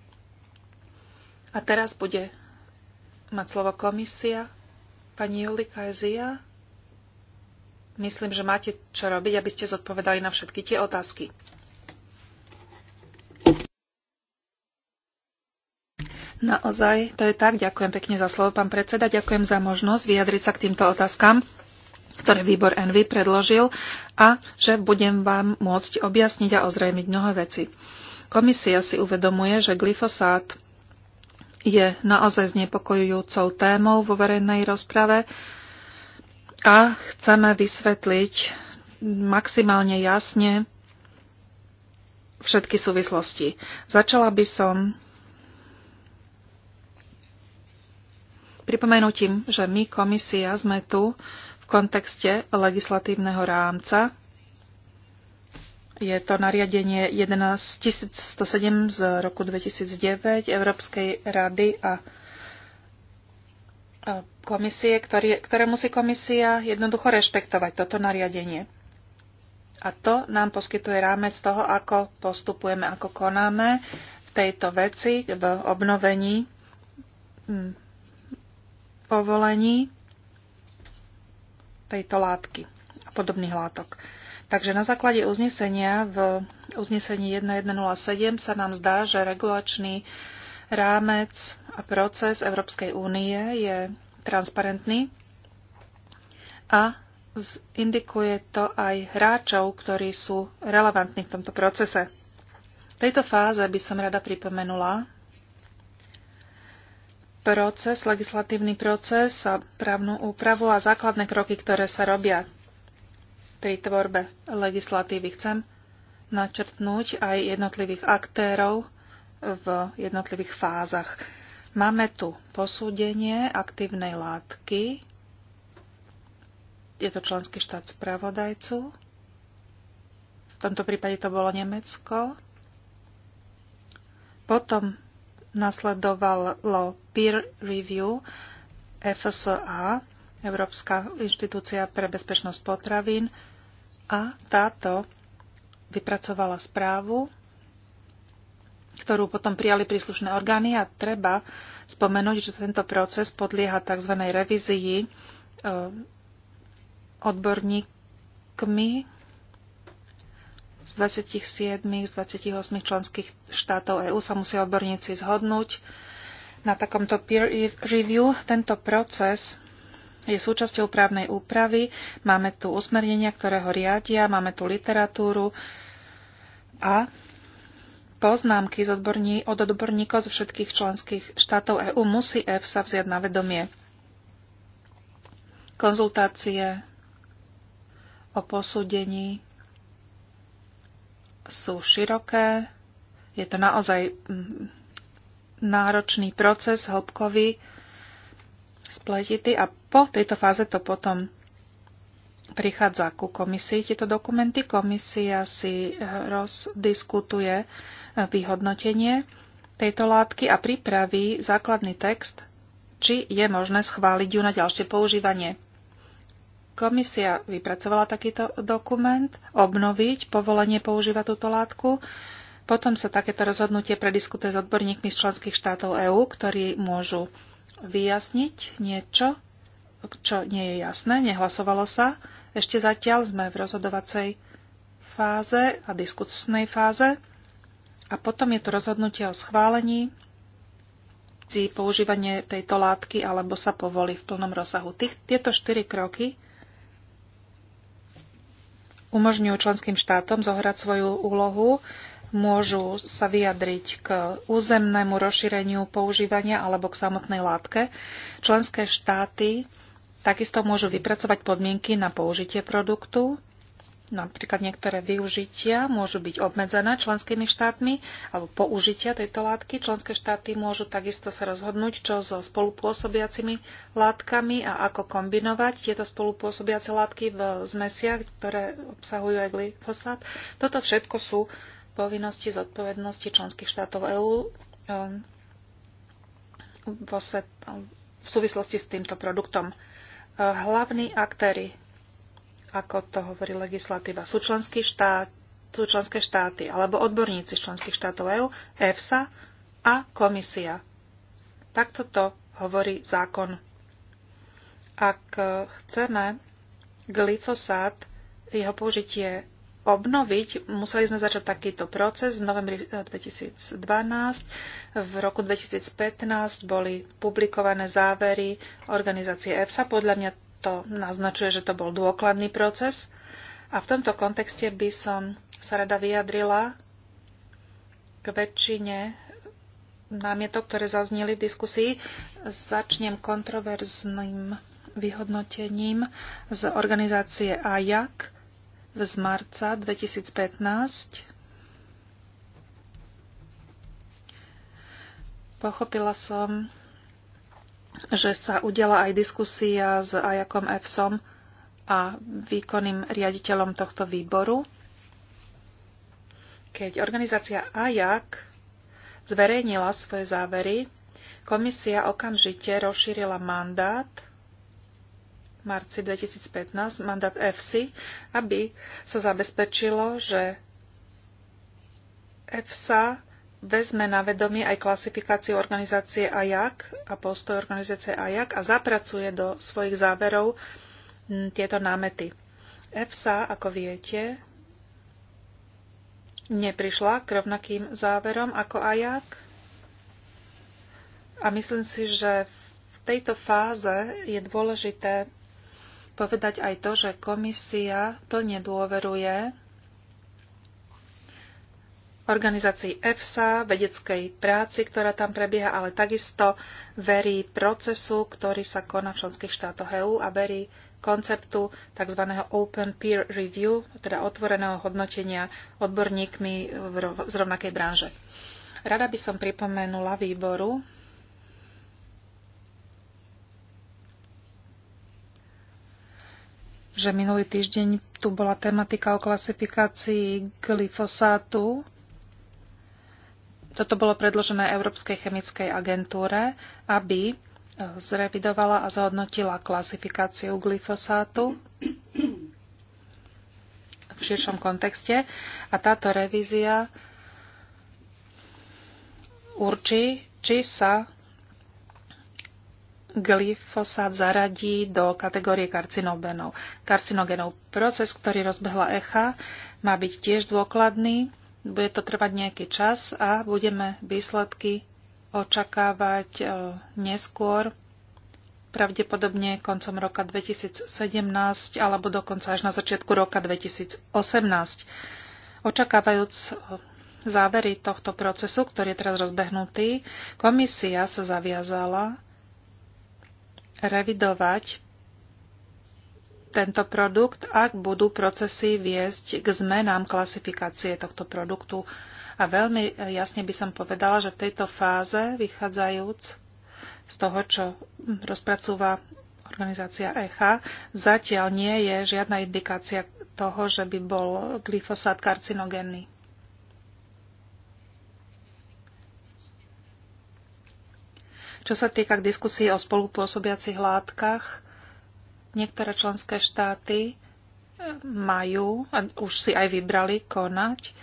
A teraz bude mať slovo komisia. Pani Julika Ezia, myslím, že máte čo robiť, aby ste zodpovedali na všetky tie otázky. Naozaj, to je tak. Ďakujem pekne za slovo, pán predseda. Ďakujem za možnosť vyjadriť sa k týmto otázkam ktoré výbor Envy predložil a že budem vám môcť objasniť a ozrejmiť mnohé veci. Komisia si uvedomuje, že glyfosát je naozaj znepokojujúcou témou vo verejnej rozprave a chceme vysvetliť maximálne jasne všetky súvislosti. Začala by som pripomenutím, že my, komisia, sme tu v kontexte legislatívneho rámca je to nariadenie 11107 z roku 2009 Európskej rady a komisie, ktoré, ktoré musí komisia jednoducho rešpektovať toto nariadenie. A to nám poskytuje rámec toho, ako postupujeme, ako konáme v tejto veci, v obnovení hm, povolení tejto látky a podobných látok. Takže na základe uznesenia v uznesení 1107 sa nám zdá, že regulačný rámec a proces Európskej únie je transparentný a indikuje to aj hráčov, ktorí sú relevantní v tomto procese. V tejto fáze by som rada pripomenula proces, legislatívny proces a právnu úpravu a základné kroky, ktoré sa robia pri tvorbe legislatívy. Chcem načrtnúť aj jednotlivých aktérov v jednotlivých fázach. Máme tu posúdenie aktívnej látky. Je to členský štát spravodajcu. V tomto prípade to bolo Nemecko. Potom nasledovalo peer review FSA, Európska inštitúcia pre bezpečnosť potravín, a táto vypracovala správu, ktorú potom prijali príslušné orgány a treba spomenúť, že tento proces podlieha tzv. revizii e, odborníkmi z 27, z 28 členských štátov EÚ sa musia odborníci zhodnúť na takomto peer review. Tento proces je súčasťou právnej úpravy. Máme tu usmernenia, ktoré ho riadia, máme tu literatúru a poznámky z odborní, od odborníkov zo všetkých členských štátov EÚ musí e sa vziať na vedomie. Konzultácie o posúdení sú široké. Je to naozaj mm, náročný proces, hĺbkový spletitý a po tejto fáze to potom prichádza ku komisii. Tieto dokumenty komisia si eh, rozdiskutuje eh, vyhodnotenie tejto látky a pripraví základný text, či je možné schváliť ju na ďalšie používanie. Komisia vypracovala takýto dokument, obnoviť povolenie používať túto látku, potom sa takéto rozhodnutie prediskutuje s odborníkmi z členských štátov EÚ, ktorí môžu vyjasniť niečo, čo nie je jasné, nehlasovalo sa. Ešte zatiaľ sme v rozhodovacej fáze a diskusnej fáze. A potom je to rozhodnutie o schválení či používanie tejto látky alebo sa povolí v plnom rozsahu. Tých, tieto štyri kroky umožňujú členským štátom zohrať svoju úlohu môžu sa vyjadriť k územnému rozšíreniu používania alebo k samotnej látke. Členské štáty takisto môžu vypracovať podmienky na použitie produktu. Napríklad niektoré využitia môžu byť obmedzené členskými štátmi alebo použitia tejto látky. Členské štáty môžu takisto sa rozhodnúť, čo so spolupôsobiacimi látkami a ako kombinovať tieto spolupôsobiace látky v zmesiach, ktoré obsahujú aj glyfosát. Toto všetko sú uh, povinnosti zodpovednosti členských štátov EÚ um, vo svet, v súvislosti s týmto produktom. Uh, hlavní aktéry, ako to hovorí legislatíva, sú, členský štát, sú členské štáty alebo odborníci členských štátov EÚ, EFSA a komisia. Takto to hovorí zákon. Ak chceme glyfosát, jeho použitie obnoviť, museli sme začať takýto proces. V novembri 2012, eh, v roku 2015 boli publikované závery organizácie EFSA. Podľa mňa to naznačuje, že to bol dôkladný proces. A v tomto kontexte by som sa rada vyjadrila k väčšine námietok, ktoré zazneli v diskusii. Začnem kontroverzným vyhodnotením z organizácie AJAK z marca 2015 pochopila som, že sa udela aj diskusia s Ajakom Efsom a výkonným riaditeľom tohto výboru. Keď organizácia Ajak zverejnila svoje závery, komisia okamžite rozšírila mandát marci 2015 mandát EFSI, aby sa zabezpečilo, že EFSA vezme na vedomie aj klasifikáciu organizácie AJAK a postoj organizácie AJAK a zapracuje do svojich záverov tieto námety. EFSA, ako viete, neprišla k rovnakým záverom ako AJAK a myslím si, že v tejto fáze je dôležité povedať aj to, že komisia plne dôveruje organizácii EFSA, vedeckej práci, ktorá tam prebieha, ale takisto verí procesu, ktorý sa koná v členských štátoch EÚ a verí konceptu tzv. open peer review, teda otvoreného hodnotenia odborníkmi z rovnakej branže. Rada by som pripomenula výboru, že minulý týždeň tu bola tematika o klasifikácii glyfosátu. Toto bolo predložené Európskej chemickej agentúre, aby eh, zrevidovala a zhodnotila klasifikáciu glyfosátu v širšom kontexte. A táto revízia určí, či sa glyfosát zaradí do kategórie karcinogénov. Karcinogénov proces, ktorý rozbehla ECHA, má byť tiež dôkladný, bude to trvať nejaký čas a budeme výsledky očakávať e, neskôr, pravdepodobne koncom roka 2017 alebo dokonca až na začiatku roka 2018. Očakávajúc e, závery tohto procesu, ktorý je teraz rozbehnutý, komisia sa zaviazala revidovať tento produkt, ak budú procesy viesť k zmenám klasifikácie tohto produktu. A veľmi jasne by som povedala, že v tejto fáze, vychádzajúc z toho, čo rozpracúva organizácia ECHA, zatiaľ nie je žiadna indikácia toho, že by bol glyfosát karcinogénny. Čo sa týka k diskusii o spolupôsobiacich látkach, niektoré členské štáty e, majú, a už si aj vybrali konať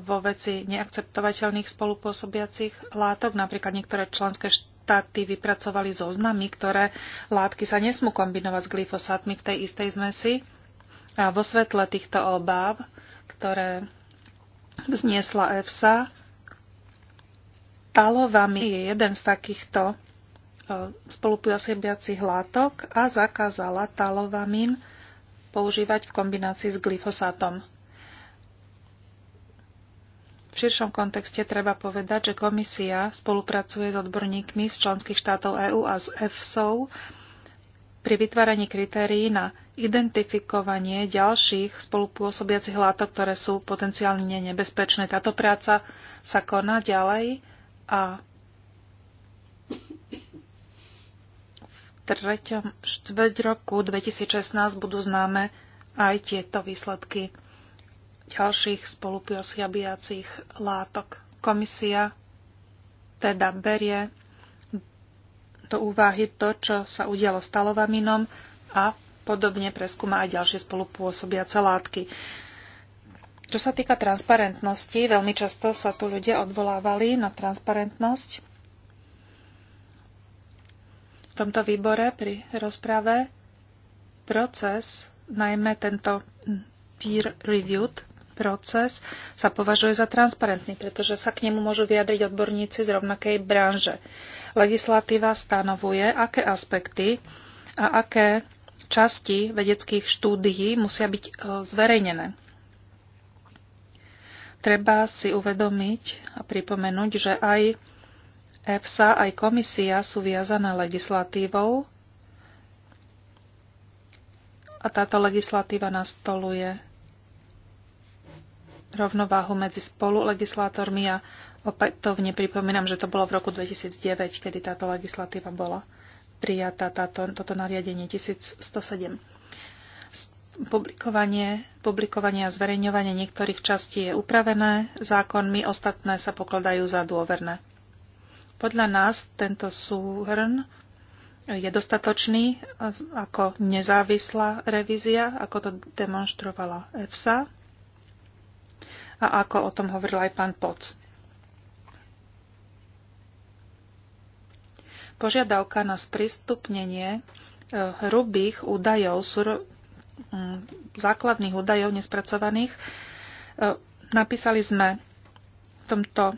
vo veci neakceptovateľných spolupôsobiacich látok. Napríklad niektoré členské štáty vypracovali zoznamy, ktoré látky sa nesmú kombinovať s glyfosátmi v tej istej zmesi. A vo svetle týchto obáv, ktoré vzniesla EFSA, Stalovami je jeden z takýchto e, spolupôsobiacich látok a zakázala talovamín používať v kombinácii s glyfosátom. V širšom kontexte treba povedať, že komisia spolupracuje s odborníkmi z členských štátov EÚ a z EFSOU pri vytváraní kritérií na identifikovanie ďalších spolupôsobiacich látok, ktoré sú potenciálne nebezpečné. Táto práca sa koná ďalej a v treťom štvrť roku 2016 budú známe aj tieto výsledky ďalších spolupôsobiacich látok. Komisia teda berie do úvahy to, čo sa udialo s talovaminom a podobne preskúma aj ďalšie spolupôsobiace látky. Čo sa týka transparentnosti, veľmi často sa tu ľudia odvolávali na transparentnosť. V tomto výbore pri rozprave proces, najmä tento peer-reviewed proces, sa považuje za transparentný, pretože sa k nemu môžu vyjadriť odborníci z rovnakej branže. Legislatíva stanovuje, aké aspekty a aké časti vedeckých štúdií musia byť e, zverejnené Treba si uvedomiť a pripomenúť, že aj EFSA, aj komisia sú viazané legislatívou a táto legislatíva nastoluje rovnováhu medzi spolu legislátormi a opätovne pripomínam, že to bolo v roku 2009, kedy táto legislatíva bola prijatá, táto, toto nariadenie 1107. Publikovanie, publikovanie a zverejňovanie niektorých častí je upravené zákonmi, ostatné sa pokladajú za dôverné. Podľa nás tento súhrn je dostatočný ako nezávislá revízia, ako to demonstrovala EFSA a ako o tom hovoril aj pán Poc. Požiadavka na sprístupnenie eh, hrubých údajov Eh, základných údajov nespracovaných. Eh, napísali sme v tomto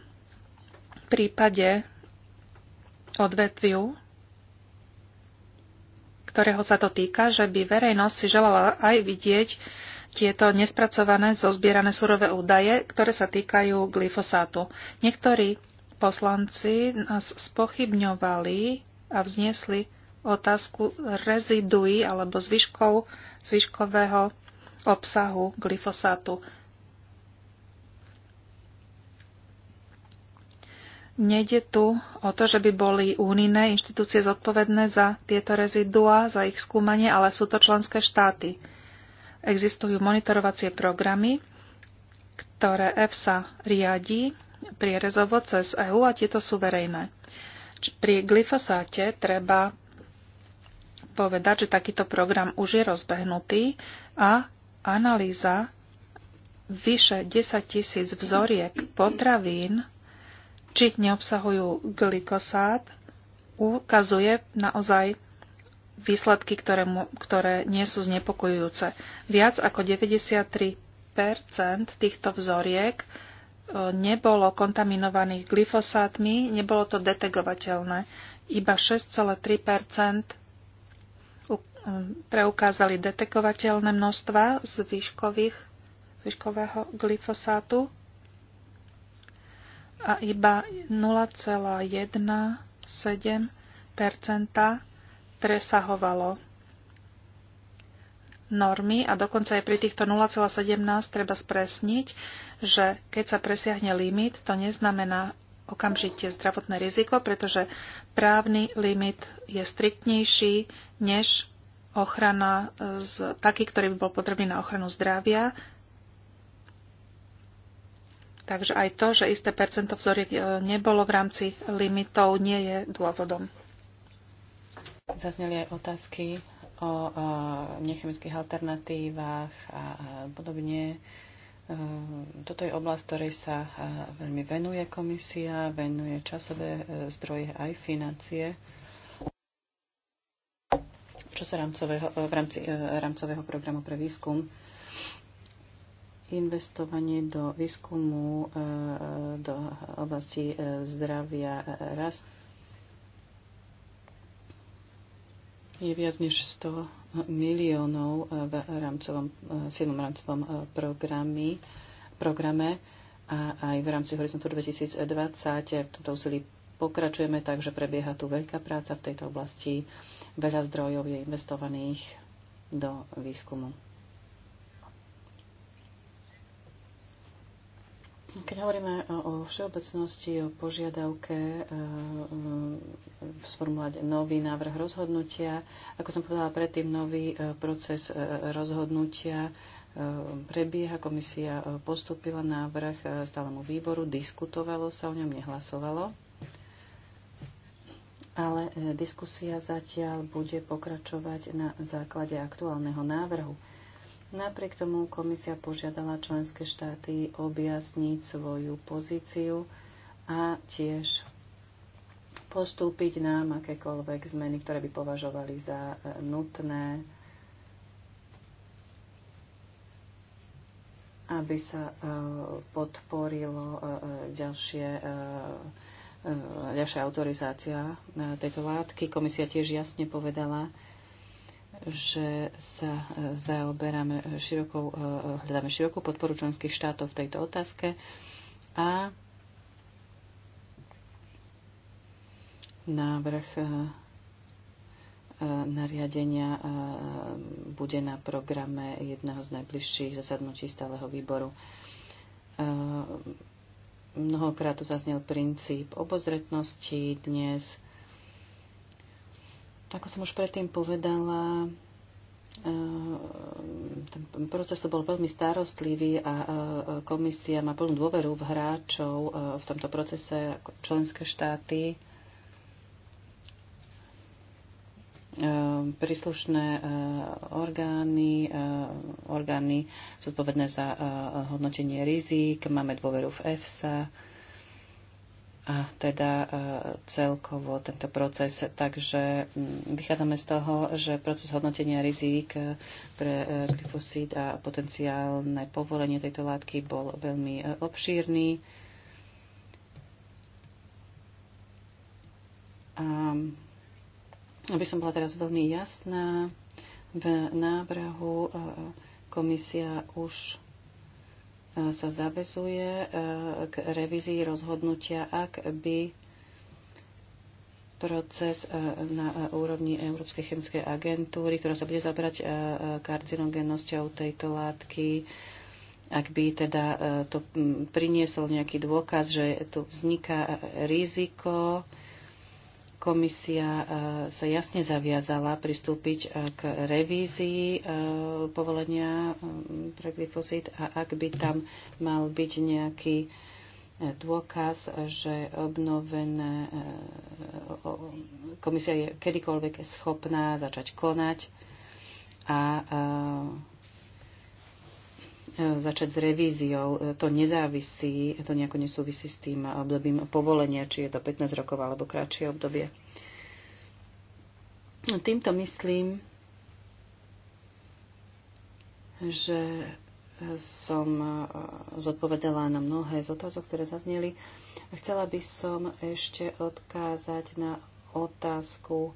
prípade odvetviu, ktorého sa to týka, že by verejnosť si želala aj vidieť tieto nespracované zozbierané surové údaje, ktoré sa týkajú glyfosátu. Niektorí poslanci nás spochybňovali a vzniesli otázku reziduí alebo zvyškov, zvyškového obsahu glyfosátu. Nejde tu o to, že by boli únijné inštitúcie zodpovedné za tieto rezidua, za ich skúmanie, ale sú to členské štáty. Existujú monitorovacie programy, ktoré EFSA riadi prierezovo cez EU a tieto sú verejné. Pri glyfosáte treba povedať, že takýto program už je rozbehnutý a analýza vyše 10 tisíc vzoriek potravín, či neobsahujú glikosát, ukazuje naozaj výsledky, ktoré, mu, ktoré nie sú znepokojujúce. Viac ako 93 týchto vzoriek e, nebolo kontaminovaných glyfosátmi, nebolo to detegovateľné. Iba 6,3 preukázali detekovateľné množstva z výškového glyfosátu a iba 0,17 presahovalo normy a dokonca aj pri týchto 0,17 treba spresniť, že keď sa presiahne limit, to neznamená okamžite zdravotné riziko, pretože právny limit je striktnejší než ochrana e, z, taký, ktorý by bol potrebný na ochranu zdravia. Takže aj to, že isté percento vzoriek e, nebolo v rámci limitov, nie je dôvodom. Zazneli aj otázky o, o e, nechemických alternatívach a, podobne. Toto je oblasť, ktorej sa veľmi venuje komisia, venuje časové zdroje aj financie čo sa rámcového, e, v rámci e, rámcového programu pre výskum investovanie do výskumu e, do oblasti zdravia raz je viac než 100 miliónov v rámcovom, 7. rámcovom programy, programe a aj v rámci Horizontu 2020 v tomto úsilí pokračujeme tak, že prebieha tu veľká práca v tejto oblasti. Veľa zdrojov je investovaných do výskumu. Keď hovoríme o všeobecnosti, o požiadavke e, e, sformulovať nový návrh rozhodnutia, ako som povedala predtým, nový e, proces rozhodnutia prebieha, komisia postúpila návrh stálemu výboru, diskutovalo sa o ňom, nehlasovalo ale e, diskusia zatiaľ bude pokračovať na základe aktuálneho návrhu. Napriek tomu komisia požiadala členské štáty objasniť svoju pozíciu a tiež postúpiť nám akékoľvek zmeny, ktoré by považovali za e, nutné, aby sa e, podporilo ďalšie ľahšia e, autorizácia e, tejto látky. Komisia tiež jasne povedala, že sa e, zaoberáme širokou, hľadáme širokú podporu členských štátov v tejto otázke a návrh nariadenia bude na programe jedného z najbližších zasadnutí stáleho výboru Mnohokrát tu zaznel princíp obozretnosti dnes. Ako som už predtým povedala, eh, ten proces to bol veľmi starostlivý a eh, komisia má plnú dôveru v hráčov eh, v tomto procese ako členské štáty Ehm, príslušné eh, orgány, eh, orgány zodpovedné za eh, hodnotenie rizík, máme dôveru v EFSA a teda celkovo tento proces. Takže hm, vychádzame z toho, že proces hodnotenia rizík pre glyfosít a potenciálne povolenie tejto látky bol veľmi obšírny. A aby som bola teraz veľmi jasná, v návrhu eh, komisia už eh, sa zavezuje eh, k revízii rozhodnutia, ak by proces na úrovni Európskej chemickej agentúry, ktorá sa bude zabrať karcinogennosťou tejto látky, ak by teda to hm, priniesol nejaký dôkaz, že tu vzniká riziko, Komisia e, sa jasne zaviazala pristúpiť e, k revízii e, povolenia pre glyfosit a ak by tam mal byť nejaký dôkaz, že obnovené komisia je kedykoľvek schopná začať konať a začať s revíziou. To nezávisí, to nejako nesúvisí s tým obdobím povolenia, či je to 15 rokov alebo kratšie obdobie. Týmto myslím, že som zodpovedala na mnohé z otázok, ktoré zazneli. Chcela by som ešte odkázať na otázku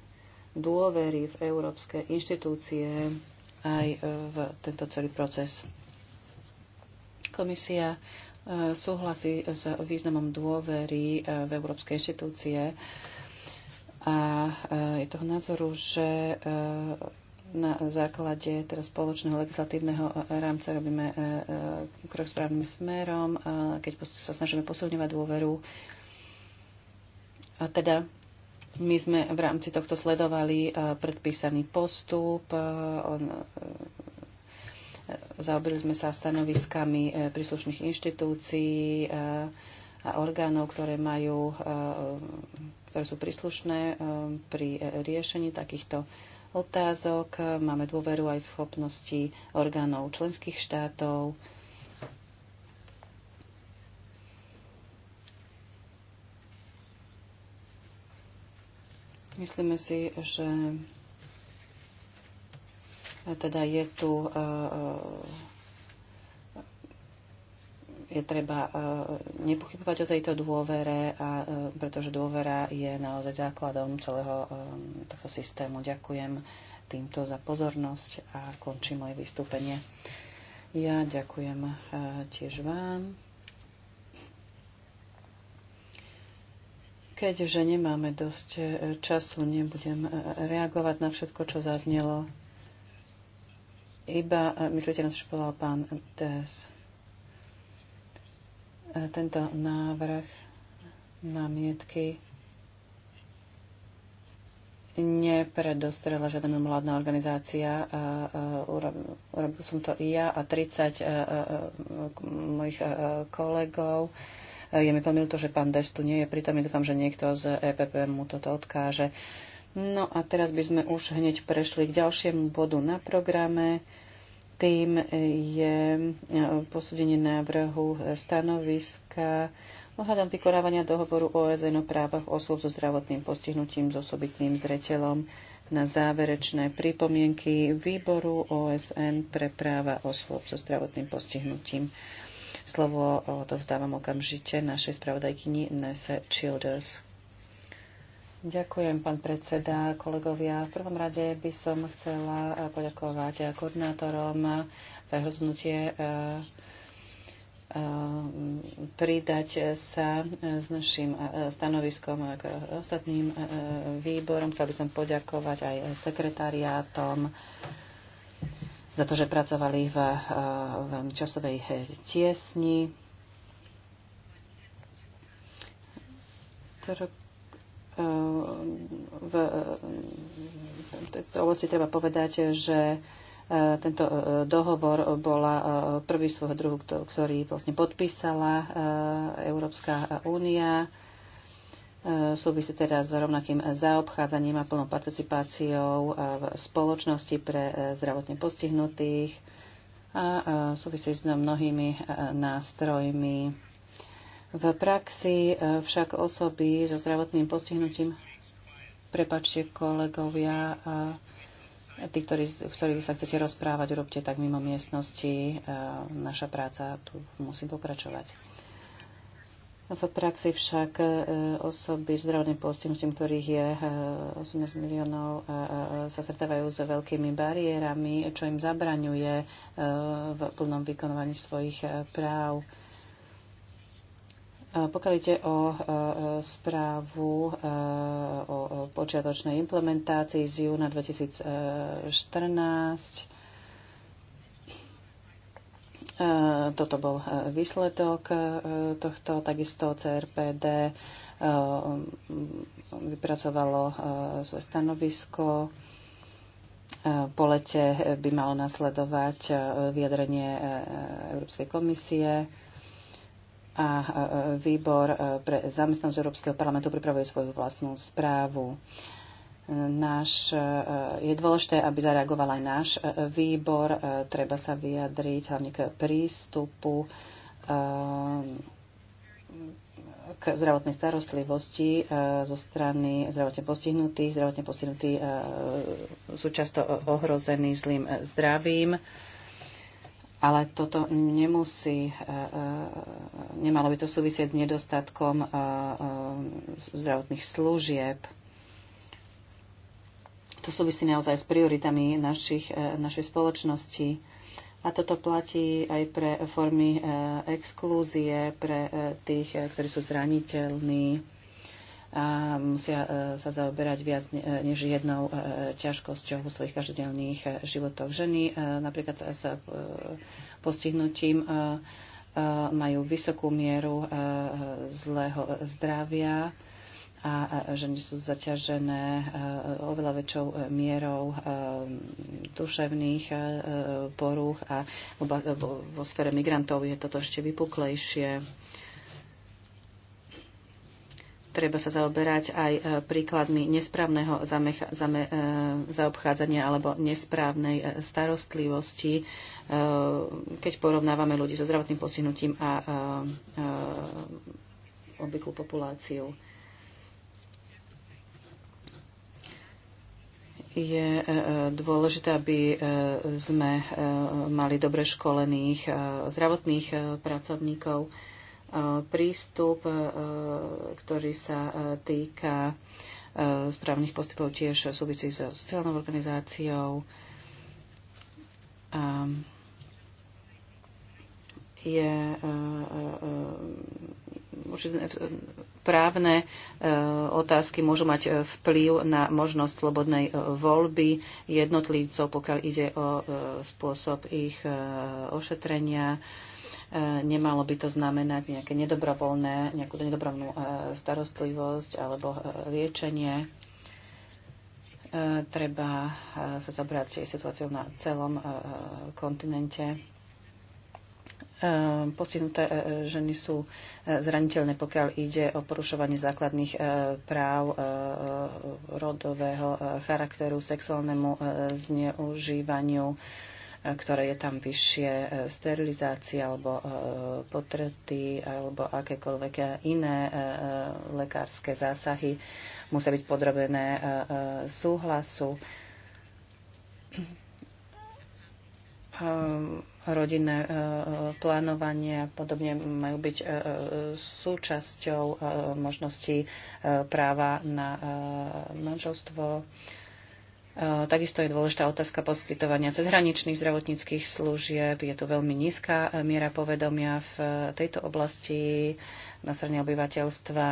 dôvery v európske inštitúcie aj v tento celý proces. Komisia e, súhlasí s významom dôvery e, v európske inštitúcie a e, je toho názoru, že na základe teda spoločného legislatívneho rámca robíme krok správnym smerom, keď sa snažíme posilňovať dôveru. A teda my sme v rámci tohto sledovali predpísaný postup, Zaoberali sme sa stanoviskami e, príslušných inštitúcií e, a orgánov, ktoré, majú, e, ktoré sú príslušné pri riešení takýchto otázok. Máme dôveru aj v schopnosti orgánov členských štátov. Myslíme si, že teda je tu e, e, je treba e, nepochybovať o tejto dôvere, a, pretože dôvera je naozaj základom celého tohto systému. Ďakujem týmto za pozornosť a končím moje vystúpenie. Ja ďakujem tiež vám. Keďže nemáme dosť času, nebudem reagovať na všetko, čo zaznelo iba e, myslíte na to, čo povedal pán Tess, e, Tento návrh námietky nepredostrela žiadna mimoládna organizácia. A, e, a, urobil, urobil som to i ja a 30 a, mojich kolegov. Je mi veľmi ľúto, že pán Des tu nie je pritom. Dúfam, že niekto z EPP mu toto odkáže. No a teraz by sme už hneď prešli k ďalšiemu bodu na programe. Tým e, je e, posúdenie návrhu e, stanoviska ohľadom vykonávania dohovoru OSN o právach osôb so zdravotným postihnutím s osobitným zreteľom na záverečné pripomienky výboru OSN pre práva osôb so zdravotným postihnutím. Slovo vzdávam okamžite našej spravodajkyni Nese Childers. Ďakujem, pán predseda, kolegovia. V prvom rade by som chcela eh, poďakovať eh, koordinátorom eh, za rozhodnutie pridať sa s našim stanoviskom k ostatným výborom. Chcel by som poďakovať aj sekretariátom za to, že pracovali v veľmi časovej tiesni v tejto oblasti treba povedať, že e, tento e, dohovor bola e, prvý svojho druhu, ktorý vlastne podpísala Európska únia. Súvisí teraz s rovnakým zaobchádzaním a plnou participáciou v spoločnosti pre zdravotne postihnutých a súvisí s mnohými nástrojmi v praxi e, však osoby so zdravotným postihnutím, prepačte kolegovia, tí, ktorí, ktorí sa chcete rozprávať, urobte tak mimo miestnosti. E, naša práca tu musí pokračovať. V praxi však e, osoby s zdravotným postihnutím, ktorých je 18 miliónov, sa stretávajú s veľkými bariérami, čo im zabraňuje v plnom vykonovaní svojich práv. Pokiaľ ide o e, správu e, o počiatočnej implementácii z júna 2014, e, toto bol výsledok tohto, takisto CRPD vypracovalo svoje stanovisko. Po lete by malo nasledovať vyjadrenie Európskej komisie a výbor e, pre zamestnanosť Európskeho parlamentu pripravuje svoju vlastnú správu. Náš, e, je dôležité, aby zareagoval aj náš e, výbor. Treba sa vyjadriť hlavne k prístupu k zdravotnej starostlivosti zo strany zdravotne postihnutých. Zdravotne postihnutí sú často ohrození zlým zdravím ale toto nemusí, e, e, nemalo by to súvisieť s nedostatkom e, zdravotných služieb. To súvisí naozaj s prioritami našich, našej spoločnosti. A toto platí aj pre formy exklúzie, pre tých, ktorí sú zraniteľní a musia e, sa zaoberať viac e, než jednou e, ťažkosťou vo svojich každodenných životoch. Ženy napríklad s postihnutím majú vysokú mieru zlého zdravia a ženy sú zaťažené oveľa väčšou mierou duševných porúch a vo sfére migrantov je toto ešte vypuklejšie Treba sa zaoberať aj e, príkladmi nesprávneho zamecha, zame, e, zaobchádzania alebo nesprávnej e, starostlivosti, keď porovnávame ľudí so zdravotným posinutím a obvyklú populáciu. je dôležité, aby sme mali dobre školených zdravotných pracovníkov. E, prístup, e, ktorý sa e, týka správnych postupov tiež súvisí so sociálnou organizáciou. Je právne otázky môžu mať vplyv na možnosť slobodnej voľby jednotlivcov, pokiaľ ide o spôsob ich ošetrenia E, nemalo by to znamenať nejaké nedobrovoľné, nejakú nedobrovoľnú e, starostlivosť alebo e, liečenie. Treba sa zabrať situáciou na celom kontinente. Postihnuté ženy sú zraniteľné, pokiaľ ide o porušovanie základných práv rodového charakteru, sexuálnemu zneužívaniu ktoré je tam vyššie, e, sterilizácia alebo e, potrety alebo akékoľvek iné e, lekárske zásahy musia byť podrobené súhlasu. Rodinné plánovanie a podobne majú byť súčasťou možností práva na manželstvo Eh, takisto je dôležitá otázka poskytovania cezhraničných zdravotníckých služieb. Je tu veľmi nízka eh, miera povedomia v eh, tejto oblasti na strane obyvateľstva.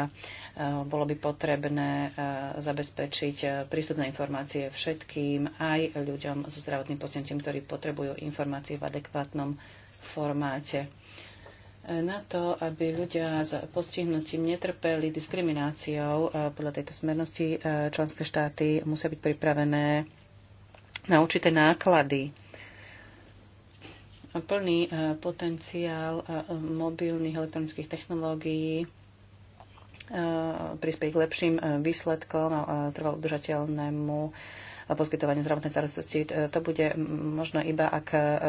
Bolo by potrebné zabezpečiť prístupné informácie všetkým, aj ľuďom so zdravotným postihnutím, ktorí potrebujú informácie v adekvátnom formáte na to, aby ľudia s postihnutím netrpeli diskrimináciou e, podľa tejto smernosti, e, členské štáty musia byť pripravené na určité náklady. Plný e, potenciál mobilných elektronických technológií prispieť k lepším výsledkom a trvalo udržateľnému poskytovaniu zdravotnej starostlivosti. To bude možno iba, ak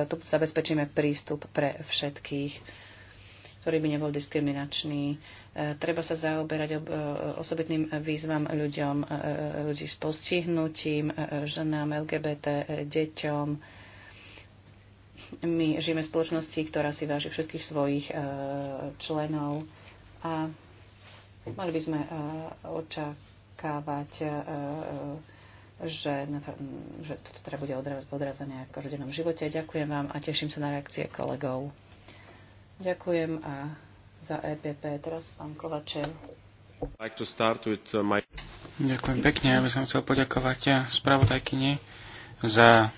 tu zabezpečíme prístup pre všetkých ktorý by nebol diskriminačný. E, treba sa zaoberať e, osobitným výzvam ľuďom, e, ľudí s postihnutím, ženám, LGBT, deťom. My žijeme v spoločnosti, ktorá si váži všetkých svojich členov a mali by sme očakávať že, na to, že toto teda bude odrazené ako v každodennom živote. Ďakujem vám a teším sa na reakcie kolegov. Ďakujem a za EPP. Teraz pán Kovačev. Like uh, my... Ďakujem pekne. Ja by som chcel poďakovať uh, spravodajkyni za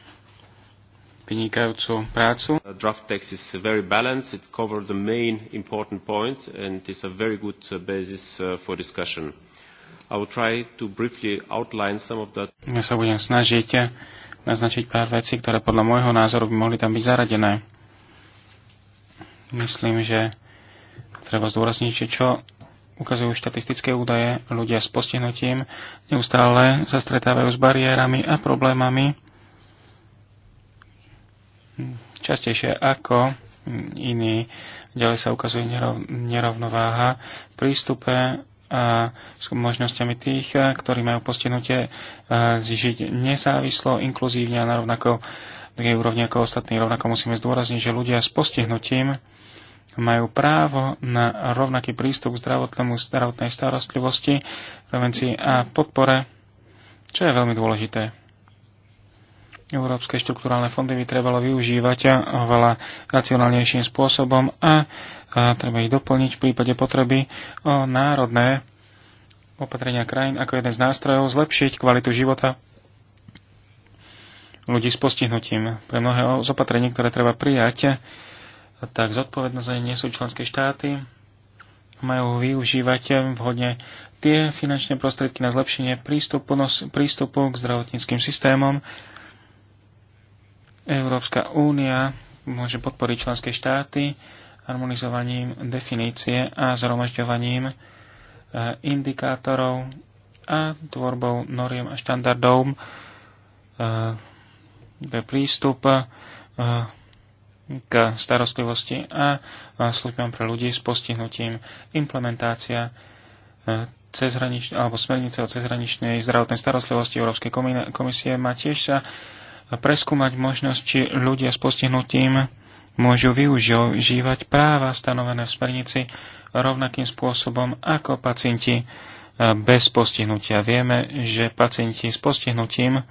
vynikajúcu prácu. The draft text is very balanced. It covers the main important points and is a very good uh, basis for discussion. I will try to briefly outline some of that. Ja sa budem snažiť naznačiť pár vecí, ktoré podľa môjho názoru by mohli tam byť zaradené. Myslím, že treba zdôrazniť, že čo ukazujú štatistické údaje, ľudia s postihnutím neustále sa stretávajú s bariérami a problémami častejšie ako iní. Ďalej sa ukazuje nerovnováha v prístupe a s možnosťami tých, ktorí majú postihnutie e, zžiť nezávislo, inkluzívne a na rovnako úrovni ako ostatní. Rovnako musíme zdôrazniť, že ľudia s postihnutím majú právo na rovnaký prístup k zdravotnému zdravotnej starostlivosti, prevencii a podpore, čo je veľmi dôležité. Európske štruktúrálne fondy by trebalo využívať oveľa racionálnejším spôsobom a, a treba ich doplniť v prípade potreby o národné opatrenia krajín ako jeden z nástrojov zlepšiť kvalitu života ľudí s postihnutím. Pre mnohé z opatrení, ktoré treba prijať, tak zodpovedné za nie sú členské štáty. Majú využívať eh, vhodne tie finančné prostriedky na zlepšenie prístupu, prístupu k zdravotníckým systémom. Európska únia môže podporiť členské štáty harmonizovaním definície a zhromažďovaním eh, indikátorov a tvorbou noriem a štandardov eh, pre prístup k starostlivosti a službám pre ľudí s postihnutím implementácia e, cezhranič, alebo smernice o cezhraničnej zdravotnej starostlivosti Európskej komisie má tiež sa preskúmať možnosť, či ľudia s postihnutím môžu využívať práva stanovené v smernici rovnakým spôsobom ako pacienti e, bez postihnutia. Vieme, že pacienti s postihnutím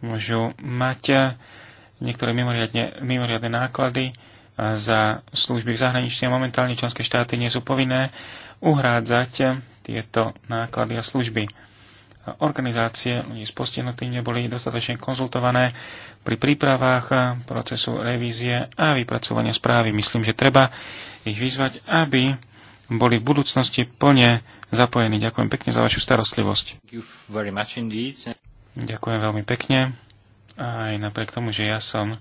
môžu mať eh, niektoré mimoriadne, mimoriadne náklady eh, za služby v zahraničí a momentálne členské štáty nie sú povinné uhrádzať eh, tieto náklady a služby. Organizácie ľudí s postihnutým neboli dostatočne konzultované pri prípravách procesu revízie a vypracovania správy. Myslím, že treba ich vyzvať, aby boli v budúcnosti plne zapojení. Ďakujem pekne za vašu starostlivosť. Ďakujem veľmi pekne. Aj napriek tomu, že ja som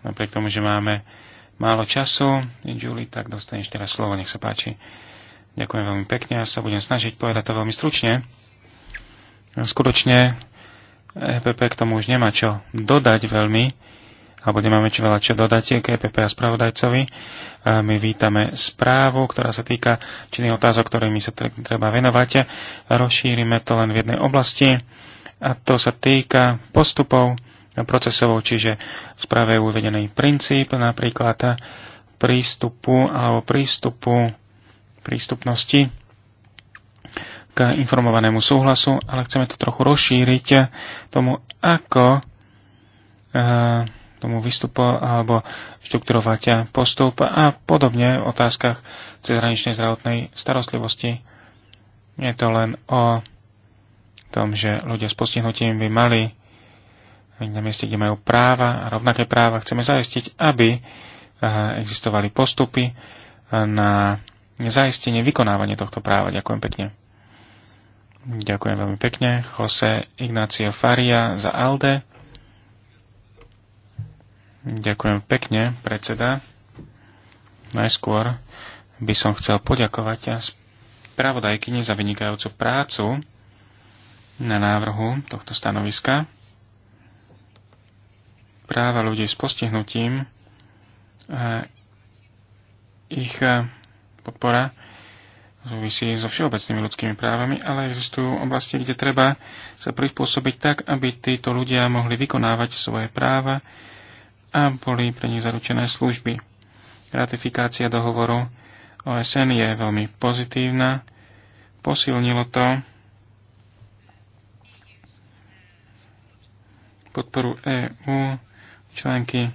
napriek tomu, že máme málo času, Julie, tak dostaneš teraz slovo, nech sa páči. Ďakujem veľmi pekne, ja sa budem snažiť povedať to veľmi stručne. Skutočne EPP k tomu už nemá čo dodať veľmi alebo nemáme či veľa čo dodať k EPP a spravodajcovi. E, my vítame správu, ktorá sa týka činných otázok, ktorými sa treba venovať. Rozšírime to len v jednej oblasti a to sa týka postupov procesov, čiže v správe je uvedený princíp napríklad prístupu alebo prístupu prístupnosti k informovanému súhlasu, ale chceme to trochu rozšíriť tomu, ako e, tomu výstupu alebo štrukturovať postup a podobne v otázkach cezhraničnej zdravotnej starostlivosti. Je to len o tom, že ľudia s postihnutím by mali na mieste, kde majú práva a rovnaké práva, chceme zaistiť, aby eh, existovali postupy na zaistenie vykonávania tohto práva. Ďakujem pekne. Ďakujem veľmi pekne. Jose Ignacio Faria za ALDE. Ďakujem pekne, predseda. Najskôr by som chcel poďakovať spravodajkyni za vynikajúcu prácu na návrhu tohto stanoviska. Práva ľudí s postihnutím a ich podpora súvisí so všeobecnými ľudskými právami, ale existujú oblasti, kde treba sa prispôsobiť tak, aby títo ľudia mohli vykonávať svoje práva a boli pre nich zaručené služby. Ratifikácia dohovoru OSN je veľmi pozitívna. Posilnilo to podporu EÚ články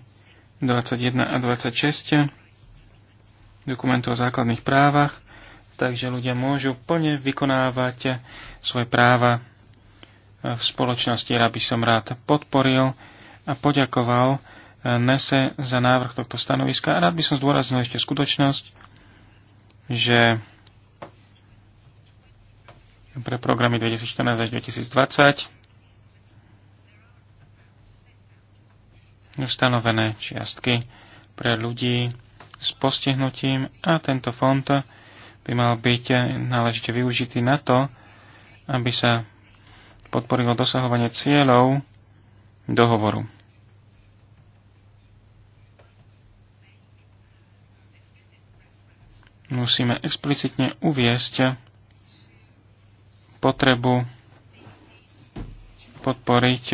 21 a 26 dokumentu o základných právach, takže ľudia môžu plne vykonávať svoje práva v spoločnosti. aby som rád podporil a poďakoval Nese za návrh tohto stanoviska. a Rád by som zdôraznil ešte skutočnosť, že pre programy 2014 až 2020 ustanovené čiastky pre ľudí s postihnutím a tento fond by mal byť náležite využitý na to, aby sa podporilo dosahovanie cieľov dohovoru. musíme explicitne uviesť potrebu podporiť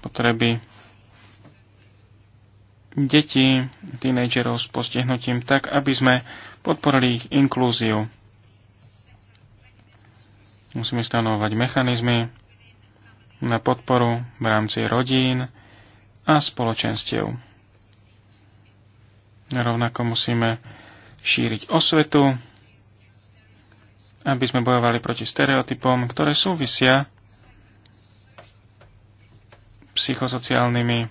potreby detí, tínejdžerov s postihnutím tak, aby sme podporili ich inklúziu. Musíme stanovať mechanizmy na podporu v rámci rodín a spoločenstiev. Rovnako musíme šíriť osvetu, aby sme bojovali proti stereotypom, ktoré súvisia psychosociálnymi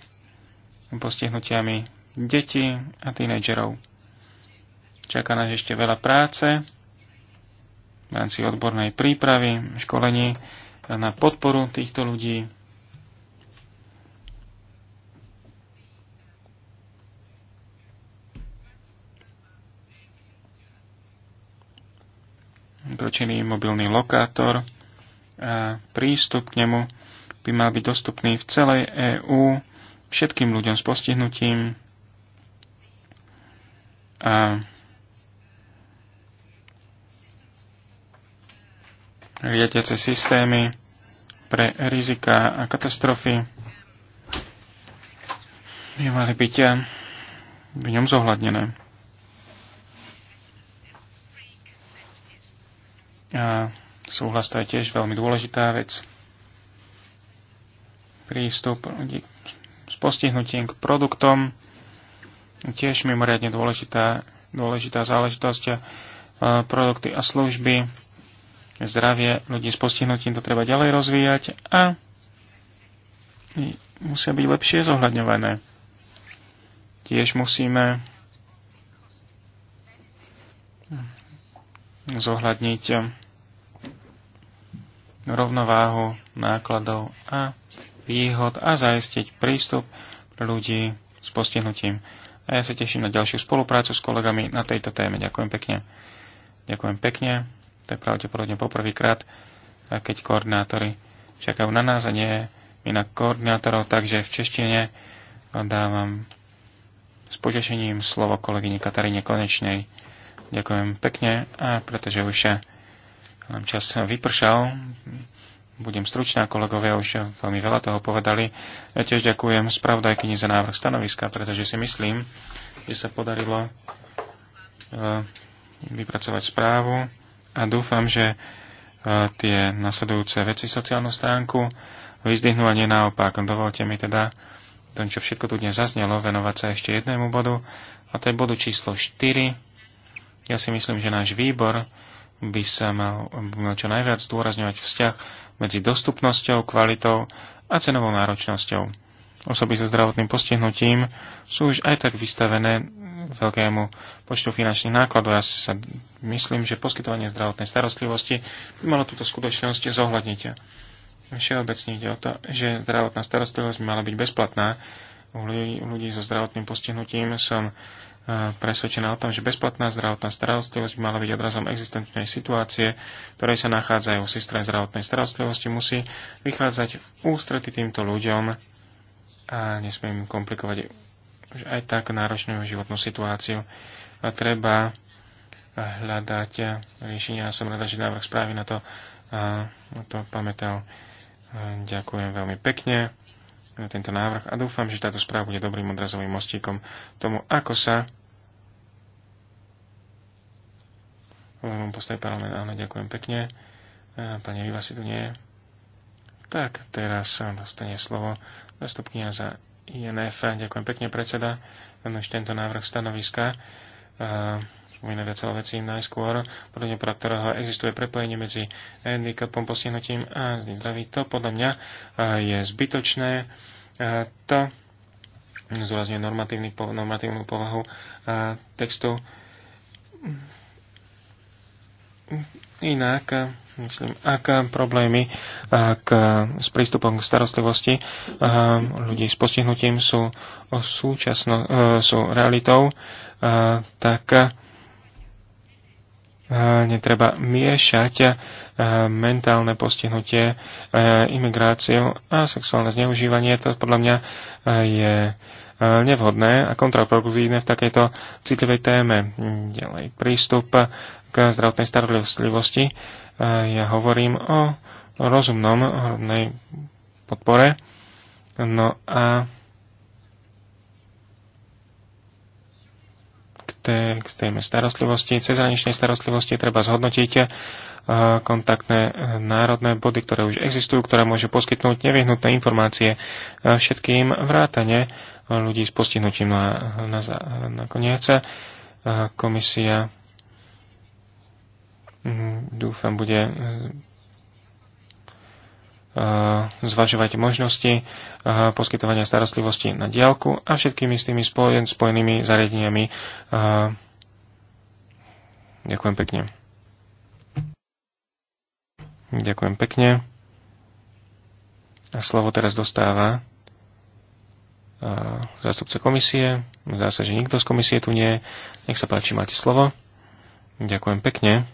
postihnutiami detí a tínejdžerov. Čaká nás ešte veľa práce v rámci odbornej prípravy, školení na podporu týchto ľudí. pokročený mobilný lokátor a prístup k nemu by mal byť dostupný v celej EÚ všetkým ľuďom s postihnutím a riadiace systémy pre rizika a katastrofy by mali byť v ňom zohľadnené. A súhlas to je tiež veľmi dôležitá vec. Prístup ľudí s postihnutím k produktom tiež mimoriadne dôležitá, dôležitá záležitosť. Produkty a služby, zdravie ľudí s postihnutím to treba ďalej rozvíjať a musia byť lepšie zohľadňované. Tiež musíme zohľadniť rovnováhu nákladov a výhod a zaistiť prístup pre ľudí s postihnutím. A ja sa teším na ďalšiu spoluprácu s kolegami na tejto téme. Ďakujem pekne. Ďakujem pekne. To je pravdepodobne poprvýkrát, keď koordinátori čakajú na nás a nie my na koordinátorov, takže v češtine dávam s potešením slovo kolegyni Kataríne Konečnej. Ďakujem pekne a pretože už len čas vypršal. Budem stručná, kolegovia už veľmi veľa toho povedali. Ja tiež ďakujem spravodajkyni za návrh stanoviska, pretože si myslím, že sa podarilo e, vypracovať správu a dúfam, že e, tie nasledujúce veci sociálnu stránku vyzdvihnú a nie naopak. Dovolte mi teda tom, čo všetko tu dnes zaznelo, venovať sa ešte jednému bodu, a to je bodu číslo 4. Ja si myslím, že náš výbor by sa mal, by mal čo najviac zdôrazňovať vzťah medzi dostupnosťou, kvalitou a cenovou náročnosťou. Osoby so zdravotným postihnutím sú už aj tak vystavené veľkému počtu finančných nákladov. Ja sa myslím, že poskytovanie zdravotnej starostlivosti by malo túto skutočnosť zohľadniť. Všeobecne ide o to, že zdravotná starostlivosť by mala byť bezplatná. U ľudí, u ľudí so zdravotným postihnutím som Eh, presvedčená o tom, že bezplatná zdravotná starostlivosť by mala byť odrazom existenčnej situácie, ktorej sa nachádzajú. v Systém zdravotnej starostlivosti musí vychádzať v ústrety týmto ľuďom a nesmie im komplikovať že aj tak náročnú životnú situáciu. A treba hľadať riešenia. Som rada, že návrh správy na to, a, eh, na to pamätal. Ďakujem veľmi pekne na tento návrh a dúfam, že táto správa bude dobrým odrazovým mostíkom tomu, ako sa hovorím postoj parlament, áno, ďakujem pekne. Pani Riva si tu nie je. Tak, teraz sa dostane slovo zastupkynia za INF. Ďakujem pekne, predseda. Už tento návrh stanoviska spomína viac vecí najskôr, podľa pre ktorého existuje prepojenie medzi handicapom, postihnutím a zdraví. To podľa mňa eh, je zbytočné. Eh, to zúrazňuje normatívnu povahu eh, textu. Inak, myslím, ak problémy ak s prístupom k starostlivosti ľudí s postihnutím sú, súčasno, sú realitou, tak netreba miešať mentálne postihnutie imigráciou a sexuálne zneužívanie. To podľa mňa je nevhodné a kontraproduktívne v takejto citlivej téme. Ďalej, prístup k zdravotnej starostlivosti. Ja hovorím o rozumnom, rovnej podpore. No a té, k téme starostlivosti, cezhraničnej starostlivosti treba zhodnotiť eh, kontaktné eh, národné body, ktoré už existujú, ktoré môže poskytnúť nevyhnutné informácie eh, všetkým vrátane ľudí s postihnutím. na, a na, koniec. komisia hm, dúfam bude Eh, zvažovať možnosti eh, poskytovania starostlivosti na diálku a všetkými s tými spojenými zariadeniami. Eh, ďakujem pekne. Ďakujem pekne. A slovo teraz dostáva zástupca komisie. Zdá sa, že nikto z komisie tu nie. Nech sa páči, máte slovo. Ďakujem pekne.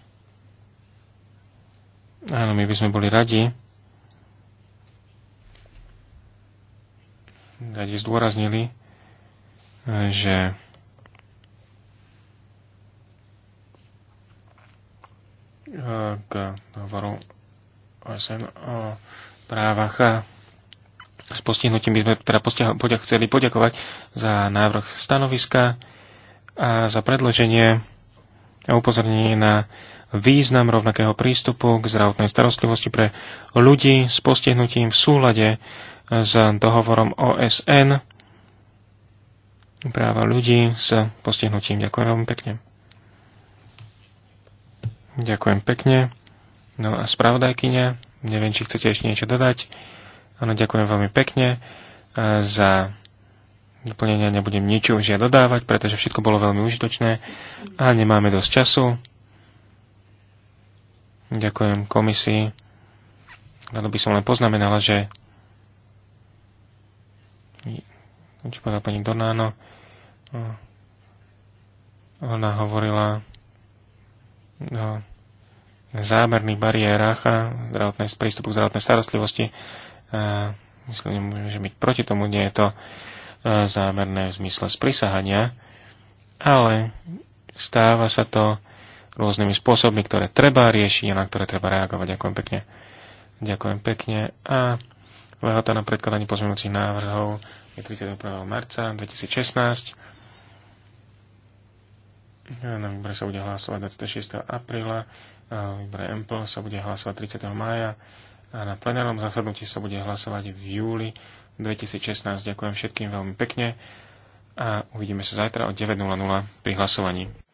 Áno, my by sme boli radi, radi zdôraznili, že k hovoru OSN o právach s postihnutím by sme teda postia- chceli poďakovať za návrh stanoviska a za predloženie a upozornenie na význam rovnakého prístupu k zdravotnej starostlivosti pre ľudí s postihnutím v súlade s dohovorom OSN práva ľudí s postihnutím. Ďakujem veľmi pekne. Ďakujem pekne. No a spravodajkyňa, neviem, či chcete ešte niečo dodať. Áno, ďakujem veľmi pekne za doplnenia. Nebudem nič už ja dodávať, pretože všetko bolo veľmi užitočné a nemáme dosť času. Ďakujem komisii. Rado by som len poznamenala, že čo povedala pani Donáno. No. Ona hovorila o zámerných bariérach a zdravotné, prístupu k zdravotnej starostlivosti. Myslím, že byť proti tomu nie je to e, zámerné v zmysle sprisahania, ale stáva sa to rôznymi spôsobmi, ktoré treba riešiť a na ktoré treba reagovať. Ďakujem pekne. Ďakujem pekne. A lehota na predkladanie pozmeňujúcich návrhov 31. marca 2016. Na výbore sa bude hlasovať 26. apríla, na výbore EMPL sa bude hlasovať 30. mája a na plenárnom zasadnutí sa bude hlasovať v júli 2016. Ďakujem všetkým veľmi pekne a uvidíme sa zajtra o 9.00 pri hlasovaní.